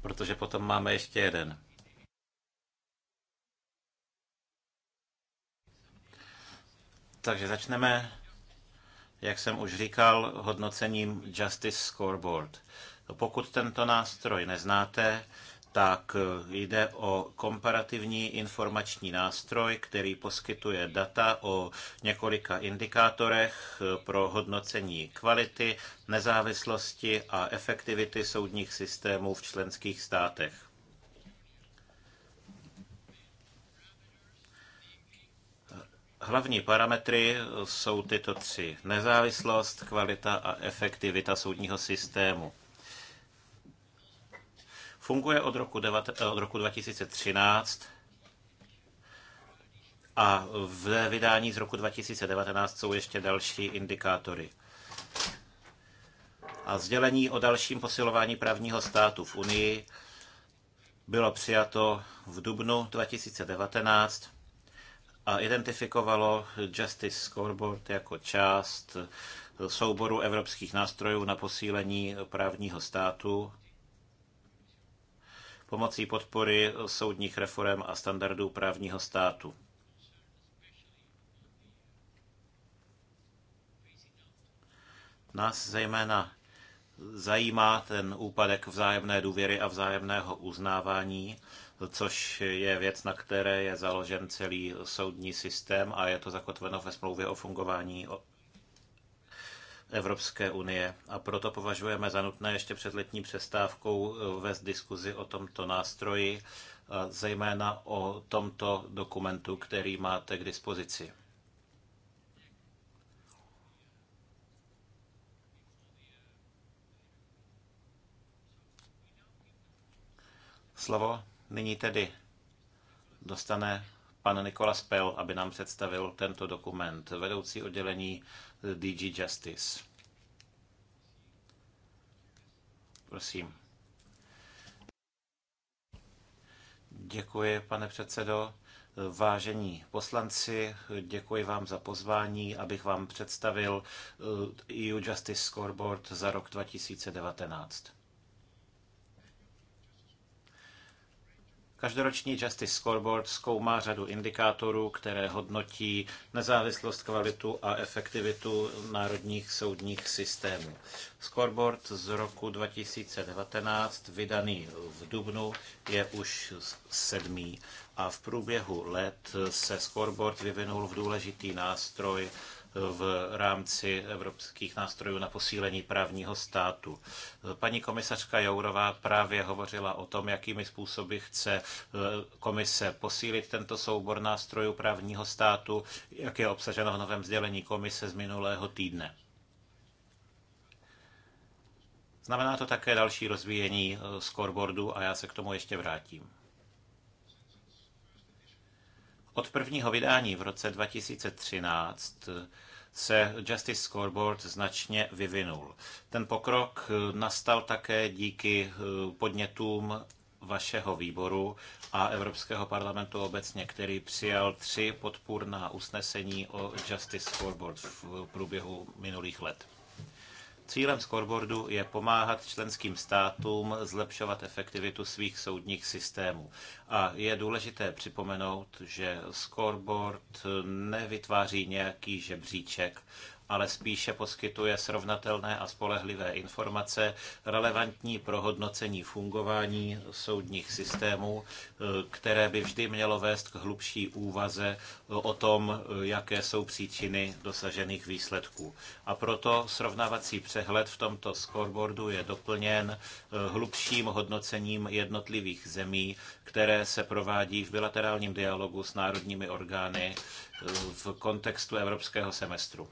Protože potom máme ještě jeden. Takže začneme, jak jsem už říkal, hodnocením Justice Scoreboard. No pokud tento nástroj neznáte, tak jde o komparativní informační nástroj, který poskytuje data o několika indikátorech pro hodnocení kvality, nezávislosti a efektivity soudních systémů v členských státech. Hlavní parametry jsou tyto tři. Nezávislost, kvalita a efektivita soudního systému. Funguje od roku, eh, od roku 2013 a v vydání z roku 2019 jsou ještě další indikátory. A sdělení o dalším posilování právního státu v Unii bylo přijato v dubnu 2019 a identifikovalo Justice Scoreboard jako část souboru evropských nástrojů na posílení právního státu pomocí podpory soudních reform a standardů právního státu. Nás zejména zajímá ten úpadek vzájemné důvěry a vzájemného uznávání, což je věc, na které je založen celý soudní systém a je to zakotveno ve smlouvě o fungování Evropské unie a proto považujeme za nutné ještě před letní přestávkou eh, vést diskuzi o tomto nástroji, eh, zejména o tomto dokumentu, který máte k dispozici. Slovo nyní tedy dostane pan Nikola Spel, aby nám představil tento dokument, vedoucí oddělení eh, DG Justice. Prosím. Děkuji, pane předsedo. Vážení poslanci, děkuji vám za pozvání, abych vám představil EU eh, e Justice Scoreboard za rok 2019. Každoroční Justice Scoreboard zkoumá řadu indikátorů, které hodnotí nezávislost, kvalitu a efektivitu národních soudních systémů. Scoreboard z roku 2019, vydaný v Dubnu, je už sedmý a v průběhu let se scoreboard vyvinul v důležitý nástroj v rámci evropských nástrojů na posílení právního státu. Paní komisařka Jourová právě hovořila o tom, jakými způsoby chce eh, komise posílit tento soubor nástrojů právního státu, jak je obsaženo v novém sdělení komise z minulého týdne. Znamená to také další rozvíjení eh, scoreboardu a já se k tomu ještě vrátím. Od prvního vydání v roce 2013 se Justice Scoreboard značně vyvinul. Ten pokrok eh, nastal také díky eh, podnětům vašeho výboru a Evropského parlamentu obecně, který přijal tři podpůrná usnesení o Justice Scoreboard v průběhu minulých let. Cílem scoreboardu je pomáhat členským státům zlepšovat efektivitu svých soudních systémů. A je důležité připomenout, že scoreboard nevytváří nějaký žebříček, ale spíše poskytuje srovnatelné a spolehlivé informace relevantní pro hodnocení fungování soudních systémů, eh, které by vždy mělo vést k hlubší úvaze o tom, eh, jaké jsou příčiny dosažených výsledků. A proto srovnávací přehled v tomto scoreboardu je doplněn eh, hlubším hodnocením jednotlivých zemí, které se provádí v bilaterálním dialogu s národními orgány v kontextu evropského semestru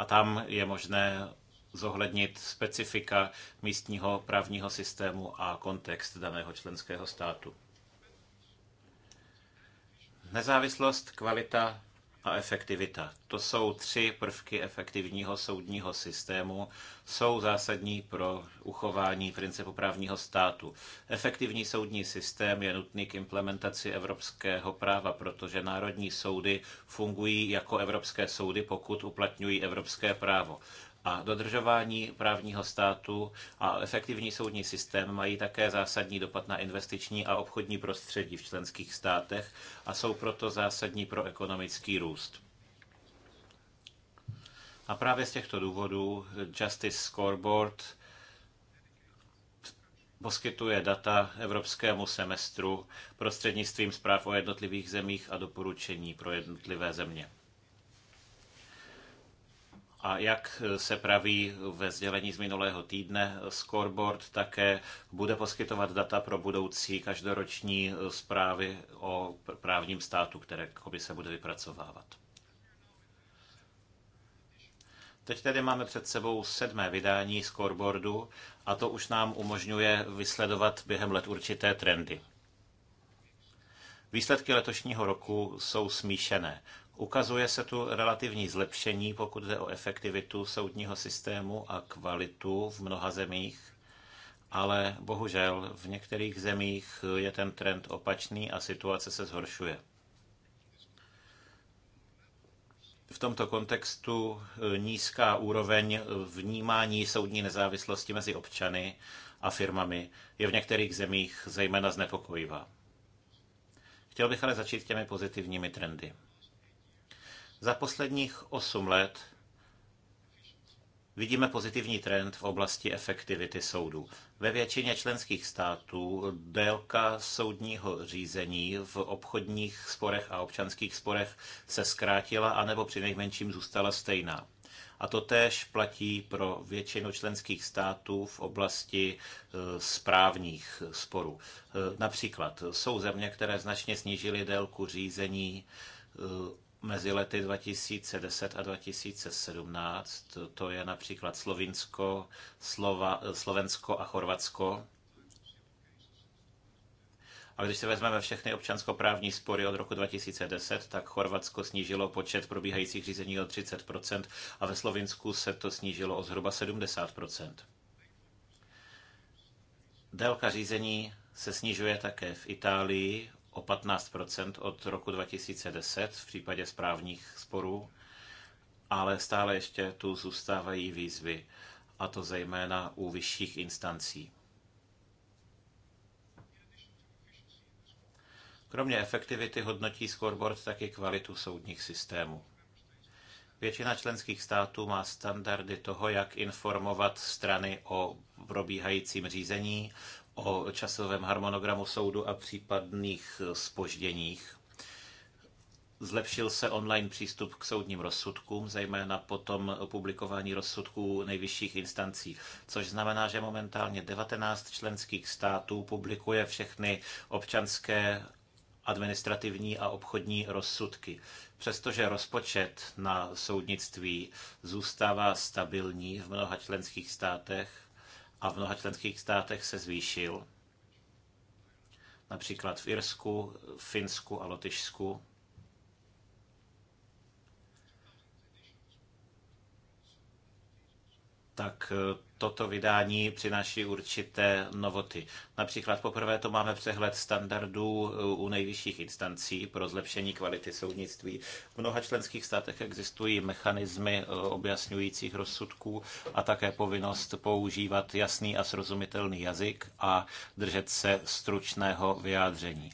a tam je možné zohlednit specifika místního právního systému a kontext daného členského státu. Nezávislost, kvalita a efektivita. To jsou tři prvky efektivního soudního systému, jsou zásadní pro uchování principu právního státu. Efektivní soudní systém je nutný k implementaci evropského práva, protože národní soudy fungují jako evropské soudy, pokud uplatňují evropské právo. A dodržování právního státu a efektivní soudní systém mají také zásadní dopad na investiční a obchodní prostředí v členských státech a jsou proto zásadní pro ekonomický růst. A právě z těchto důvodů Justice Scoreboard poskytuje data evropskému semestru prostřednictvím zpráv o jednotlivých zemích a doporučení pro jednotlivé země. A jak eh, se praví ve sdělení z minulého týdne, eh, scoreboard také bude poskytovat data pro budoucí každoroční eh, zprávy o právním státu, které komise bude vypracovávat. Teď tedy máme před sebou sedmé vydání scoreboardu a to už nám umožňuje vysledovat během let určité trendy. Výsledky letošního roku jsou smíšené. Ukazuje se tu relativní zlepšení, pokud jde o efektivitu soudního systému a kvalitu v mnoha zemích, ale bohužel v některých zemích je ten trend opačný a situace se zhoršuje. v tomto kontextu e, nízká úroveň vnímání soudní nezávislosti mezi občany a firmami je v některých zemích zejména znepokojivá. Chtěl bych ale začít těmi pozitivními trendy. Za posledních 8 let vidíme pozitivní trend v oblasti efektivity soudů. Ve většině členských států délka soudního řízení v obchodních sporech a občanských sporech se zkrátila anebo při nejmenším zůstala stejná. A to též platí pro většinu členských států v oblasti e, správních sporů. E, například jsou země, které značně snížily délku řízení e, mezi lety 2010 a 2017. To je například Slovinsko, Slova, eh, Slovensko a Chorvatsko. A když si vezmeme všechny občanskoprávní spory od roku 2010, tak Chorvatsko snížilo počet probíhajících řízení o 30% a ve Slovinsku se to snížilo o zhruba 70%. Délka řízení se snižuje také v Itálii o 15 od roku 2010 v případě správních sporů, ale stále ještě tu zůstávají výzvy, a to zejména u vyšších instancí. Kromě efektivity hodnotí scoreboard taky kvalitu soudních systémů. Většina členských států má standardy toho, jak informovat strany o probíhajícím řízení o časovém harmonogramu soudu a případných spožděních. Zlepšil se online přístup k soudním rozsudkům, zejména potom publikování rozsudků nejvyšších instancí, což znamená, že momentálně 19 členských států publikuje všechny občanské administrativní a obchodní rozsudky. Přestože rozpočet na soudnictví zůstává stabilní v mnoha členských státech, a v mnoha členských státech se zvýšil. Například v Irsku, Finsku a Lotyšsku. Tak eh, toto vydání přináší určité novoty. Například poprvé to máme přehled standardů uh, u nejvyšších instancí pro zlepšení kvality soudnictví. V mnoha členských státech existují mechanismy uh, objasňujících rozsudků a také povinnost používat jasný a srozumitelný jazyk a držet se stručného vyjádření.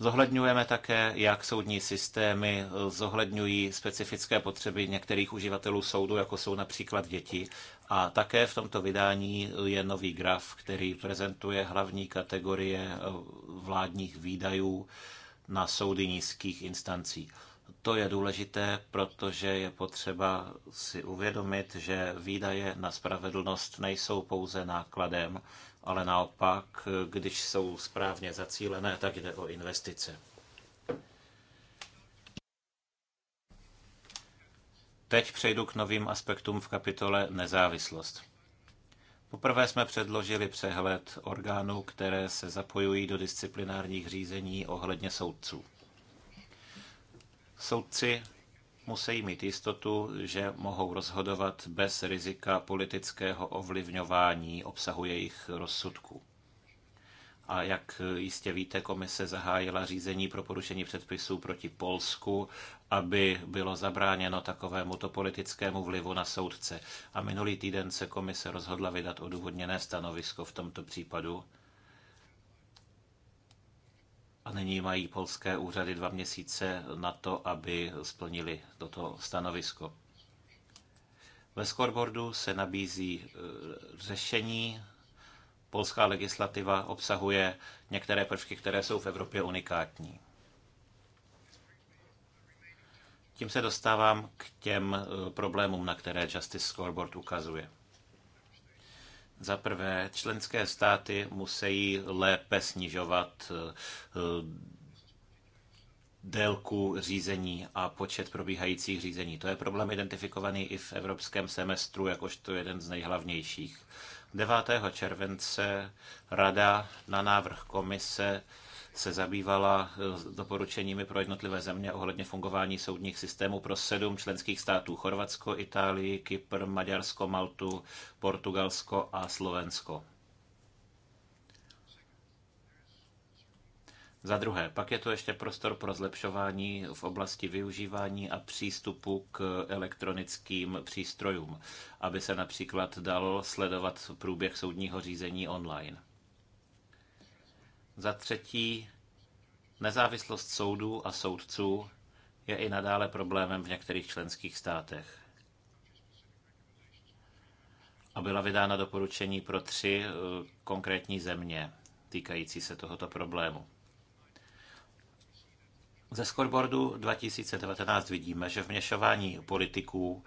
Zohledňujeme také, jak soudní systémy eh, zohledňují specifické potřeby některých uživatelů soudu, jako jsou například děti. A také v tomto vydání je nový graf, který prezentuje hlavní kategorie eh, vládních výdajů na soudy nízkých instancí. To je důležité, protože je potřeba si uvědomit, že výdaje na spravedlnost nejsou pouze nákladem, ale naopak, když jsou správně zacílené, tak jde o investice. Teď přejdu k novým aspektům v kapitole Nezávislost. Poprvé jsme předložili přehled orgánů, které se zapojují do disciplinárních řízení ohledně soudců. Soudci musí mít jistotu, že mohou rozhodovat bez rizika politického ovlivňování obsahu jejich rozsudků. A jak jistě víte, komise zahájila řízení pro porušení předpisů proti Polsku, aby bylo zabráněno takovémuto politickému vlivu na soudce. A minulý týden se komise rozhodla vydat odůvodněné stanovisko v tomto případu a nyní mají polské úřady dva měsíce na to, aby splnili toto stanovisko. Ve scoreboardu se nabízí e, řešení. Polská legislativa obsahuje některé prvky, které jsou v Evropě unikátní. Tím se dostávám k těm e, problémům, na které Justice Scoreboard ukazuje. Za prvé, členské státy musí lépe snižovat eh, délku řízení a počet probíhajících řízení. To je problém identifikovaný i v evropském semestru jakožto jeden z nejhlavnějších. 9. července Rada na návrh komise se zabývala eh, doporučeními pro jednotlivé země ohledně fungování soudních systémů pro sedm členských států Chorvatsko, Itálii, Kypr, Maďarsko, Maltu, Portugalsko a Slovensko. Za druhé, pak je to ještě prostor pro zlepšování v oblasti využívání a přístupu k elektronickým přístrojům, aby se například dalo sledovat průběh soudního řízení online. Za třetí, nezávislost soudů a soudců je i nadále problémem v některých členských státech. A byla vydána doporučení pro tři eh, konkrétní země týkající se tohoto problému. Ze scoreboardu 2019 vidíme, že vměšování politiků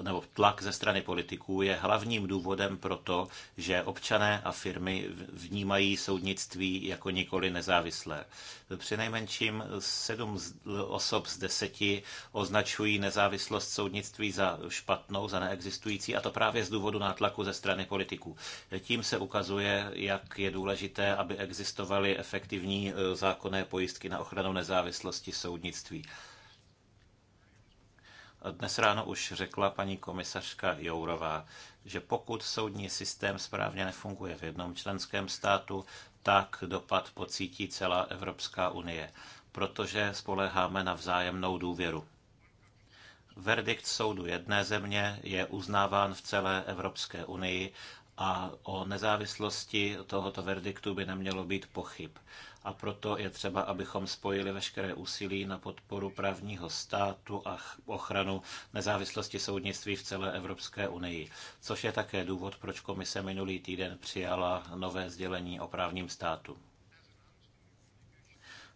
nebo tlak ze strany politiků je hlavním důvodem pro to, že občané a firmy vnímají soudnictví jako nikoli nezávislé. Přinejmenším sedm osob z deseti označují nezávislost soudnictví za špatnou, za neexistující, a to právě z důvodu nátlaku ze strany politiků. Tím se ukazuje, jak je důležité, aby existovaly efektivní e, zákonné pojistky na ochranu nezávislosti soudnictví. Dnes ráno už řekla paní komisařka Jourová, že pokud soudní systém správně nefunguje v jednom členském státu, tak dopad pocítí celá Evropská unie, protože spoleháme na vzájemnou důvěru. Verdikt soudu jedné země je uznáván v celé Evropské unii a o nezávislosti tohoto verdiktu by nemělo být pochyb a proto je třeba, abychom spojili veškeré úsilí na podporu právního státu a ochranu nezávislosti soudnictví v celé Evropské unii, což je také důvod, proč komise minulý týden přijala nové sdělení o právním státu.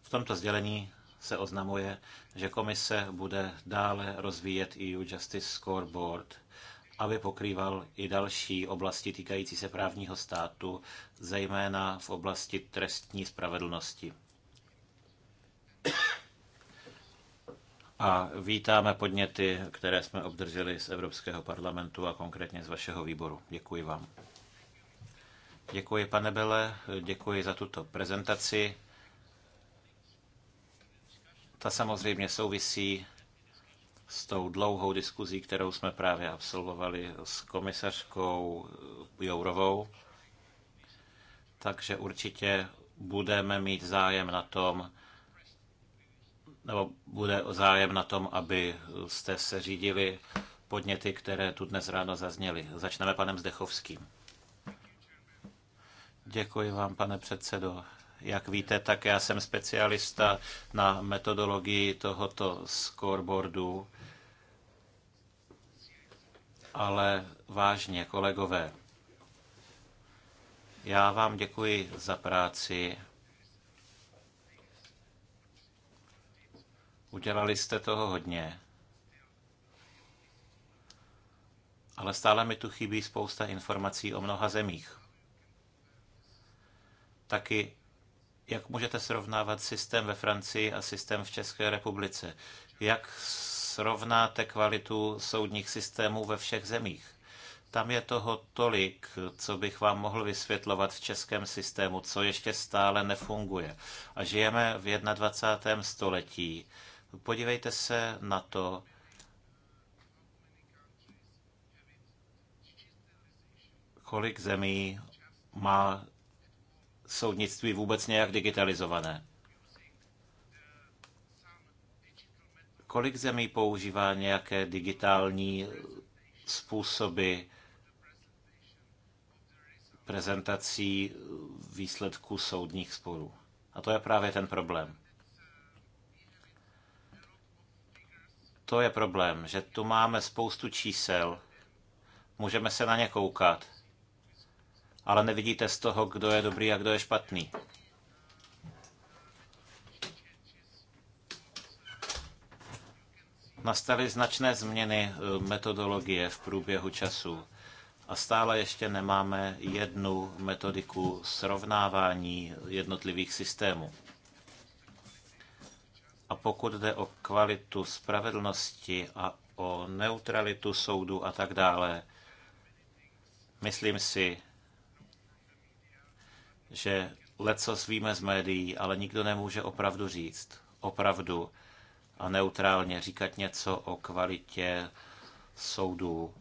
V tomto sdělení se oznamuje, že komise bude dále rozvíjet EU Justice Scoreboard – aby pokrýval i další oblasti týkající se právního státu, zejména v oblasti trestní spravedlnosti. A vítáme podněty, které jsme obdrželi z Evropského parlamentu a konkrétně z vašeho výboru. Děkuji vám. Děkuji, pane Bele, děkuji za tuto prezentaci. Ta samozřejmě souvisí s tou dlouhou diskuzí, kterou jsme právě absolvovali s komisařkou Jourovou. Takže určitě budeme mít zájem na tom, nebo bude zájem na tom, aby jste se řídili podněty, které tu dnes ráno zazněly. Začneme panem Zdechovským. Děkuji vám, pane předsedo. Jak víte, tak já jsem specialista na metodologii tohoto scoreboardu ale vážně, kolegové, já vám děkuji za práci. Udělali jste toho hodně. Ale stále mi tu chybí spousta informací o mnoha zemích. Taky, jak můžete srovnávat systém ve Francii a systém v České republice? Jak srovnáte kvalitu soudních systémů ve všech zemích. Tam je toho tolik, co bych vám mohl vysvětlovat v českém systému, co ještě stále nefunguje. A žijeme v 21. století. Podívejte se na to, kolik zemí má soudnictví vůbec nějak digitalizované. Kolik zemí používá nějaké digitální způsoby prezentací výsledků soudních sporů? A to je právě ten problém. To je problém, že tu máme spoustu čísel, můžeme se na ně koukat, ale nevidíte z toho, kdo je dobrý a kdo je špatný. Nastaly značné změny eh, metodologie v průběhu času a stále ještě nemáme jednu metodiku srovnávání jednotlivých systémů. A pokud jde o kvalitu spravedlnosti a o neutralitu soudu a tak dále, myslím si, že leco svíme z médií, ale nikdo nemůže opravdu říct, opravdu, a neutrálně říkat něco o kvalitě soudů.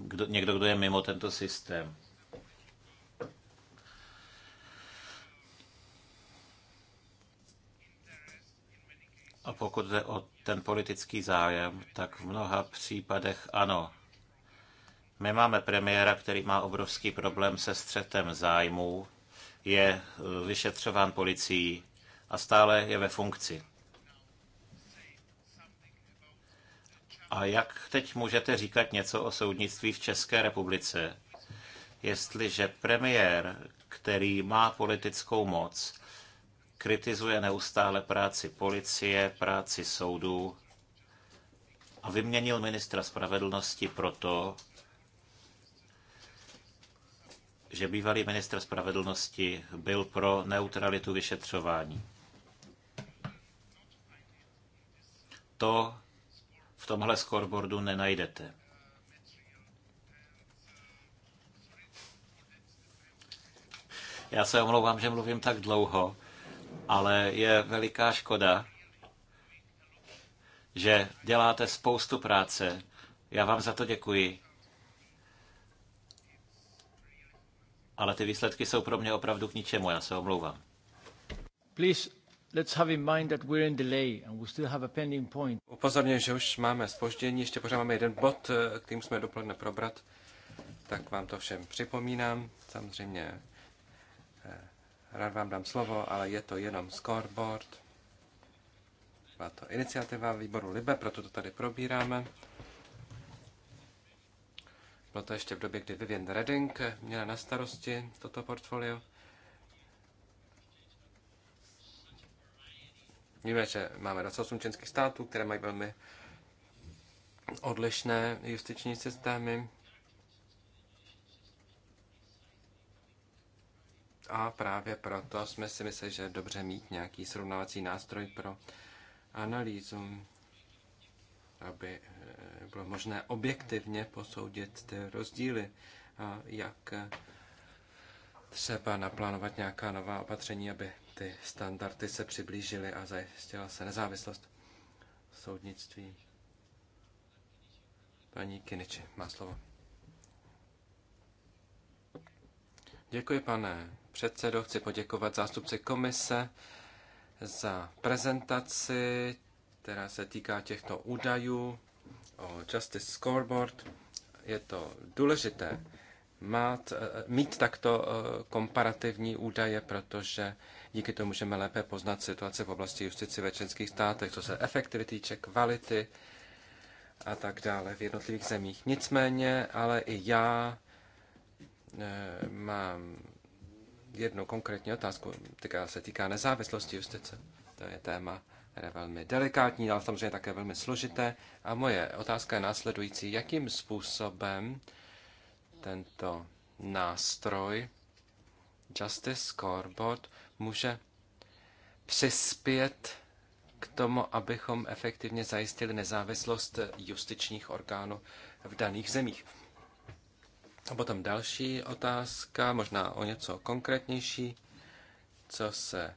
Kdo, někdo, kdo je mimo tento systém. A pokud jde o ten politický zájem, tak v mnoha případech ano. My máme premiéra, který má obrovský problém se střetem zájmů, je e, vyšetřován policií a stále je ve funkci. A jak teď můžete říkat něco o soudnictví v České republice, jestliže premiér, který má politickou moc, kritizuje neustále práci policie, práci soudů a vyměnil ministra spravedlnosti proto, že bývalý ministr spravedlnosti byl pro neutralitu vyšetřování. To tomhle scoreboardu nenajdete. Já se omlouvám, že mluvím tak dlouho, ale je veliká škoda, že děláte spoustu práce. Já vám za to děkuji. Ale ty výsledky jsou pro mě opravdu k ničemu, já se omlouvám. Please Let's have in mind that we're in delay and we still have a pending point. Upozorňuji, že už máme spoždění, ještě pořád máme jeden bod, eh, kterým jsme dopoledne probrat. Tak vám to všem připomínám. Samozřejmě eh, rád vám dám slovo, ale je to jenom scoreboard. Byla to iniciativa výboru Libe, proto to tady probíráme. Bylo to ještě v době, kdy Vivian Redding měla na starosti toto portfolio. Víme, že máme 28 členských států, které mají velmi odlišné justiční systémy. A právě proto jsme si mysleli, že je dobře mít nějaký srovnávací nástroj pro analýzu, aby eh, bylo možné objektivně posoudit ty rozdíly a jak třeba naplánovat nějaká nová opatření, aby ty standardy se přiblížily a zajistila se nezávislost soudnictví. Paní Kiniči má slovo. Děkuji, pane předsedo. Chci poděkovat zástupci komise za prezentaci, která se týká těchto údajů o Justice Scoreboard. Je to důležité mát, mít takto eh, komparativní údaje, protože Díky tomu můžeme lépe poznat situace v oblasti justici ve členských státech, co se efektivity týče, kvality a tak dále v jednotlivých zemích. Nicméně, ale i já eh, mám jednu konkrétní otázku, která se týká nezávislosti justice. To je téma, které je velmi delikátní, ale samozřejmě také velmi složité. A moje otázka je následující. Jakým způsobem tento nástroj Justice Scoreboard může přispět k tomu, abychom efektivně zajistili nezávislost justičních orgánů v daných zemích. A potom další otázka, možná o něco konkrétnější, co se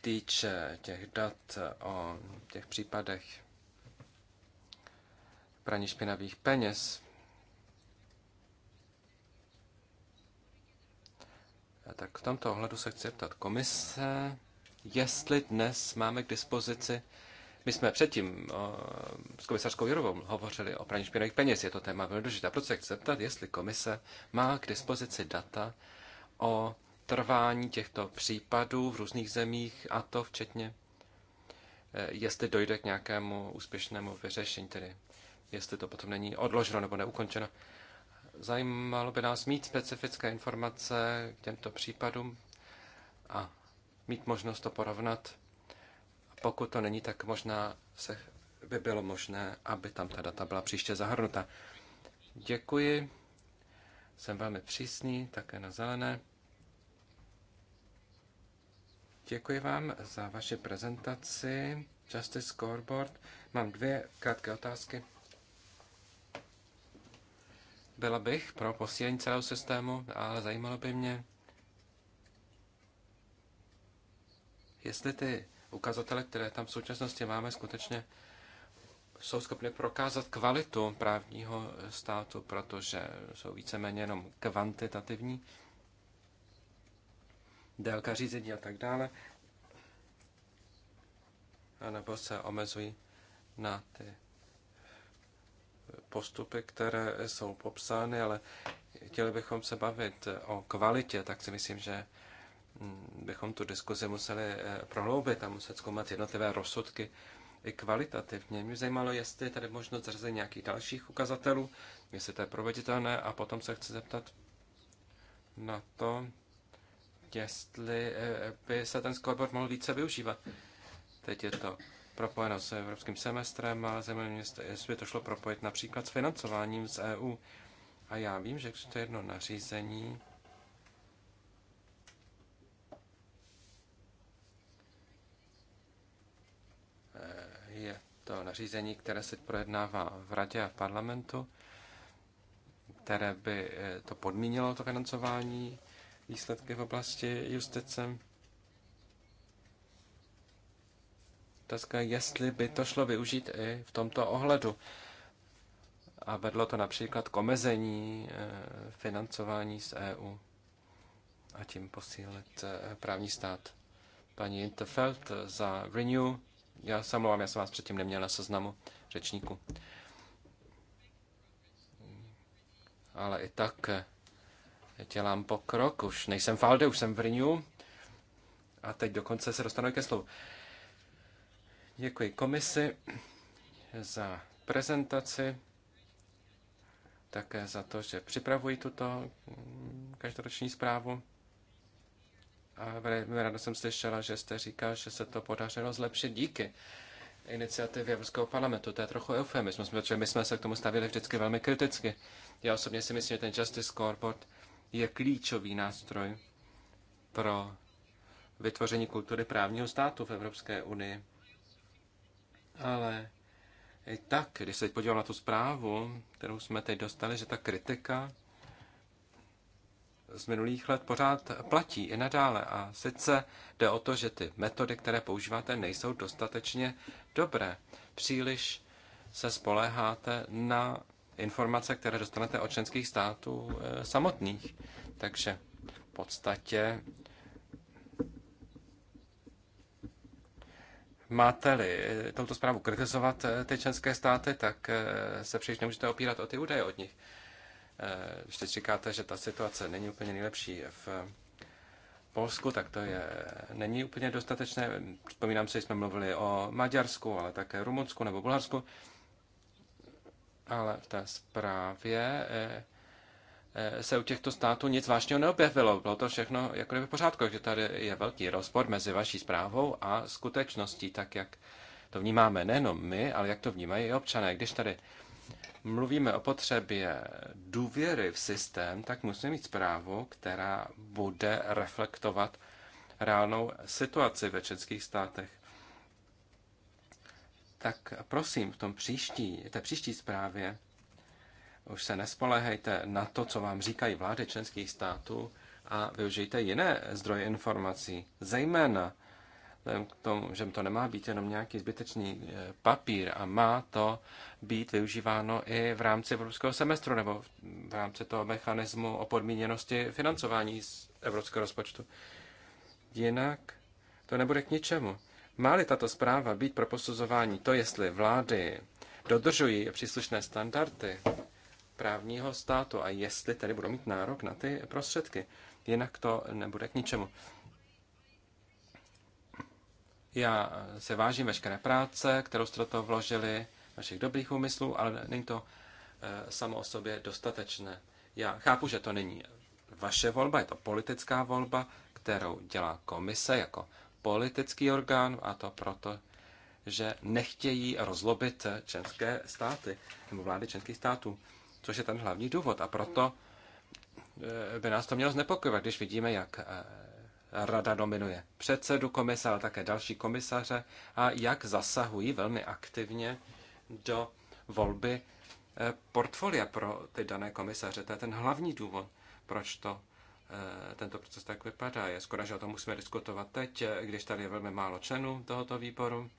týče těch dat o těch případech praní špinavých peněz. Tak v tomto ohledu se chci zeptat komise, jestli dnes máme k dispozici, my jsme předtím o, s komisařskou Jurovou hovořili o praní špinavých peněz, je to téma velmi důležité. Proto se chci zeptat, jestli komise má k dispozici data o trvání těchto případů v různých zemích, a to včetně, e, jestli dojde k nějakému úspěšnému vyřešení, tedy jestli to potom není odloženo nebo neukončeno. Zajímalo by nás mít specifické informace k těmto případům a mít možnost to porovnat. Pokud to není, tak možná se by bylo možné, aby tam ta data byla příště zahrnuta. Děkuji. Jsem velmi přísný, také na zelené. Děkuji vám za vaši prezentaci Justice Scoreboard. Mám dvě krátké otázky. Byla bych pro posílení celého systému, ale zajímalo by mě, jestli ty ukazatele, které tam v současnosti máme, skutečně jsou schopny prokázat kvalitu právního státu, protože jsou víceméně jenom kvantitativní, délka řízení a tak dále, anebo se omezují na ty postupy, které jsou popsány, ale chtěli bychom se bavit o kvalitě, tak si myslím, že mm, bychom tu diskuzi museli eh, prohloubit a muset zkoumat jednotlivé rozsudky i kvalitativně. Mě zajímalo, jestli je tady možnost zřazení nějakých dalších ukazatelů, jestli to je proveditelné a potom se chci zeptat na to, jestli eh, by se ten scoreboard mohl více využívat. Teď je to propojeno s evropským semestrem a země jestli by to šlo propojit například s financováním z EU. A já vím, že to je jedno nařízení, eh, je to nařízení, které se projednává v radě a v parlamentu, které by eh, to podmínilo, to financování výsledky v oblasti justice. otázka, jestli by to šlo využít i v tomto ohledu. A vedlo to například k omezení eh, financování z EU a tím posílit eh, právní stát. Paní Interfeld za Renew. Já se omlouvám, já jsem vás předtím neměl na seznamu řečníku. Ale i tak eh, dělám pokrok. Už nejsem v Alde, už jsem v Renew. A teď dokonce se dostanu ke slovu. Děkuji komisi za prezentaci, také za to, že připravují tuto každoroční zprávu. A velmi ráda jsem slyšela, že jste říkal, že se to podařilo zlepšit díky iniciativy Evropského parlamentu. To je trochu eufemismus, protože my jsme se k tomu stavili vždycky velmi kriticky. Já osobně si myslím, že ten Justice Scoreboard je klíčový nástroj pro vytvoření kultury právního státu v Evropské unii ale i tak, když se podíval na tu zprávu, kterou jsme teď dostali, že ta kritika z minulých let pořád platí i nadále. A sice jde o to, že ty metody, které používáte, nejsou dostatečně dobré. Příliš se spoléháte na informace, které dostanete od členských států eh, samotných. Takže v podstatě Máte-li eh, touto zprávu kritizovat eh, ty členské státy, tak eh, se příliš nemůžete opírat o ty údaje od nich. Ještě říkáte, že ta situace není úplně nejlepší v Polsku, tak to je, není úplně dostatečné. Vzpomínám si, že jsme mluvili o Maďarsku, ale také Rumunsku nebo Bulharsku. Ale v té zprávě Eh, se u těchto států nic vážného neobjevilo. Bylo to všechno jako v pořádku, že tady je velký rozpor mezi vaší zprávou a skutečností, tak jak to vnímáme nejenom my, ale jak to vnímají i občané. Když tady mluvíme o potřebě důvěry v systém, tak musíme mít zprávu, která bude reflektovat reálnou situaci ve českých státech. Tak prosím, v tom příští, té příští zprávě už se nespolehejte na to, co vám říkají vlády členských států a využijte jiné zdroje informací, zejména k tomu, že to nemá být jenom nějaký zbytečný eh, papír a má to být využíváno i v rámci evropského semestru nebo v rámci toho mechanismu o podmíněnosti financování z evropského rozpočtu. Jinak to nebude k ničemu. Má-li tato zpráva být pro posuzování to, jestli vlády dodržují příslušné standardy, právního státu a jestli tedy budou mít nárok na ty prostředky. Jinak to nebude k ničemu. Já se vážím veškeré práce, kterou jste do toho vložili, vašich dobrých úmyslů, ale není to eh, samo o sobě dostatečné. Já chápu, že to není vaše volba, je to politická volba, kterou dělá komise jako politický orgán a to proto, že nechtějí rozlobit členské státy nebo vlády členských států což je ten hlavní důvod. A proto eh, by nás to mělo znepokojovat, když vidíme, jak eh, rada dominuje předsedu komise, ale také další komisaře a jak zasahují velmi aktivně do volby eh, portfolia pro ty dané komisaře. To je ten hlavní důvod, proč to tento proces tak vypadá. Je skoro, že o tom musíme diskutovat teď, když tady je velmi málo členů tohoto výboru.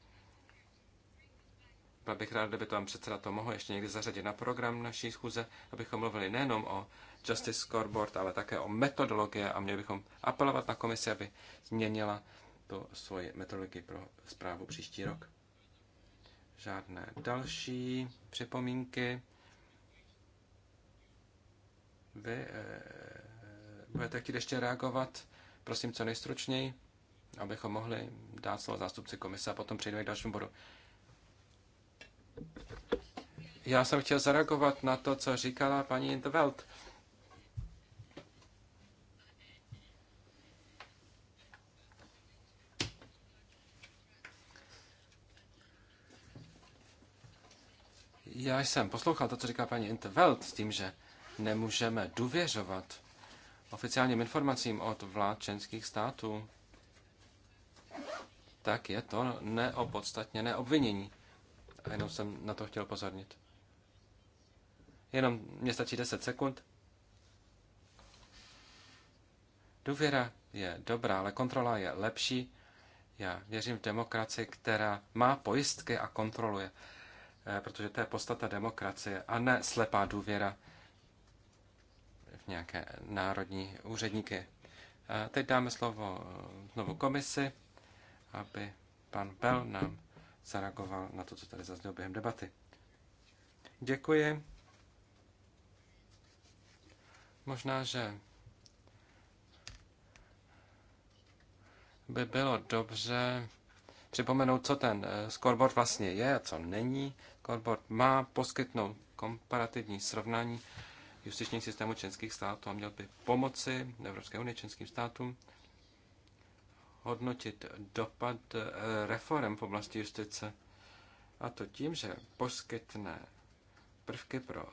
Byla bych rád, kdyby to vám předseda to mohl ještě někdy zařadit na program naší schůze, abychom mluvili nejenom o Justice Scoreboard, ale také o metodologie a měli bychom apelovat na komisi, aby změnila to svoji metodologii pro zprávu příští rok. Žádné další připomínky. Vy eh, budete chtít ještě reagovat, prosím, co nejstručněji, abychom mohli dát slovo zástupci komise a potom přejdeme k dalšímu bodu. Já jsem chtěl zareagovat na to, co říkala paní Intervelt. Já jsem poslouchal to, co říká paní Intervelt, s tím, že nemůžeme důvěřovat oficiálním informacím od vlád členských států, tak je to neopodstatněné obvinění a jenom jsem na to chtěl pozornit. Jenom mě stačí 10 sekund. Důvěra je dobrá, ale kontrola je lepší. Já věřím v demokracii, která má pojistky a kontroluje, eh, protože to je podstata demokracie a ne slepá důvěra v nějaké národní úředníky. A teď dáme slovo eh, znovu komisi, aby pan Bell nám zareagoval na to, co tady zaznělo během debaty. Děkuji. Možná, že by bylo dobře připomenout, co ten eh, scoreboard vlastně je a co není. Scoreboard má poskytnout komparativní srovnání justičních systémů členských států a měl by pomoci Evropské unie členským státům hodnotit dopad eh, reform v oblasti justice. A to tím, že poskytne prvky pro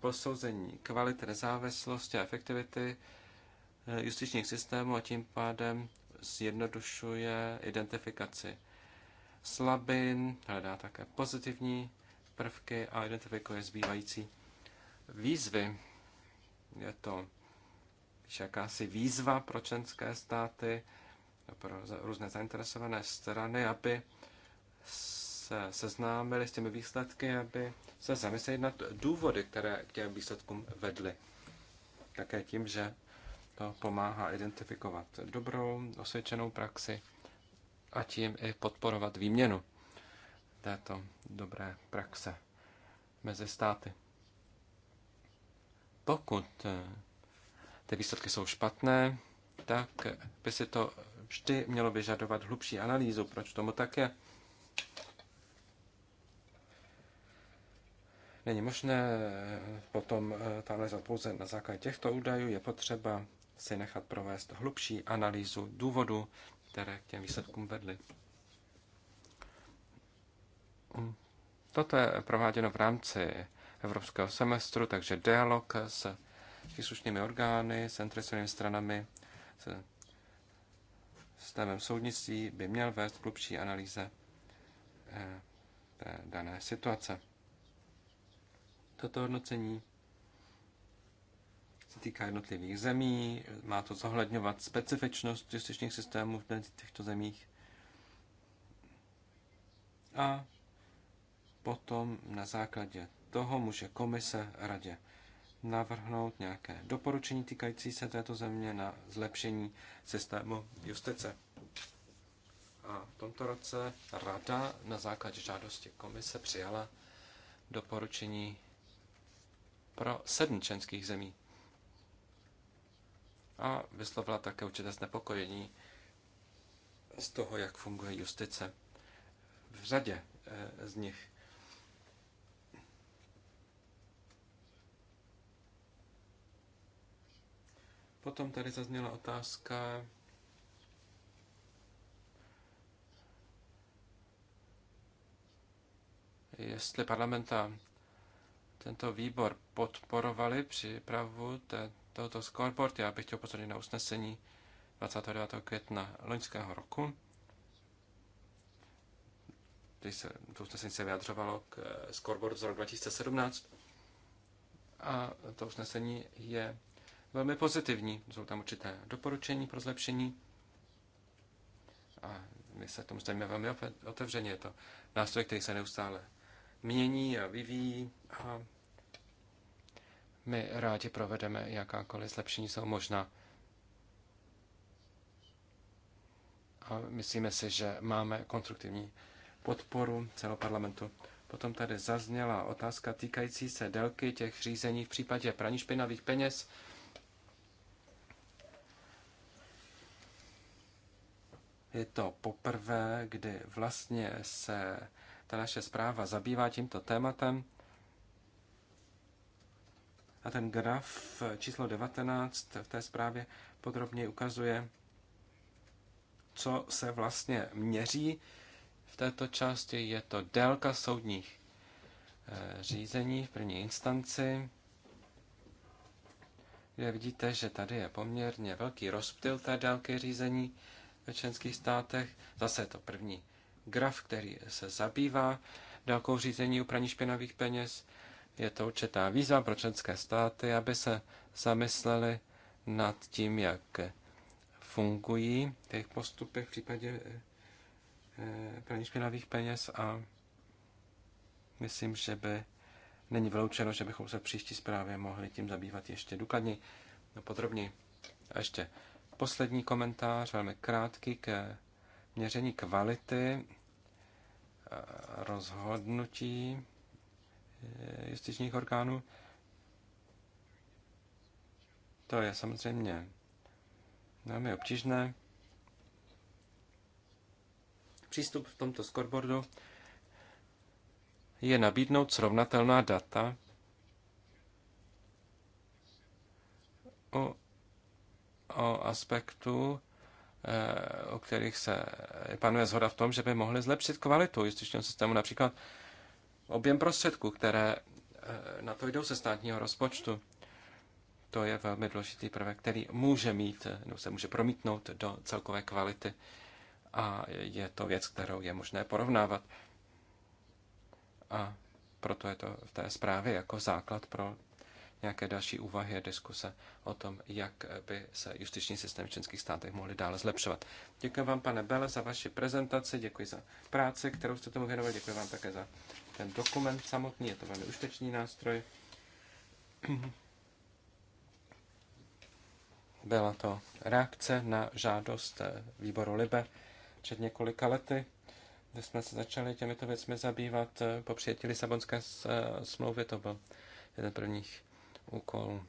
posouzení kvality nezávislosti a efektivity eh, justičních systémů a tím pádem zjednodušuje identifikaci slabin, hledá také pozitivní prvky a identifikuje zbývající výzvy. Je to jakási výzva pro členské státy, pro různé zainteresované strany, aby se seznámili s těmi výsledky, aby se zamysleli nad důvody, které k těm výsledkům vedly. Také tím, že to pomáhá identifikovat dobrou, osvědčenou praxi a tím i podporovat výměnu této dobré praxe mezi státy. Pokud eh, ty výsledky jsou špatné, tak by si to vždy mělo vyžadovat hlubší analýzu, proč tomu tak je. Není možné potom eh, analyzovat pouze na základě těchto údajů, je potřeba si nechat provést hlubší analýzu důvodu, které k těm výsledkům vedly. Hm. Toto je prováděno v rámci evropského semestru, takže dialog s příslušnými orgány, s interesovými stranami, s stavem soudnictví by měl vést k hlubší analýze eh, té dané situace. Toto hodnocení se týká jednotlivých zemí, má to zohledňovat specifičnost justičních systémů v těchto zemích a potom na základě toho může komise radě navrhnout nějaké doporučení týkající se této země na zlepšení systému justice. A v tomto roce Rada na základě žádosti komise přijala doporučení pro sedm členských zemí. A vyslovila také určité znepokojení z toho, jak funguje justice v řadě eh, z nich. Potom tady zazněla otázka jestli parlamenta tento výbor podporovali přípravu tohoto scoreboard. Já bych chtěl pozornit na usnesení 29. května loňského roku, Když se to usnesení se vyjadřovalo k eh, scoreboardu z roku 2017. A to usnesení je velmi pozitivní. Jsou tam určité doporučení pro zlepšení a my se tomu stavíme velmi otevřeně. Je to nástroj, který se neustále mění a vyvíjí a my rádi provedeme jakákoliv zlepšení jsou možná. A myslíme si, že máme konstruktivní podporu celého parlamentu. Potom tady zazněla otázka týkající se délky těch řízení v případě praní špinavých peněz. Je to poprvé, kdy vlastně se ta naše zpráva zabývá tímto tématem. A ten graf číslo 19 v té zprávě podrobně ukazuje, co se vlastně měří v této části. Je to délka soudních eh, řízení v první instanci, kde vidíte, že tady je poměrně velký rozptyl té délky řízení ve členských státech. Zase je to první graf, který se zabývá délkou řízení u praní špinavých peněz. Je to určitá výzva pro členské státy, aby se zamysleli nad tím, jak fungují těch postupy v případě eh, eh, praní špinavých peněz a myslím, že by není vyloučeno, že bychom se v příští zprávě mohli tím zabývat ještě důkladněji, no podrobněji. A ještě Poslední komentář, velmi krátký, ke měření kvality e, rozhodnutí e, justičních orgánů. To je samozřejmě velmi obtížné. Přístup v tomto scoreboardu je nabídnout srovnatelná data o o aspektu, eh, o kterých se panuje zhoda v tom, že by mohly zlepšit kvalitu justičního systému, například objem prostředků, které eh, na to jdou ze státního rozpočtu. To je velmi důležitý prvek, který může mít, eh, nebo se může promítnout do celkové kvality a je to věc, kterou je možné porovnávat. A proto je to v té zprávě jako základ pro nějaké další úvahy a diskuse o tom, jak by se justiční systém v členských státech mohly dále zlepšovat. Děkuji vám, pane Bele, za vaši prezentaci, děkuji za práci, kterou jste tomu věnovali, děkuji vám také za ten dokument samotný, je to velmi užitečný nástroj. Byla to reakce na žádost výboru Libe před několika lety, kde jsme se začali těmito věcmi zabývat po přijetí Lisabonské smlouvy. To byl jeden z prvních úkol,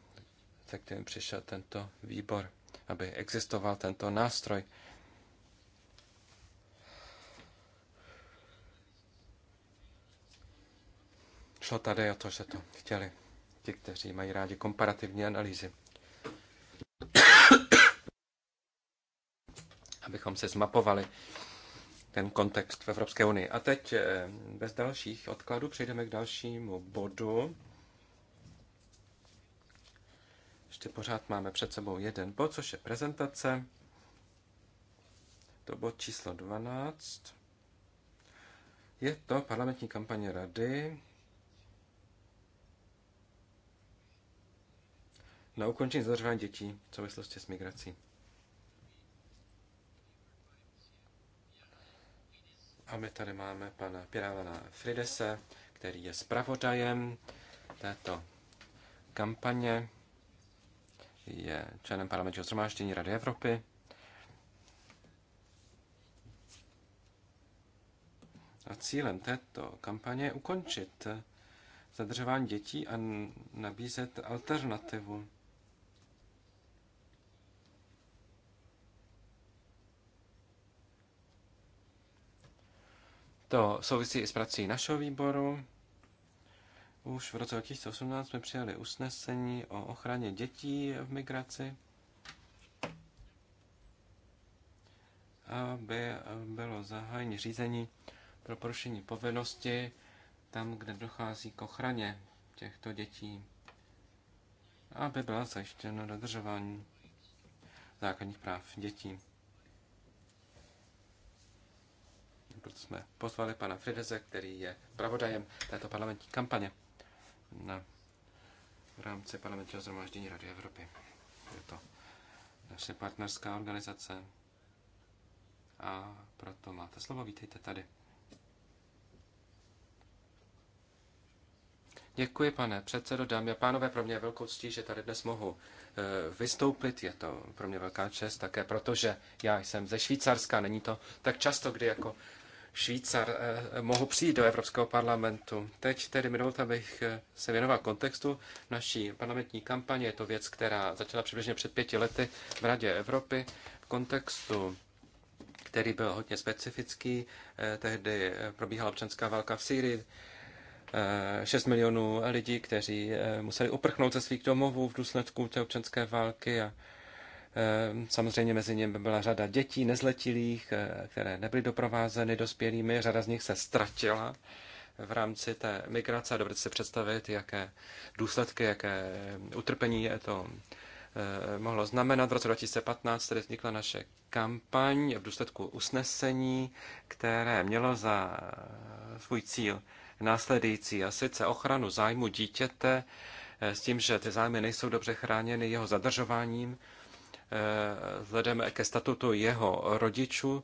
se kterým přišel tento výbor, aby existoval tento nástroj. Šlo tady o to, že to chtěli ti, kteří mají rádi komparativní analýzy. Abychom se zmapovali ten kontext v Evropské unii. A teď eh, bez dalších odkladů přejdeme k dalšímu bodu. Ještě pořád máme před sebou jeden bod, což je prezentace. To bod číslo 12. Je to parlamentní kampaně rady na ukončení zadržování dětí v souvislosti s migrací. A my tady máme pana Pirávana Fridese, který je zpravodajem této kampaně je členem parlamentního zhromáždění Rady Evropy. A cílem této kampaně je ukončit zadržování dětí a nabízet alternativu. To souvisí i s prací našeho výboru. Už v roce 2018 jsme přijali usnesení o ochraně dětí v migraci, aby bylo zahájení řízení pro porušení povinnosti tam, kde dochází k ochraně těchto dětí, aby byla zajištěna dodržování základních práv dětí. Proto jsme pozvali pana Frideze, který je pravodajem této parlamentní kampaně na, v rámci parlamentního zhromáždění Rady Evropy. Je to naše partnerská organizace a proto máte slovo. Vítejte tady. Děkuji, pane předsedo, dámy a pánové. Pro mě je velkou ctí, že tady dnes mohu e, vystoupit. Je to pro mě velká čest také, protože já jsem ze Švýcarska. Není to tak často, kdy jako Švýcar eh, mohl přijít do Evropského parlamentu. Teď tedy mi abych eh, se věnoval kontextu naší parlamentní kampaně. Je to věc, která začala přibližně před pěti lety v Radě Evropy v kontextu který byl hodně specifický. Eh, tehdy probíhala občanská válka v Syrii. 6 milionů lidí, kteří museli uprchnout ze svých domovů v důsledku té občanské války a Ehm, samozřejmě mezi nimi byla řada dětí, nezletilých, eh, které nebyly doprovázeny dospělými, řada z nich se ztratila v rámci té migrace a dovedete si představit, jaké důsledky, jaké utrpení je to eh, mohlo znamenat. V roce 2015 tedy vznikla naše kampaň v důsledku usnesení, které mělo za svůj cíl následující a sice ochranu zájmu dítěte eh, s tím, že ty zájmy nejsou dobře chráněny jeho zadržováním, Eh, vzhledem ke statutu jeho rodičů.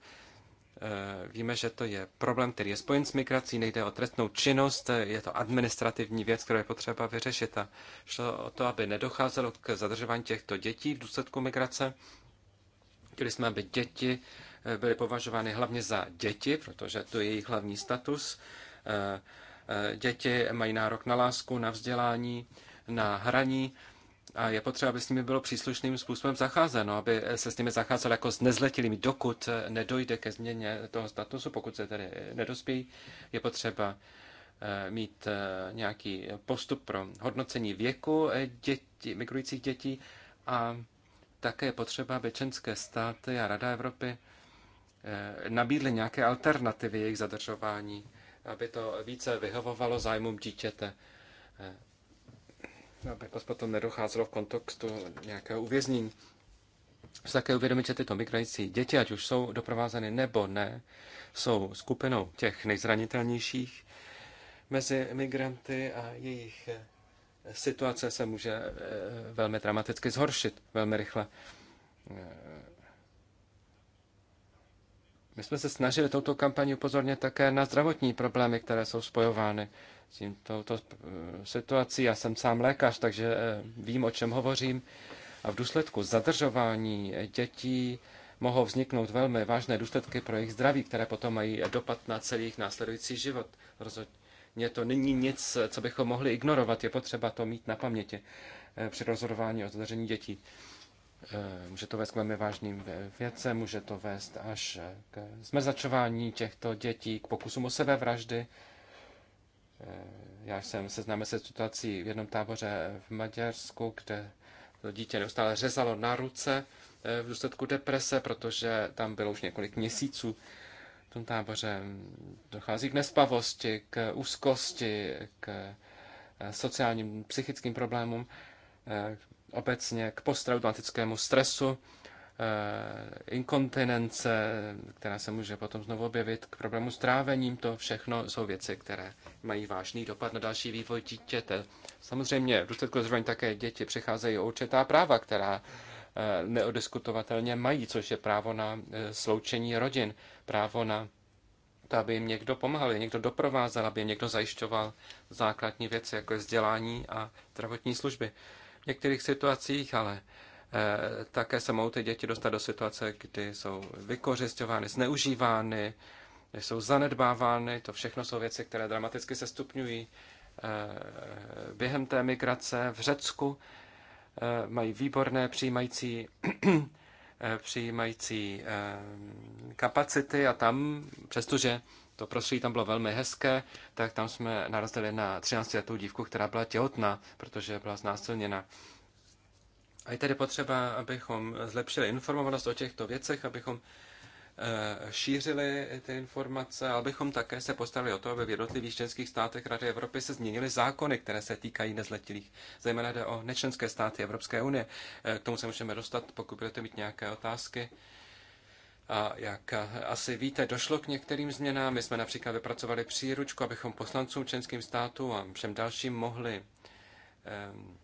Eh, víme, že to je problém, který je spojen s migrací, nejde o trestnou činnost, je to administrativní věc, kterou je potřeba vyřešit. A šlo o to, aby nedocházelo k zadržování těchto dětí v důsledku migrace. Chtěli jsme, aby děti eh, byly považovány hlavně za děti, protože to je jejich hlavní status. Děti mají nárok na lásku, na vzdělání, na hraní a je potřeba, aby s nimi bylo příslušným způsobem zacházeno, aby se s nimi zacházelo jako s nezletilými, dokud nedojde ke změně toho statusu, pokud se tedy nedospějí, je potřeba eh, mít eh, nějaký postup pro hodnocení věku eh, dětí, migrujících dětí a také je potřeba, aby členské státy a Rada Evropy nabídly nějaké alternativy jejich zadržování, aby to více vyhovovalo zájmům dítěte aby potom nedocházelo v kontextu nějakého uvěznění. Se také uvědomit, že tyto migrající děti, ať už jsou doprovázeny nebo ne, jsou skupinou těch nejzranitelnějších mezi migranty a jejich eh, situace se může eh, velmi dramaticky zhoršit, velmi rychle. Eh, my jsme se snažili touto kampaní upozornit také na zdravotní problémy, které jsou spojovány tím touto eh, situací. Já jsem sám lékař, takže eh, vím, o čem hovořím. A v důsledku zadržování eh, dětí mohou vzniknout velmi vážné důsledky pro jejich zdraví, které potom mají dopad na celý jejich následující život. Rozhodně to není nic, co bychom mohli ignorovat. Je potřeba to mít na paměti při rozhodování o zadržení dětí. Může to vést k velmi vážným věcem, může to vést až k zmrzačování těchto dětí, k pokusům o sebevraždy, Eh, já jsem seznámil se situací v jednom táboře v Maďarsku, kde to dítě neustále řezalo na ruce eh, v důsledku deprese, protože tam bylo už několik měsíců. V tom táboře dochází k nespavosti, k úzkosti, k eh, sociálním, psychickým problémům, obecně k posttraumatickému stresu. Eh, inkontinence, která se může potom znovu objevit k problému s trávením. To všechno jsou věci, které mají vážný dopad na další vývoj dítěte. Samozřejmě v důsledku zrovna také děti přicházejí o určitá práva, která eh, neodiskutovatelně mají, což je právo na eh, sloučení rodin, právo na to, aby jim někdo pomáhal, někdo doprovázel, aby jim někdo zajišťoval základní věci, jako je vzdělání a zdravotní služby. V některých situacích ale Eh, také se mohou ty děti dostat do situace, kdy jsou vykořišťovány, zneužívány, jsou zanedbávány. To všechno jsou věci, které dramaticky se stupňují eh, během té migrace v Řecku. Eh, mají výborné přijímající, přijímající kapacity a tam, přestože to prostředí tam bylo velmi hezké, tak tam jsme narazili na 13 letou dívku, která byla těhotná, protože byla znásilněna a je tedy potřeba, abychom zlepšili informovanost o těchto věcech, abychom eh, šířili ty informace, abychom také se postarali o to, aby v jednotlivých členských státech Rady Evropy se změnily zákony, které se týkají nezletilých. Zejména jde o nečlenské státy Evropské unie. Eh, k tomu se můžeme dostat, pokud budete mít nějaké otázky. A jak eh, asi víte, došlo k některým změnám. My jsme například vypracovali příručku, abychom poslancům členským státům a všem dalším mohli um,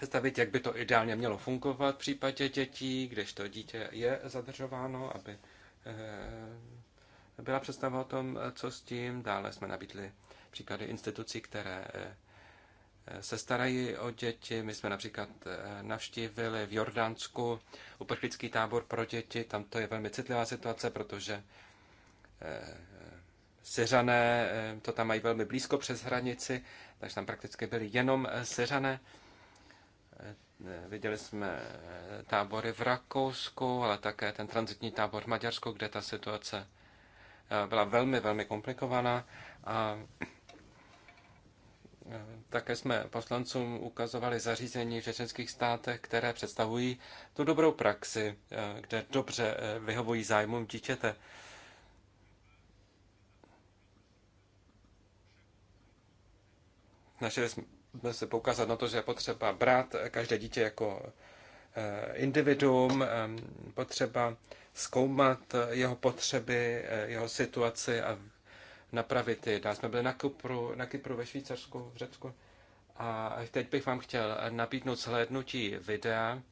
představit, jak by to ideálně mělo fungovat v případě dětí, když to dítě je zadržováno, aby eh, byla představa o tom, co s tím. Dále jsme nabídli příklady institucí, které eh, se starají o děti. My jsme například eh, navštívili v Jordánsku uprchlický tábor pro děti. Tam to je velmi citlivá situace, protože Syřané to tam mají velmi blízko přes hranici, takže tam prakticky byli jenom Syřané. Viděli jsme eh, tábory v Rakousku, ale také ten transitní tábor v Maďarsku, kde ta situace eh, byla velmi, velmi komplikovaná. A eh, také jsme poslancům ukazovali zařízení v řečenských státech, které představují tu dobrou praxi, kde dobře vyhovují zájmům dítěte. Našli jsme se poukázat na to, že je potřeba brát každé dítě jako eh, individuum, ehm, potřeba zkoumat eh, jeho potřeby, eh, jeho situaci a napravit je. Dál jsme byli na Kypru, na Kypru ve Švýcarsku, v Řecku. A teď bych vám chtěl nabídnout zhlédnutí videa,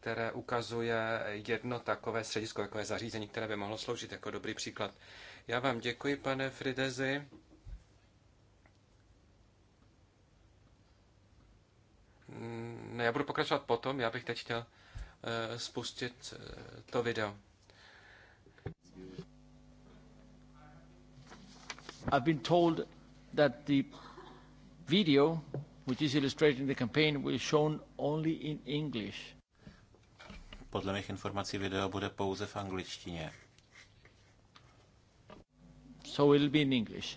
které ukazuje jedno takové středisko, takové zařízení, které by mohlo sloužit jako dobrý příklad. Já vám děkuji, pane Fridezi. já budu pokračovat potom, já bych teď chtěl eh, spustit eh, to video. I've been told that the video, which is illustrating the campaign, will be shown only in English. Podle mých informací video bude pouze v angličtině. So it will be in English.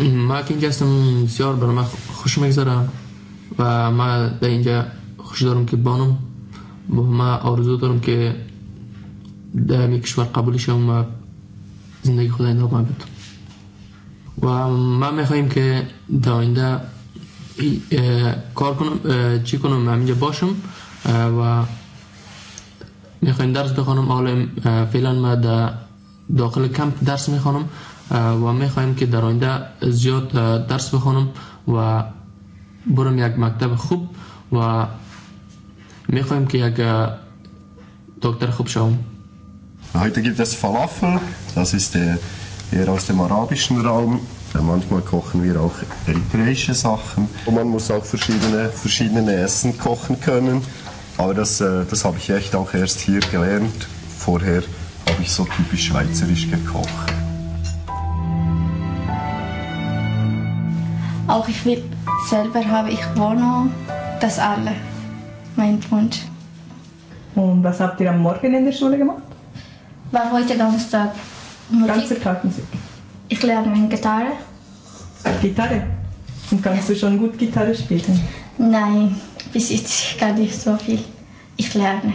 ما که اینجا هستم بسیار برای من خوش میگذارم و ما در اینجا خوش دارم که بانم با ما آرزو دارم که در این کشور قبول شم و زندگی خدا این رو و ما میخواییم که در آینده کار کنم چی کنم من اینجا باشم و میخوایم درس بخوانم حالا فعلا ما در دا داخل کمپ درس میخوانم و خواهیم که در آینده زیاد درس بخونم و برم یک مکتب خوب و خواهیم که یک دکتر خوب شوم Heute gibt es Falafel, das ist eher aus dem arabischen Raum. Manchmal kochen wir auch eritreische Sachen. Und man muss auch verschiedene, verschiedene Essen kochen können. Aber das, äh, das habe ich echt auch erst hier gelernt. Vorher habe ich so typisch schweizerisch gekocht. Auch ich will selber habe ich Wohnung, das alle, mein Wunsch. Und was habt ihr am Morgen in der Schule gemacht? War heute ganzen Tag Musik. Ganze Tag Musik. Ich lerne Gitarre. Gitarre? Und kannst du schon gut Gitarre spielen? Nein, bis jetzt gar nicht so viel. Ich lerne.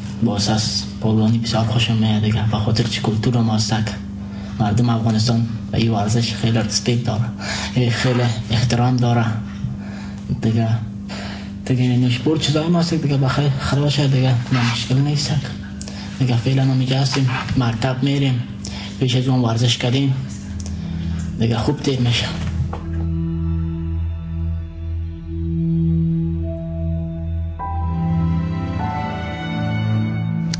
با اساس پولانی بسیار خوشم میاد دیگه به خاطر چی کلتور ما ماستک مردم افغانستان به این ورزش خیلی رسپیک داره خیلی احترام داره دیگه دیگه این سپورت چیزای ماست دیگه بخیر خراب شد دیگه من مشکل نیست دیگه فعلا ما میگه هستیم مرتب میریم پیش از اون ورزش کردیم دیگه خوب تیر میشه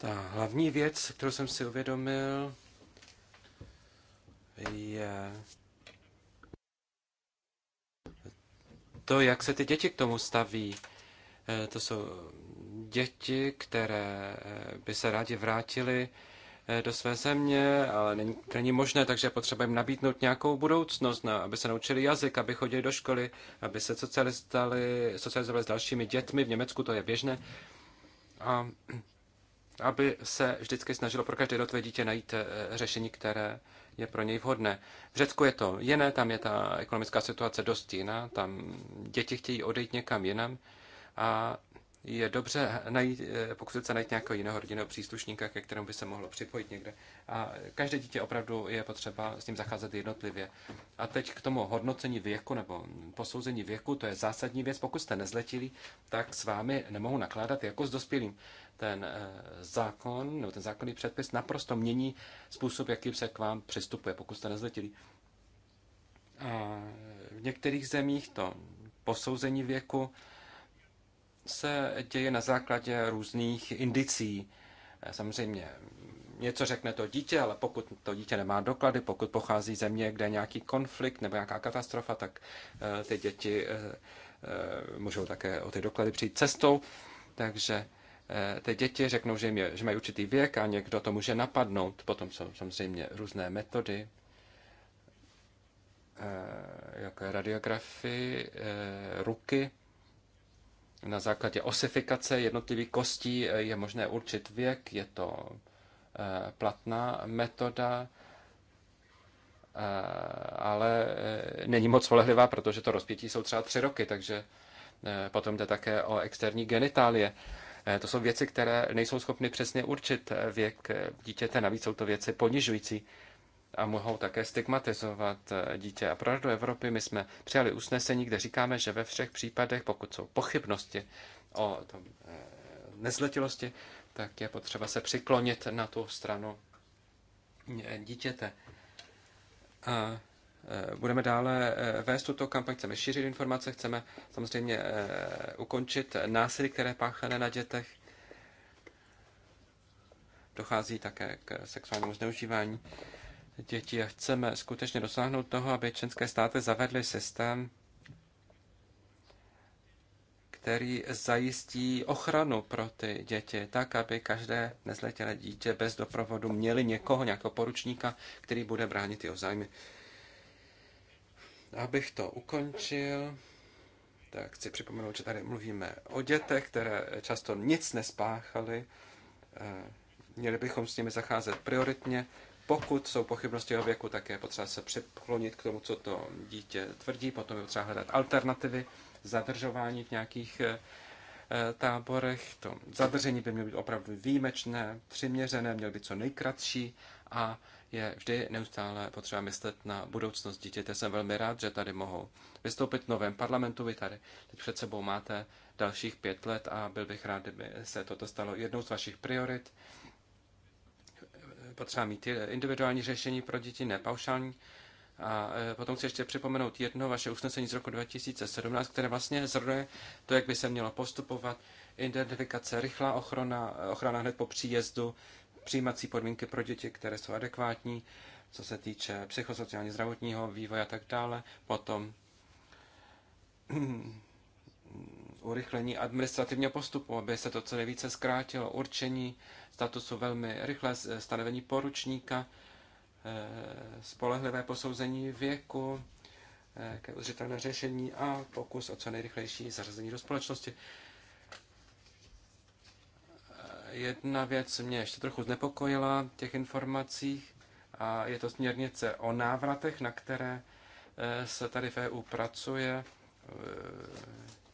ta hlavní věc, kterou jsem si uvědomil, je to, jak se ty děti k tomu staví. Eh, to jsou děti, které eh, by se rádi vrátily Eh, do své země, ale není, to není možné, takže potřeba jim nabídnout nějakou budoucnost, no, aby se naučili jazyk, aby chodili do školy, aby se socializovali, s dalšími dětmi, v Německu to je běžné, a aby se vždycky snažilo pro každé dotvé dítě najít eh, řešení, které je pro něj vhodné. V Řecku je to jiné, tam je ta ekonomická situace dost jiná, tam děti chtějí odejít někam jinam a je dobře najít, eh, pokusit se najít nějakého jiného rodinného příslušníka, ke kterému by se mohlo připojit někde. A každé dítě opravdu je potřeba s ním zacházet jednotlivě. A teď k tomu hodnocení věku nebo posouzení věku, to je zásadní věc. Pokud jste nezletilí, tak s vámi nemohu nakládat jako s dospělým. Ten eh, zákon nebo ten zákonný předpis naprosto mění způsob, jakým se k vám přistupuje, pokud jste nezletilí. A v některých zemích to posouzení věku se děje na základě různých indicí. Samozřejmě něco řekne to dítě, ale pokud to dítě nemá doklady, pokud pochází země, kde je nějaký konflikt nebo nějaká katastrofa, tak eh, ty děti eh, eh, můžou také o ty doklady přijít cestou. Takže ty děti řeknou, že, jim je, že mají určitý věk a někdo to může napadnout. Potom jsou samozřejmě různé metody, jako radiografii, ruky, na základě osifikace jednotlivých kostí eh, je možné určit věk, je to eh, platná metoda, eh, ale není moc spolehlivá, protože to rozpětí jsou třeba tři roky, takže potom jde také o externí genitálie. To jsou věci, které nejsou schopny přesně určit věk dítěte, navíc jsou to věci ponižující a mohou také stigmatizovat eh, dítě. A pro Radu Evropy my jsme přijali usnesení, kde říkáme, že ve všech případech, pokud jsou pochybnosti o tom eh, nezletilosti, tak je potřeba se přiklonit na tu stranu eh, dítěte. A budeme dále vést tuto kampaň, chceme šířit informace, chceme samozřejmě ukončit násilí, které páchané na dětech. Dochází také k sexuálnímu zneužívání. Děti a chceme skutečně dosáhnout toho, aby členské státy zavedly systém, který zajistí ochranu pro ty děti, tak, aby každé nezletělé dítě bez doprovodu měli někoho, nějakého poručníka, který bude bránit jeho zájmy. Abych to ukončil, tak chci připomenout, že tady mluvíme o dětech, které často nic nespáchaly. Eh, měli bychom s nimi zacházet prioritně, pokud jsou pochybnosti o věku, tak je potřeba se přiklonit k tomu, co to dítě tvrdí, potom je potřeba hledat alternativy, zadržování v nějakých eh, táborech. To zadržení by mělo být opravdu výjimečné, přiměřené, mělo být co nejkratší a je vždy neustále potřeba myslet na budoucnost dítěte. Jsem velmi rád, že tady mohou vystoupit v novém parlamentu. Vy tady teď před sebou máte dalších pět let a byl bych rád, kdyby se toto stalo jednou z vašich priorit potřeba mít individuální řešení pro děti, ne paušální. A e, potom chci ještě připomenout jedno vaše usnesení z roku 2017, které vlastně zhrnuje to, jak by se mělo postupovat, identifikace, rychlá ochrana, e, ochrana hned po příjezdu, přijímací podmínky pro děti, které jsou adekvátní, co se týče psychosociálně zdravotního vývoje a tak dále. Potom mm, urychlení administrativního postupu, aby se to co nejvíce zkrátilo, určení statusu velmi rychle, stanovení poručníka, eh, spolehlivé posouzení věku, eh, ke udržitelné řešení a pokus o co nejrychlejší zařazení do společnosti. Eh, jedna věc mě ještě trochu znepokojila v těch informacích a je to směrnice o návratech, na které se tady v EU pracuje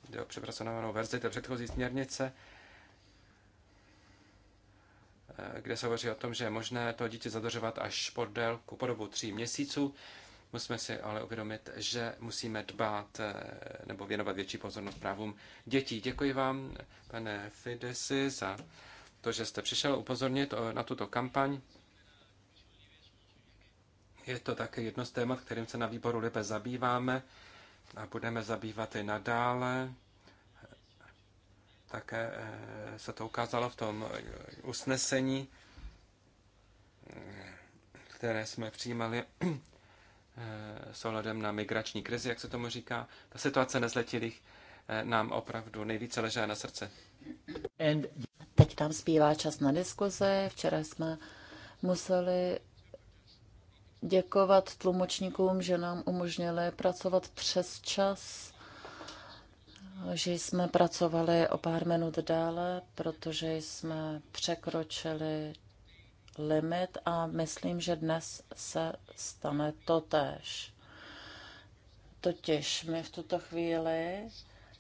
jde o přepracovanou verzi té předchozí směrnice, eh, kde se hovoří o tom, že je možné to dítě zadržovat až po délku, po dobu tří měsíců. Musíme si ale uvědomit, že musíme dbát eh, nebo věnovat větší pozornost právům dětí. Děkuji vám, pane Fidesi, za to, že jste přišel upozornit na tuto kampaň. Je to také jedno z témat, kterým se na výboru lépe zabýváme a budeme zabývat i nadále. Také eh, se to ukázalo v tom usnesení, eh, které jsme přijímali eh, s ohledem na migrační krizi, jak se tomu říká. Ta situace nezletilých nám opravdu nejvíce leží na srdce. Teď tam zpívá čas na diskuze. Včera jsme museli děkovat tlumočníkům, že nám umožnili pracovat přes čas, že jsme pracovali o pár minut dále, protože jsme překročili limit a myslím, že dnes se stane to tež. Totiž my v tuto chvíli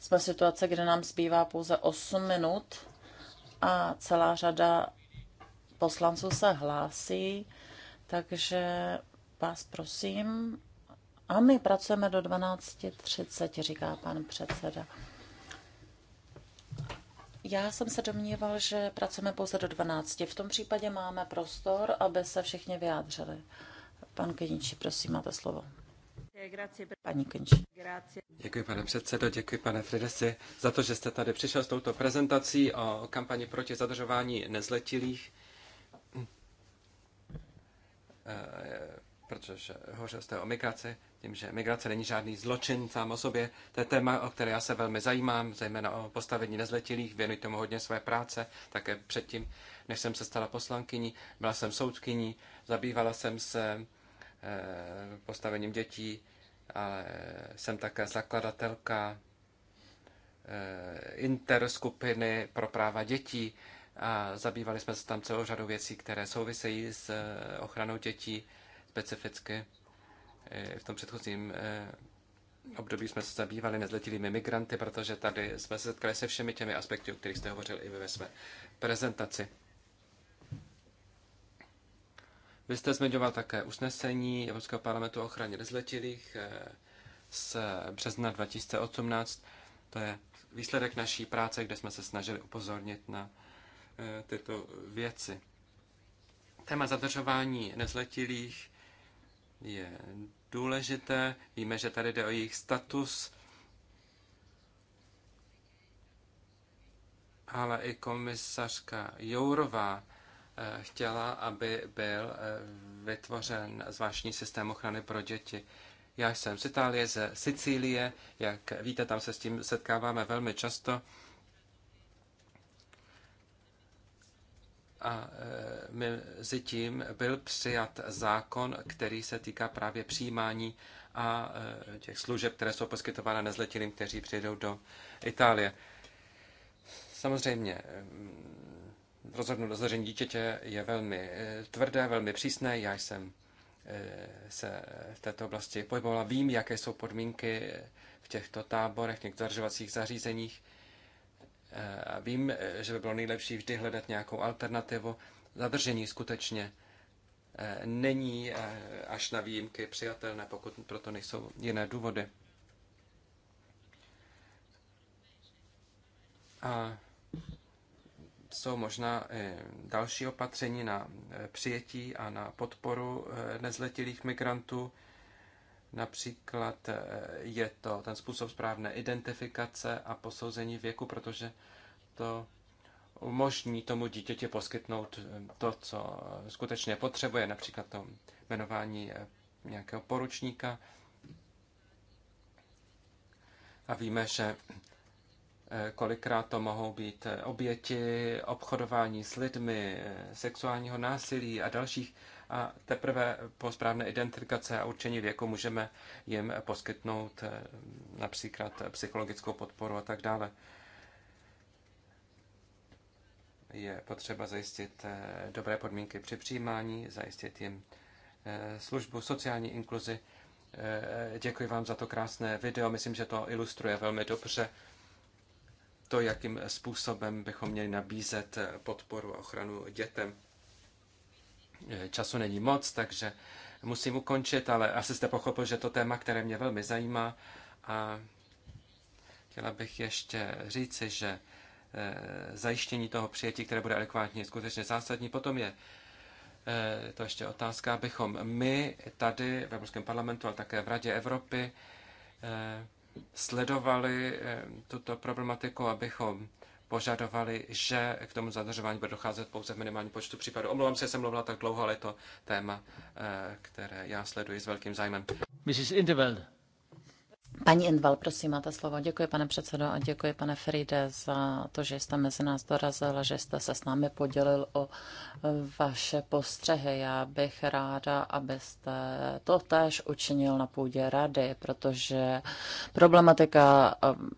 jsme v situace, kde nám zbývá pouze 8 minut a celá řada poslanců se hlásí. Takže vás prosím. A my pracujeme do 12.30, říká pan předseda. Já jsem se domníval, že pracujeme pouze do 12. V tom případě máme prostor, aby se všichni vyjádřili. Pan Kyniči, prosím, máte slovo. Paní Kynči. Děkuji, pane předsedo, děkuji, pane Fridesi, za to, že jste tady přišel s touto prezentací o kampani proti zadržování nezletilých. Eh, protože hovořil jste o migraci, tím, že migrace není žádný zločin sám o sobě. To je téma, o které já se velmi zajímám, zejména o postavení nezletilých, věnuji tomu hodně své práce, také předtím, než jsem se stala poslankyní, byla jsem soudkyní, zabývala jsem se eh, postavením dětí, ale jsem také zakladatelka eh, interskupiny pro práva dětí, a zabývali jsme se tam celou řadou věcí, které souvisejí s eh, ochranou dětí specificky. Eh, v tom předchozím eh, období jsme se zabývali nezletilými migranty, protože tady jsme se setkali se všemi těmi aspekty, o kterých jste hovořil i ve své prezentaci. Vy jste zmiňoval také usnesení Evropského parlamentu o ochraně nezletilých z března 2018. To je výsledek naší práce, kde jsme se snažili upozornit na Eh, tyto věci. Téma zadržování nezletilých je důležité. Víme, že tady jde o jejich status, ale i komisařka Jourová eh, chtěla, aby byl eh, vytvořen zvláštní systém ochrany pro děti. Já jsem z Itálie, ze Sicílie, jak víte, tam se s tím setkáváme velmi často. a e, mezi tím byl přijat zákon, který se týká právě přijímání a e, těch služeb, které jsou poskytovány nezletilým, kteří přijdou do Itálie. Samozřejmě mm, rozhodnout o dítěte je velmi e, tvrdé, velmi přísné. Já jsem se v této oblasti pohybovala. Vím, jaké jsou podmínky v těchto táborech, některých zařovacích zařízeních. A vím, že by bylo nejlepší vždy hledat nějakou alternativu. Zadržení skutečně eh, není eh, až na výjimky přijatelné, pokud proto nejsou jiné důvody. A jsou možná další opatření na eh, přijetí a na podporu nezletilých migrantů. Například eh, je to ten způsob správné identifikace a posouzení věku, protože to umožní tomu dítěti poskytnout eh, to, co skutečně potřebuje, například to jmenování eh, nějakého poručníka. A víme, že Kolikrát to mohou být oběti obchodování s lidmi, sexuálního násilí a dalších. A teprve po správné identifikace a určení věku můžeme jim poskytnout eh, například psychologickou podporu a tak dále je potřeba zajistit eh, dobré podmínky při přijímání, zajistit jim eh, službu, sociální inkluzi. Děkuji vám za to krásné video, myslím, že to ilustruje velmi dobře to, jakým způsobem bychom měli nabízet podporu a ochranu dětem. Času není moc, takže musím ukončit, ale asi jste pochopil, že to téma, které mě velmi zajímá a chtěla bych ještě říci, že eh, zajištění toho přijetí, které bude adekvátní, je skutečně zásadní. Potom je eh, to ještě otázka, abychom my tady v Evropském parlamentu, ale také v Radě Evropy eh, sledovali eh, tuto problematiku, abychom požadovali, že k tomu zadržování bude docházet pouze v minimálním počtu případů. Omlouvám se, že jsem mluvila tak dlouho, ale je to téma, eh, které já sleduji s velkým zájmem. Mrs. Interveld. Paní Enval, prosím, máte slovo. Děkuji, pane předsedo, a děkuji, pane Fride, za to, že jste mezi nás dorazil a že jste se s námi podělil o vaše postřehy. Já bych ráda, abyste to též učinil na půdě rady, protože problematika um,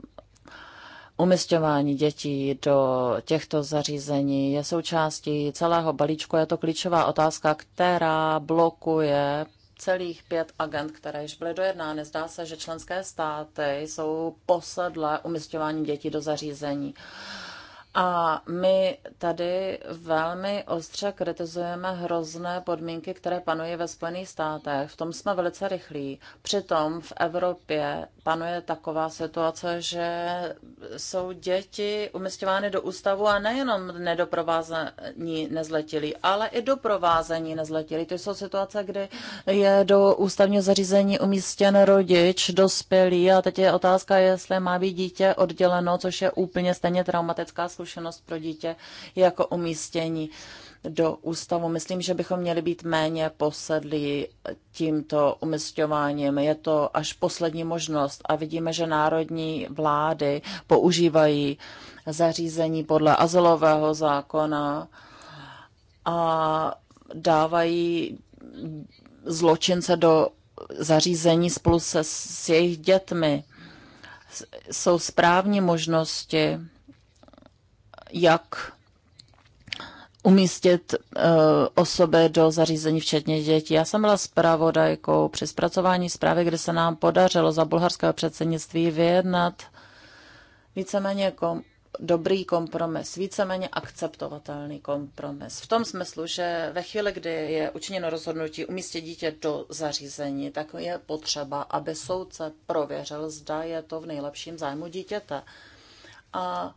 Umistování dětí do těchto zařízení je součástí celého balíčku. Je to klíčová otázka, která blokuje celých pět agent, které již byly dojednány. Zdá se, že členské státy jsou posedle umistování dětí do zařízení. Uh, a my tady velmi ostře kritizujeme hrozné podmínky, které panují ve Spojených státech. V tom jsme velice rychlí. Přitom v Evropě panuje taková situace, že jsou děti umistěvány do ústavu a nejenom nedoprovázení nezletilí, ale i doprovázení nezletilí. To jsou situace, kdy je do ústavního zařízení umístěn rodič, dospělý a teď je otázka, jestli má být dítě odděleno, což je úplně stejně traumatická zkušenost pro dítě jako umístění do ústavu. Myslím, že bychom měli být méně posedlí tímto umysťováním. Je to až poslední možnost a vidíme, že národní vlády používají zařízení podle azylového zákona a dávají zločince do zařízení spolu se s jejich dětmi. Jsou správní možnosti, jak umístit uh, osoby do zařízení, včetně dětí. Já jsem byla zpravodajkou při zpracování zprávy, kde se nám podařilo za bulharského předsednictví vyjednat víceméně kom- dobrý kompromis, víceméně akceptovatelný kompromis. V tom smyslu, že ve chvíli, kdy je učiněno rozhodnutí umístit dítě do zařízení, tak je potřeba, aby soudce prověřil, zda je to v nejlepším zájmu dítěte. A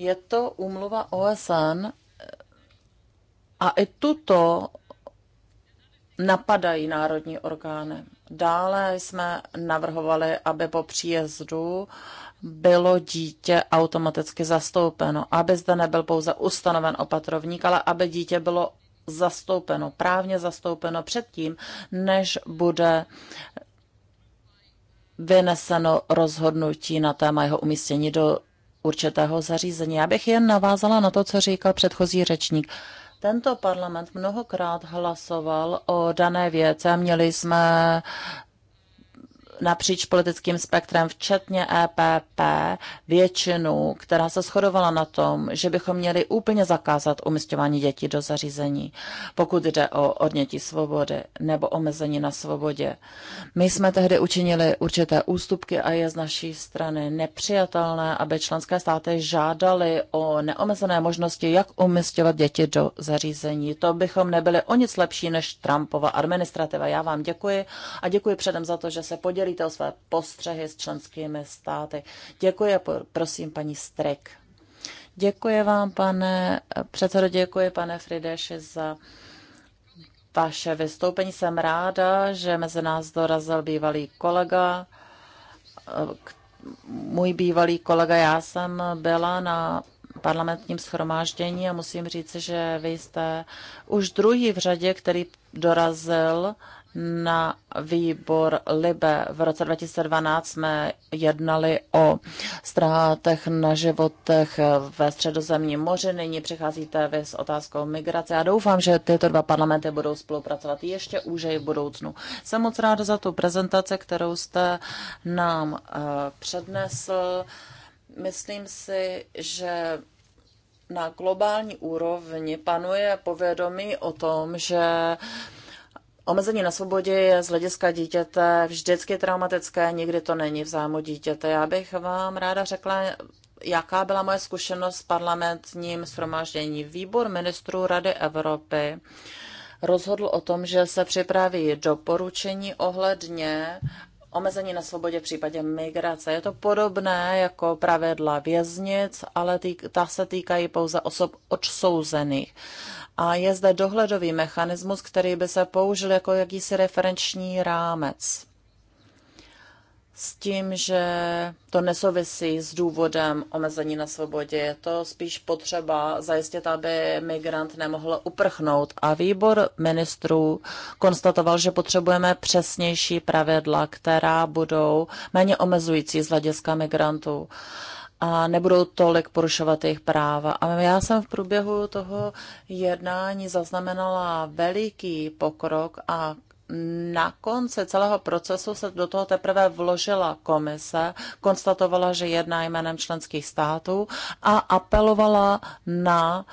je to úmluva OSN a i tuto napadají národní orgány. Dále jsme navrhovali, aby po příjezdu bylo dítě automaticky zastoupeno, aby zde nebyl pouze ustanoven opatrovník, ale aby dítě bylo zastoupeno, právně zastoupeno předtím, než bude vyneseno rozhodnutí na téma jeho umístění do určitého zařízení. Já bych jen navázala na to, co říkal předchozí řečník. Tento parlament mnohokrát hlasoval o dané věce. Měli jsme napříč politickým spektrem, včetně EPP, většinu, která se shodovala na tom, že bychom měli úplně zakázat umistování dětí do zařízení, pokud jde o odnětí svobody nebo omezení na svobodě. My jsme tehdy učinili určité ústupky a je z naší strany nepřijatelné, aby členské státy žádali o neomezené možnosti, jak umistovat děti do zařízení. To bychom nebyli o nic lepší než Trumpova administrativa. Já vám děkuji a děkuji předem za to, že se podělí sdílíte své postřehy s členskými státy. Děkuji a prosím paní Strek. Děkuji vám, pane předsedo, děkuji, pane Frideši, za vaše vystoupení. Jsem ráda, že mezi nás dorazil bývalý kolega, můj bývalý kolega. Já jsem byla na parlamentním schromáždění a musím říct, že vy jste už druhý v řadě, který dorazil na výbor LIBE. V roce 2012 jsme jednali o ztrátech na životech ve středozemním moři. Nyní přicházíte vy s otázkou migrace. Já doufám, že tyto dva parlamenty budou spolupracovat ještě úžej v budoucnu. Jsem moc ráda za tu prezentaci, kterou jste nám eh, přednesl. Myslím si, že na globální úrovni panuje povědomí o tom, že Omezení na svobodě je z hlediska dítěte vždycky traumatické, nikdy to není v zájmu dítěte. Já bych vám ráda řekla, jaká byla moje zkušenost s parlamentním shromáždění. Výbor ministrů Rady Evropy rozhodl o tom, že se připraví doporučení ohledně omezení na svobodě v případě migrace. Je to podobné jako pravidla věznic, ale týk, ta se týkají pouze osob odsouzených. A je zde dohledový mechanismus, který by se použil jako jakýsi referenční rámec s tím, že to nesouvisí s důvodem omezení na svobodě. Je to spíš potřeba zajistit, aby migrant nemohl uprchnout. A výbor ministrů konstatoval, že potřebujeme přesnější pravidla, která budou méně omezující z hlediska migrantů a nebudou tolik porušovat jejich práva. A já jsem v průběhu toho jednání zaznamenala veliký pokrok a na konci celého procesu se do toho teprve vložila komise, konstatovala, že jedná jménem členských států a apelovala na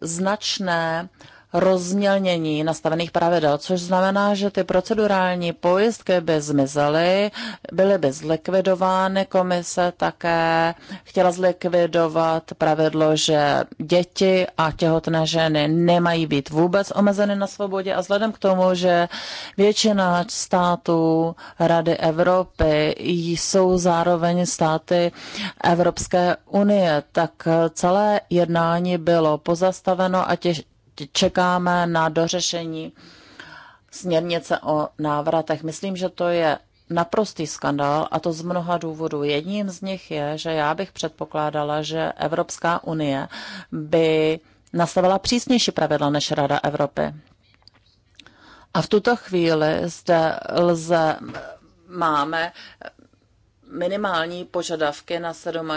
značné uh, rozmělnění nastavených pravidel, což znamená, že ty procedurální pojistky by zmizely, byly by zlikvidovány. Komise také chtěla zlikvidovat pravidlo, že děti a těhotné ženy nemají být vůbec omezeny na svobodě a vzhledem k tomu, že většina států Rady Evropy jsou zároveň státy Evropské unie, tak celé jednání bylo pozastaveno a těž, čekáme na dořešení směrnice o návratech. Myslím, že to je naprostý skandál a to z mnoha důvodů. Jedním z nich je, že já bych předpokládala, že Evropská unie by nastavila přísnější pravidla než Rada Evropy. A v tuto chvíli zde lze máme minimální požadavky na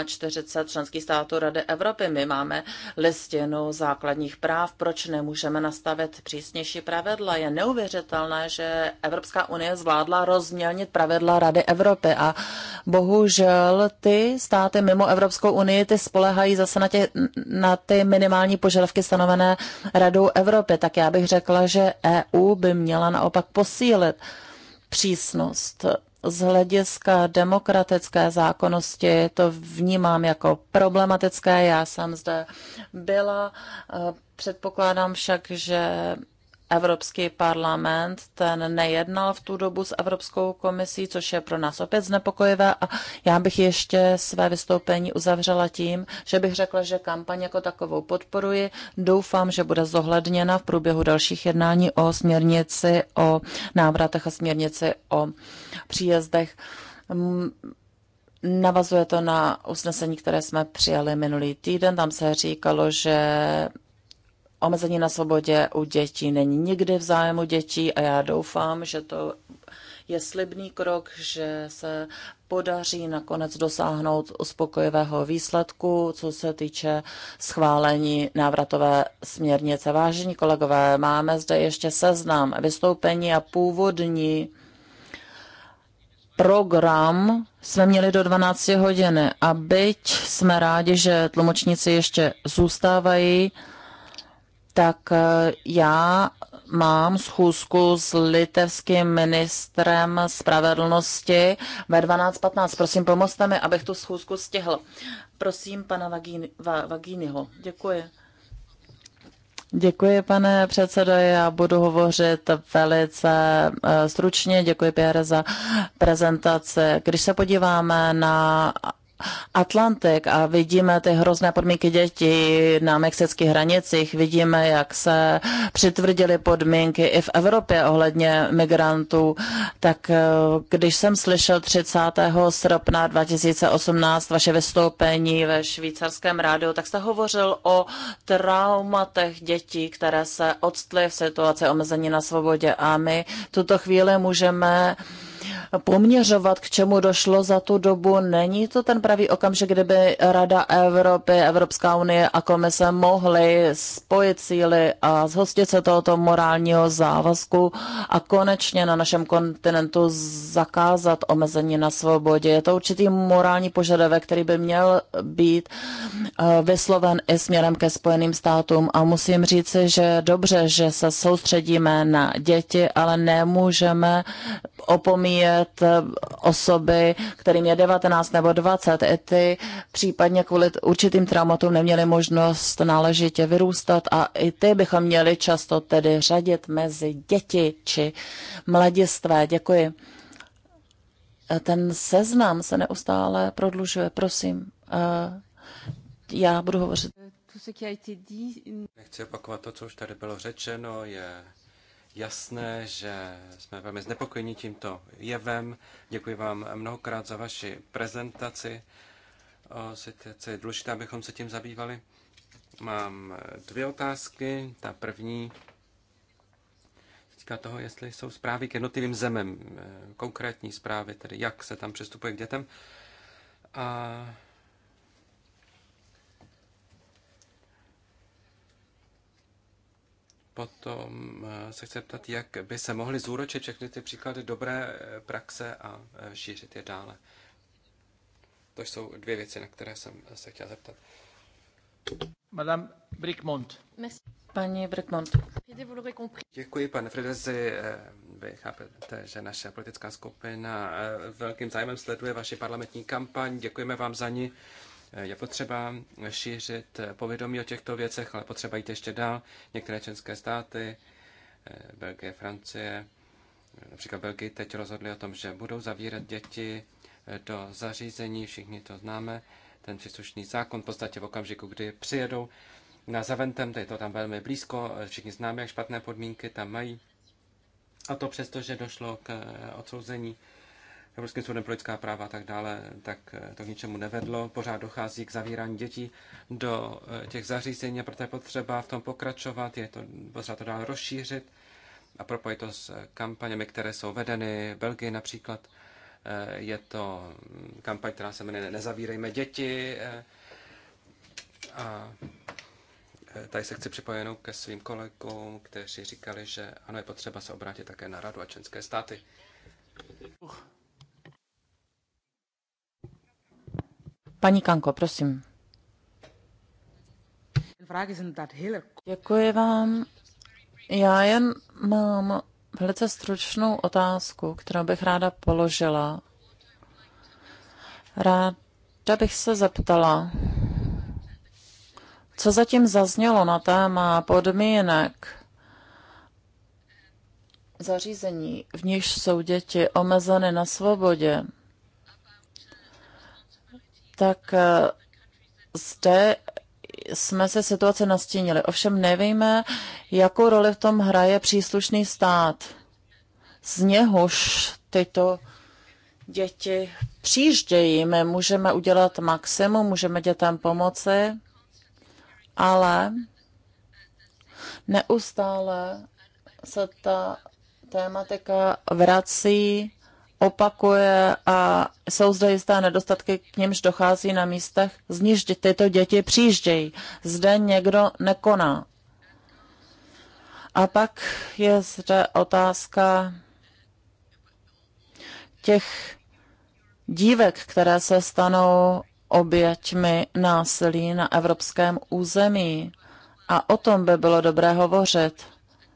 47 členských států Rady Evropy. My máme listinu základních práv, proč nemůžeme nastavit přísnější pravidla. Je neuvěřitelné, že Evropská unie zvládla rozmělnit pravidla Rady Evropy a bohužel ty státy mimo Evropskou unii ty spolehají zase na, tě, na ty minimální požadavky stanovené Radou Evropy. Tak já bych řekla, že EU by měla naopak posílit přísnost z hlediska demokratické zákonnosti to vnímám jako problematické. Já jsem zde byla, eh, předpokládám však, že Evropský parlament, ten nejednal v tu dobu s Evropskou komisí, což je pro nás opět znepokojivé a já bych ještě své vystoupení uzavřela tím, že bych řekla, že kampaň jako takovou podporuji. Doufám, že bude zohledněna v průběhu dalších jednání o směrnici o návratech a směrnici o příjezdech. Navazuje to na usnesení, které jsme přijali minulý týden. Tam se říkalo, že omezení na svobodě u dětí není nikdy v zájmu dětí a já doufám, že to je slibný krok, že se podaří nakonec dosáhnout uspokojivého výsledku, co se týče schválení návratové směrnice. Vážení kolegové, máme zde ještě seznam vystoupení a původní program jsme měli do 12 hodiny a byť jsme rádi, že tlumočníci ještě zůstávají, tak eh, já mám schůzku s litevským ministrem spravedlnosti ve 12.15. Prosím, pomozte mi, abych tu schůzku stihl. Prosím, pana Vagín, Va, Vagínyho. Děkuji. Děkuji, pane předsedo. Já budu hovořit velice eh, stručně. Děkuji, Pierre, za prezentaci. Když se podíváme na Atlantik a vidíme ty hrozné podmínky dětí na mexických hranicích, vidíme, jak se přitvrdily podmínky i v Evropě ohledně migrantů, tak eh, když jsem slyšel 30. srpna 2018 vaše vystoupení ve švýcarském rádiu, tak jste hovořil o traumatech dětí, které se odstly v situaci omezení na svobodě a my tuto chvíli můžeme poměřovat, k čemu došlo za tu dobu. Není to ten pravý okamžik, kdyby Rada Evropy, Evropská unie a komise mohly spojit síly a zhostit se tohoto morálního závazku a konečně na našem kontinentu zakázat omezení na svobodě. Je to určitý morální požadavek, který by měl být eh, vysloven i směrem ke Spojeným státům a musím říci, že dobře, že se soustředíme na děti, ale nemůžeme opomíjet uvádět eh, osoby, kterým je 19 nebo 20, i ty případně kvůli určitým traumatům neměli možnost náležitě vyrůstat a i ty bychom měli často tedy řadit mezi děti či mladistvé. Děkuji. Eh, ten seznam se neustále prodlužuje, prosím. Eh, já budu hovořit. Nechci opakovat to, co už tady bylo řečeno, je jasné, že jsme velmi znepokojeni tímto jevem. Děkuji vám mnohokrát za vaši prezentaci. O situaci je důležité, abychom se tím zabývali. Mám dvě otázky. Ta první týká toho, jestli jsou zprávy k jednotlivým zemem, eh, konkrétní zprávy, tedy jak se tam přistupuje k dětem. A Potom eh, se chci ptat, jak by se mohly zúročit všechny ty příklady dobré eh, praxe a eh, šířit je dále. To jsou dvě věci, na které jsem se chtěl zeptat. Madame Brickmont. Paní Brickmont. Děkuji, pane Fridezi. Vy chápete, že naše politická skupina velkým zájmem sleduje vaši parlamentní kampaň. Děkujeme vám za ní. Je potřeba šířit povědomí o těchto věcech, ale potřeba jít ještě dál. Některé české státy, eh, Belgie, Francie, například Belgii teď rozhodli o tom, že budou zavírat děti eh, do zařízení, všichni to známe, ten příslušný zákon v podstatě v okamžiku, kdy přijedou na Zaventem, to je to tam velmi blízko, eh, všichni známe, jak špatné podmínky tam mají. A to přesto, že došlo k odsouzení Evropským soudem pro lidská práva a tak dále, tak eh, to k ničemu nevedlo. Pořád dochází k zavírání dětí do eh, těch zařízení a proto je potřeba v tom pokračovat, je to potřeba to dál rozšířit a propojit to s eh, kampaněmi, které jsou vedeny v Belgii například. Je to mm, kampaň, která se jmenuje Nezavírejme děti a tady se chci připojenout ke svým kolegům, kteří říkali, že ano, je potřeba se obrátit také na radu a členské státy. Uh. Paní Kanko, prosím. Děkuji vám. Já jen mám velice stručnou otázku, kterou bych ráda položila. Ráda bych se zeptala, co zatím zaznělo na téma podmínek zařízení, v níž jsou děti omezeny na svobodě tak eh, zde jsme se situace nastínili. Ovšem nevíme, jakou roli v tom hraje příslušný stát. Z něhož tyto děti přijíždějí. My můžeme udělat maximum, můžeme dětem pomoci, ale neustále se ta tématika vrací opakuje a jsou zde jisté nedostatky, k nímž dochází na místech, z níž tyto děti přijíždějí. Zde někdo nekoná. A pak je zde otázka těch dívek, které se stanou oběťmi násilí na evropském území. A o tom by bylo dobré hovořit.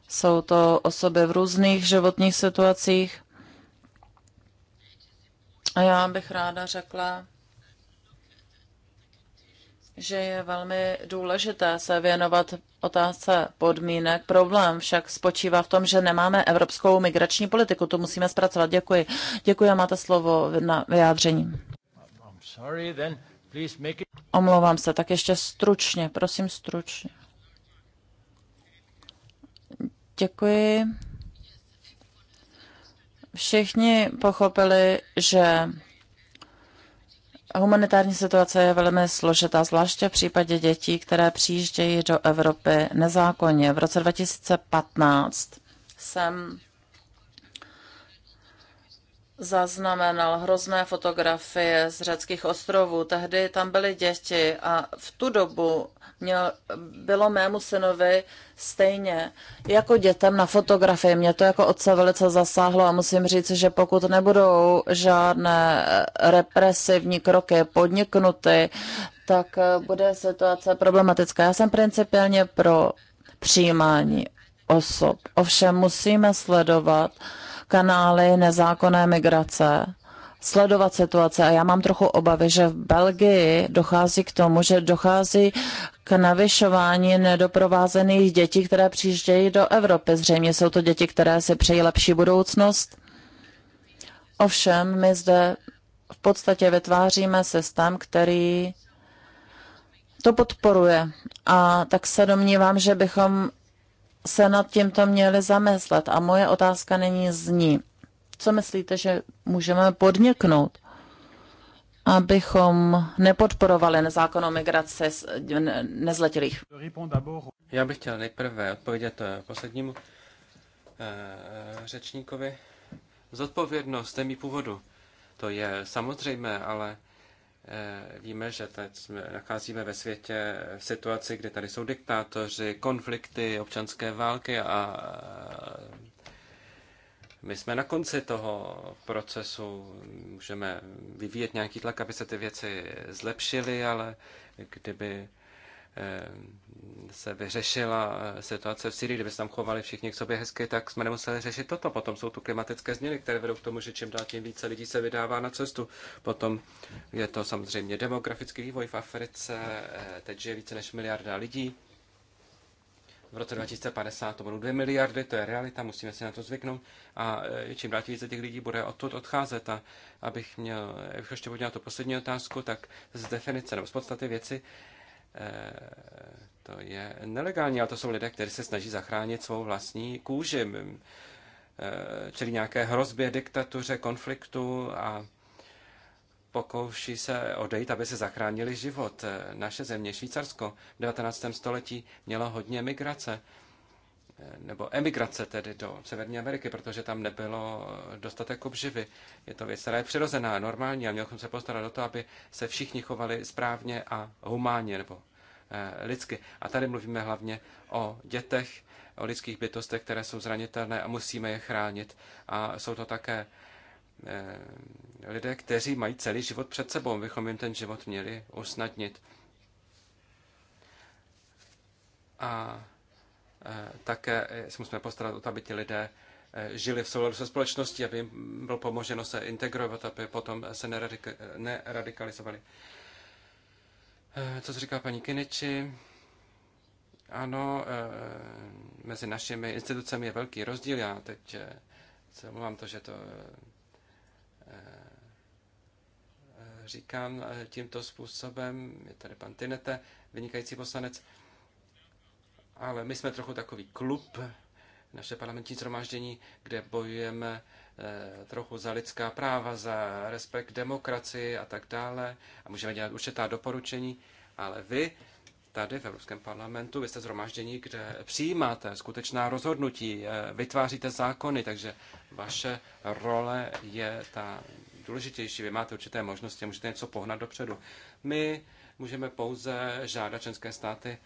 Jsou to osoby v různých životních situacích, a já bych ráda řekla, že je velmi důležité se věnovat otázce podmínek. Problém však spočívá v tom, že nemáme evropskou migrační politiku. To musíme zpracovat. Děkuji. Děkuji a máte slovo na vyjádření. Omlouvám se, tak ještě stručně, prosím stručně. Děkuji všichni pochopili, že humanitární situace je velmi složitá, zvláště v případě dětí, které přijíždějí do Evropy nezákonně. V roce 2015 jsem zaznamenal hrozné fotografie z řeckých ostrovů. Tehdy tam byly děti a v tu dobu měl, bylo mému synovi stejně jako dětem na fotografii. Mě to jako otce velice zasáhlo a musím říct, že pokud nebudou žádné eh, represivní kroky podniknuty, tak eh, bude situace problematická. Já jsem principiálně pro přijímání osob. Ovšem musíme sledovat kanály nezákonné migrace, sledovat situace a já mám trochu obavy, že v Belgii dochází k tomu, že dochází k navyšování nedoprovázených dětí, které přijíždějí do Evropy. Zřejmě jsou to děti, které si přejí lepší budoucnost. Ovšem, my zde v podstatě vytváříme systém, který to podporuje. A tak se domnívám, že bychom se nad tímto měli zamyslet. A moje otázka není zní. Co myslíte, že můžeme podniknout? abychom nepodporovali nezákonnou migraci nezletilých. Já bych chtěl nejprve odpovědět eh, poslednímu eh, řečníkovi. Zodpovědnost zemí původu, to je samozřejmé, ale eh, víme, že teď jsme, nacházíme ve světě v situaci, kdy tady jsou diktátoři, konflikty, občanské války a my jsme na konci toho procesu, můžeme vyvíjet nějaký tlak, aby se ty věci zlepšily, ale kdyby eh, se vyřešila eh, situace v Syrii, kdyby se tam chovali všichni k sobě hezky, tak jsme nemuseli řešit toto. Potom jsou tu klimatické změny, které vedou k tomu, že čím dál tím více lidí se vydává na cestu. Potom je to samozřejmě demografický vývoj v Africe, eh, teď je více než miliarda lidí v roce 2050 to budou 2 miliardy, to je realita, musíme si na to zvyknout a e, čím dál více těch lidí bude odtud odcházet. A abych měl, abych ještě udělal tu poslední otázku, tak z definice nebo z podstaty věci, e, to je nelegální, ale to jsou lidé, kteří se snaží zachránit svou vlastní kůži, e, čili nějaké hrozbě, diktatuře, konfliktu a pokouší se odejít, aby se zachránili život. Naše země, Švýcarsko, v 19. století mělo hodně migrace, nebo emigrace tedy do Severní Ameriky, protože tam nebylo dostatek obživy. Je to věc, která je přirozená, normální a měl jsem se postarat o to, aby se všichni chovali správně a humánně nebo eh, lidsky. A tady mluvíme hlavně o dětech, o lidských bytostech, které jsou zranitelné a musíme je chránit. A jsou to také Eh, lidé, kteří mají celý život před sebou, bychom jim ten život měli usnadnit. A eh, také se musíme postarat o to, aby ti lidé eh, žili v souladu se společností, aby jim bylo pomoženo se integrovat, aby potom se neradik- neradikalizovali. Co se říká paní Kiniči? Ano, mezi našimi institucemi je velký rozdíl. Já teď se omlouvám to, že to říkám eh, tímto způsobem, je tady pan Tinete, vynikající poslanec, ale my jsme trochu takový klub, naše parlamentní zhromáždění, kde bojujeme eh, trochu za lidská práva, za respekt demokracii a tak dále. A můžeme dělat určitá doporučení, ale vy tady v Evropském parlamentu, vy jste zhromáždění, kde přijímáte skutečná rozhodnutí, eh, vytváříte zákony, takže vaše role je ta důležitější. Vy máte určité možnosti, můžete něco pohnat dopředu. My můžeme pouze žádat členské státy,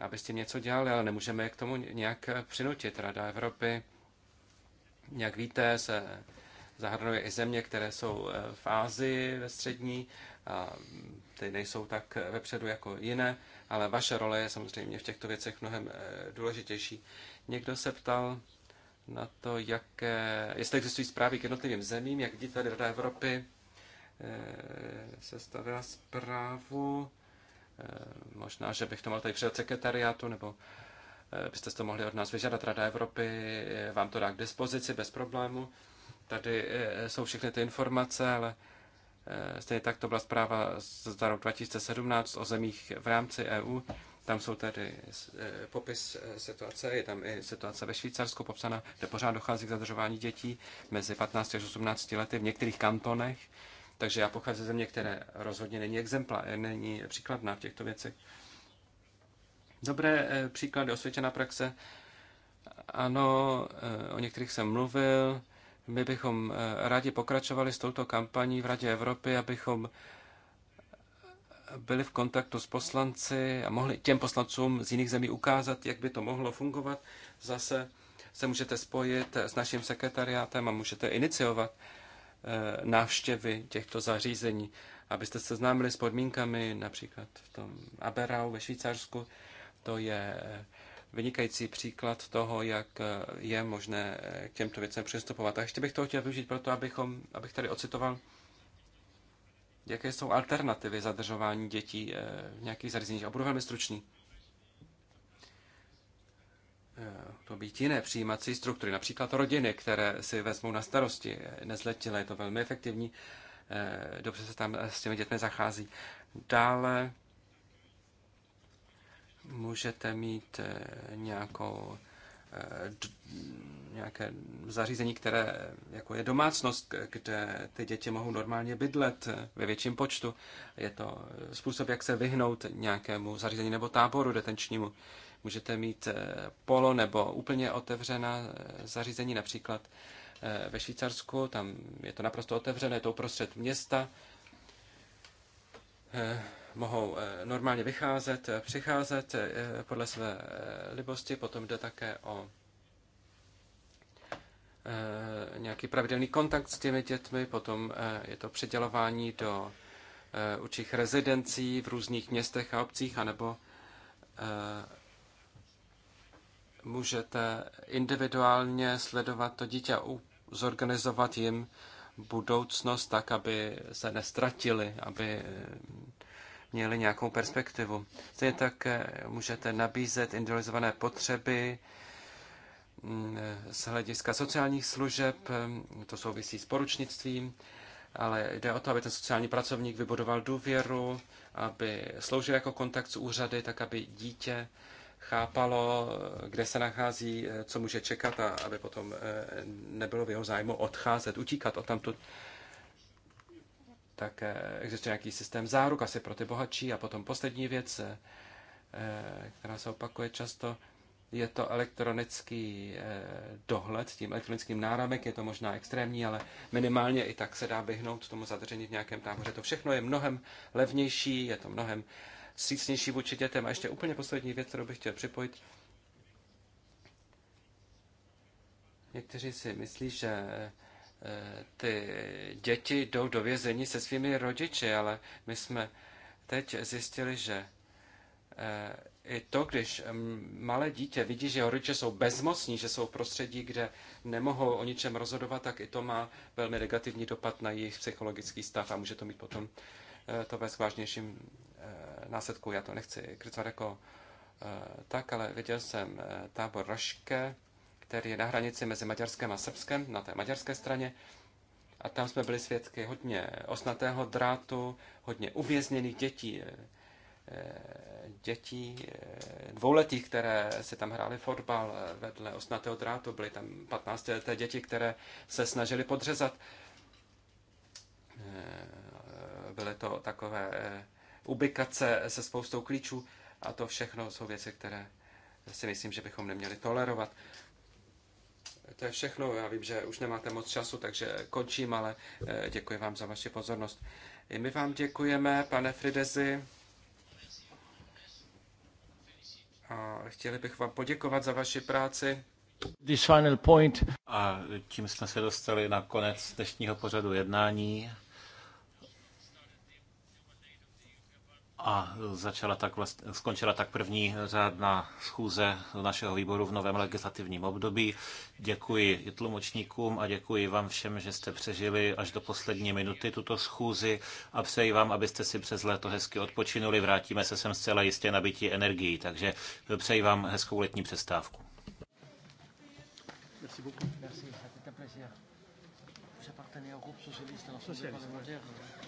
aby s tím něco dělali, ale nemůžeme je k tomu nějak přinutit. Rada Evropy, jak víte, se zahrnuje i země, které jsou eh, v Ázii, ve střední, a mm, ty nejsou tak vepředu jako jiné, ale vaše role je samozřejmě v těchto věcech mnohem eh, důležitější. Někdo se ptal, na to, jaké, jestli existují zprávy k jednotlivým zemím, jak vidíte, tady Rada Evropy eh, stavila zprávu. Eh, možná, že bych to mohl tady přijat sekretariátu, nebo eh, byste to mohli od nás vyžádat. Rada Evropy vám to dá k dispozici bez problému. Tady jsou všechny ty informace, ale stejně tak to byla zpráva z roku 2017 o zemích v rámci EU. Tam jsou tady eh, popis eh, situace, je tam i situace ve Švýcarsku popsaná, kde pořád dochází k zadržování dětí mezi 15 až 18 lety v některých kantonech. Takže já pocházím ze země, které rozhodně není exempla, eh, není příkladná v těchto věcech. Dobré příklady, osvědčená praxe. Ano, o některých jsem mluvil. My bychom rádi pokračovali s touto kampaní v Radě Evropy, abychom byli v kontaktu s poslanci a mohli těm poslancům z jiných zemí ukázat, jak by to mohlo fungovat. Zase se můžete spojit s naším sekretariátem a můžete iniciovat eh, návštěvy těchto zařízení, abyste se známili s podmínkami, například v tom Aberau ve Švýcarsku. To je eh, vynikající příklad toho, jak eh, je možné k těmto věcem přistupovat. A ještě bych to chtěl využít proto, abychom, abych tady ocitoval jaké jsou alternativy zadržování dětí eh, v nějakých zařízeních. A budu velmi stručný. Eh, to být jiné přijímací struktury, například rodiny, které si vezmou na starosti nezletilé, je to velmi efektivní, eh, dobře se tam s těmi dětmi zachází. Dále můžete mít nějakou nějaké zařízení, které jako je domácnost, kde ty děti mohou normálně bydlet ve větším počtu. Je to způsob, jak se vyhnout nějakému zařízení nebo táboru detenčnímu. Můžete mít eh, polo nebo úplně otevřená eh, zařízení, například eh, ve Švýcarsku, tam je to naprosto otevřené, je to uprostřed města mohou eh, normálně vycházet, eh, přicházet eh, podle své libosti. Potom jde také o nějaký pravidelný kontakt s těmi dětmi, potom je to předělování do určitých rezidencí v různých městech a obcích, anebo můžete individuálně sledovat to dítě a zorganizovat jim budoucnost tak, aby se nestratili, aby měli nějakou perspektivu. Stejně tak eh, můžete nabízet individualizované potřeby mm, eh, z hlediska sociálních služeb, eh, to souvisí s poručnictvím, ale jde o to, aby ten sociální pracovník vybudoval důvěru, aby sloužil jako kontakt s úřady, tak aby dítě chápalo, kde se nachází, co může čekat a aby potom nebylo v jeho zájmu odcházet, utíkat od tamtud tak existuje nějaký systém záruk asi pro ty bohatší. A potom poslední věc, eh, která se opakuje často, je to elektronický eh, dohled s tím elektronickým náramek, je to možná extrémní, ale minimálně i tak se dá vyhnout tomu zadržení v nějakém táboře. To všechno je mnohem levnější, je to mnohem sícnější vůči dětem. A ještě úplně poslední věc, kterou bych chtěl připojit. Někteří si myslí, že Eh, ty děti jdou do vězení se svými rodiči, ale my jsme teď zjistili, že eh, i to, když mm, malé dítě vidí, že jeho rodiče jsou bezmocní, že jsou v prostředí, kde nemohou o ničem rozhodovat, tak i to má velmi negativní dopad na jejich psychologický stav a může to mít potom eh, to ve vážnějším následku. Já to nechci kritizovat jako tak, ale viděl jsem tábor Roške, který je na hranici mezi Maďarskem a Srbskem, na té maďarské straně. A tam jsme byli svědky hodně osnatého drátu, hodně uvězněných dětí, eh, eh, dětí eh, dvouletých, které si tam hráli fotbal vedle osnatého drátu. Byly tam 15-leté děti, které se snažili podřezat. Byly to takové ubikace se spoustou klíčů a to všechno jsou věci, které si myslím, že bychom neměli tolerovat. To je všechno. Já vím, že už nemáte moc času, takže končím, ale eh, děkuji vám za vaši pozornost. I my vám děkujeme, pane Fridezi. A chtěli bych vám poděkovat za vaši práci. This final point. A tím jsme se dostali na konec dnešního pořadu jednání. A začala tak vlastně, skončila tak první řádná schůze našeho výboru v novém legislativním období. Děkuji i tlumočníkům a děkuji vám všem, že jste přežili až do poslední minuty tuto schůzi a přeji vám, abyste si přes léto hezky odpočinuli. Vrátíme se sem zcela jistě nabití energií, takže přeji vám hezkou letní přestávku. Merci beaucoup. Merci. un plaisir. J'appartenais au groupe socialiste. Socialiste.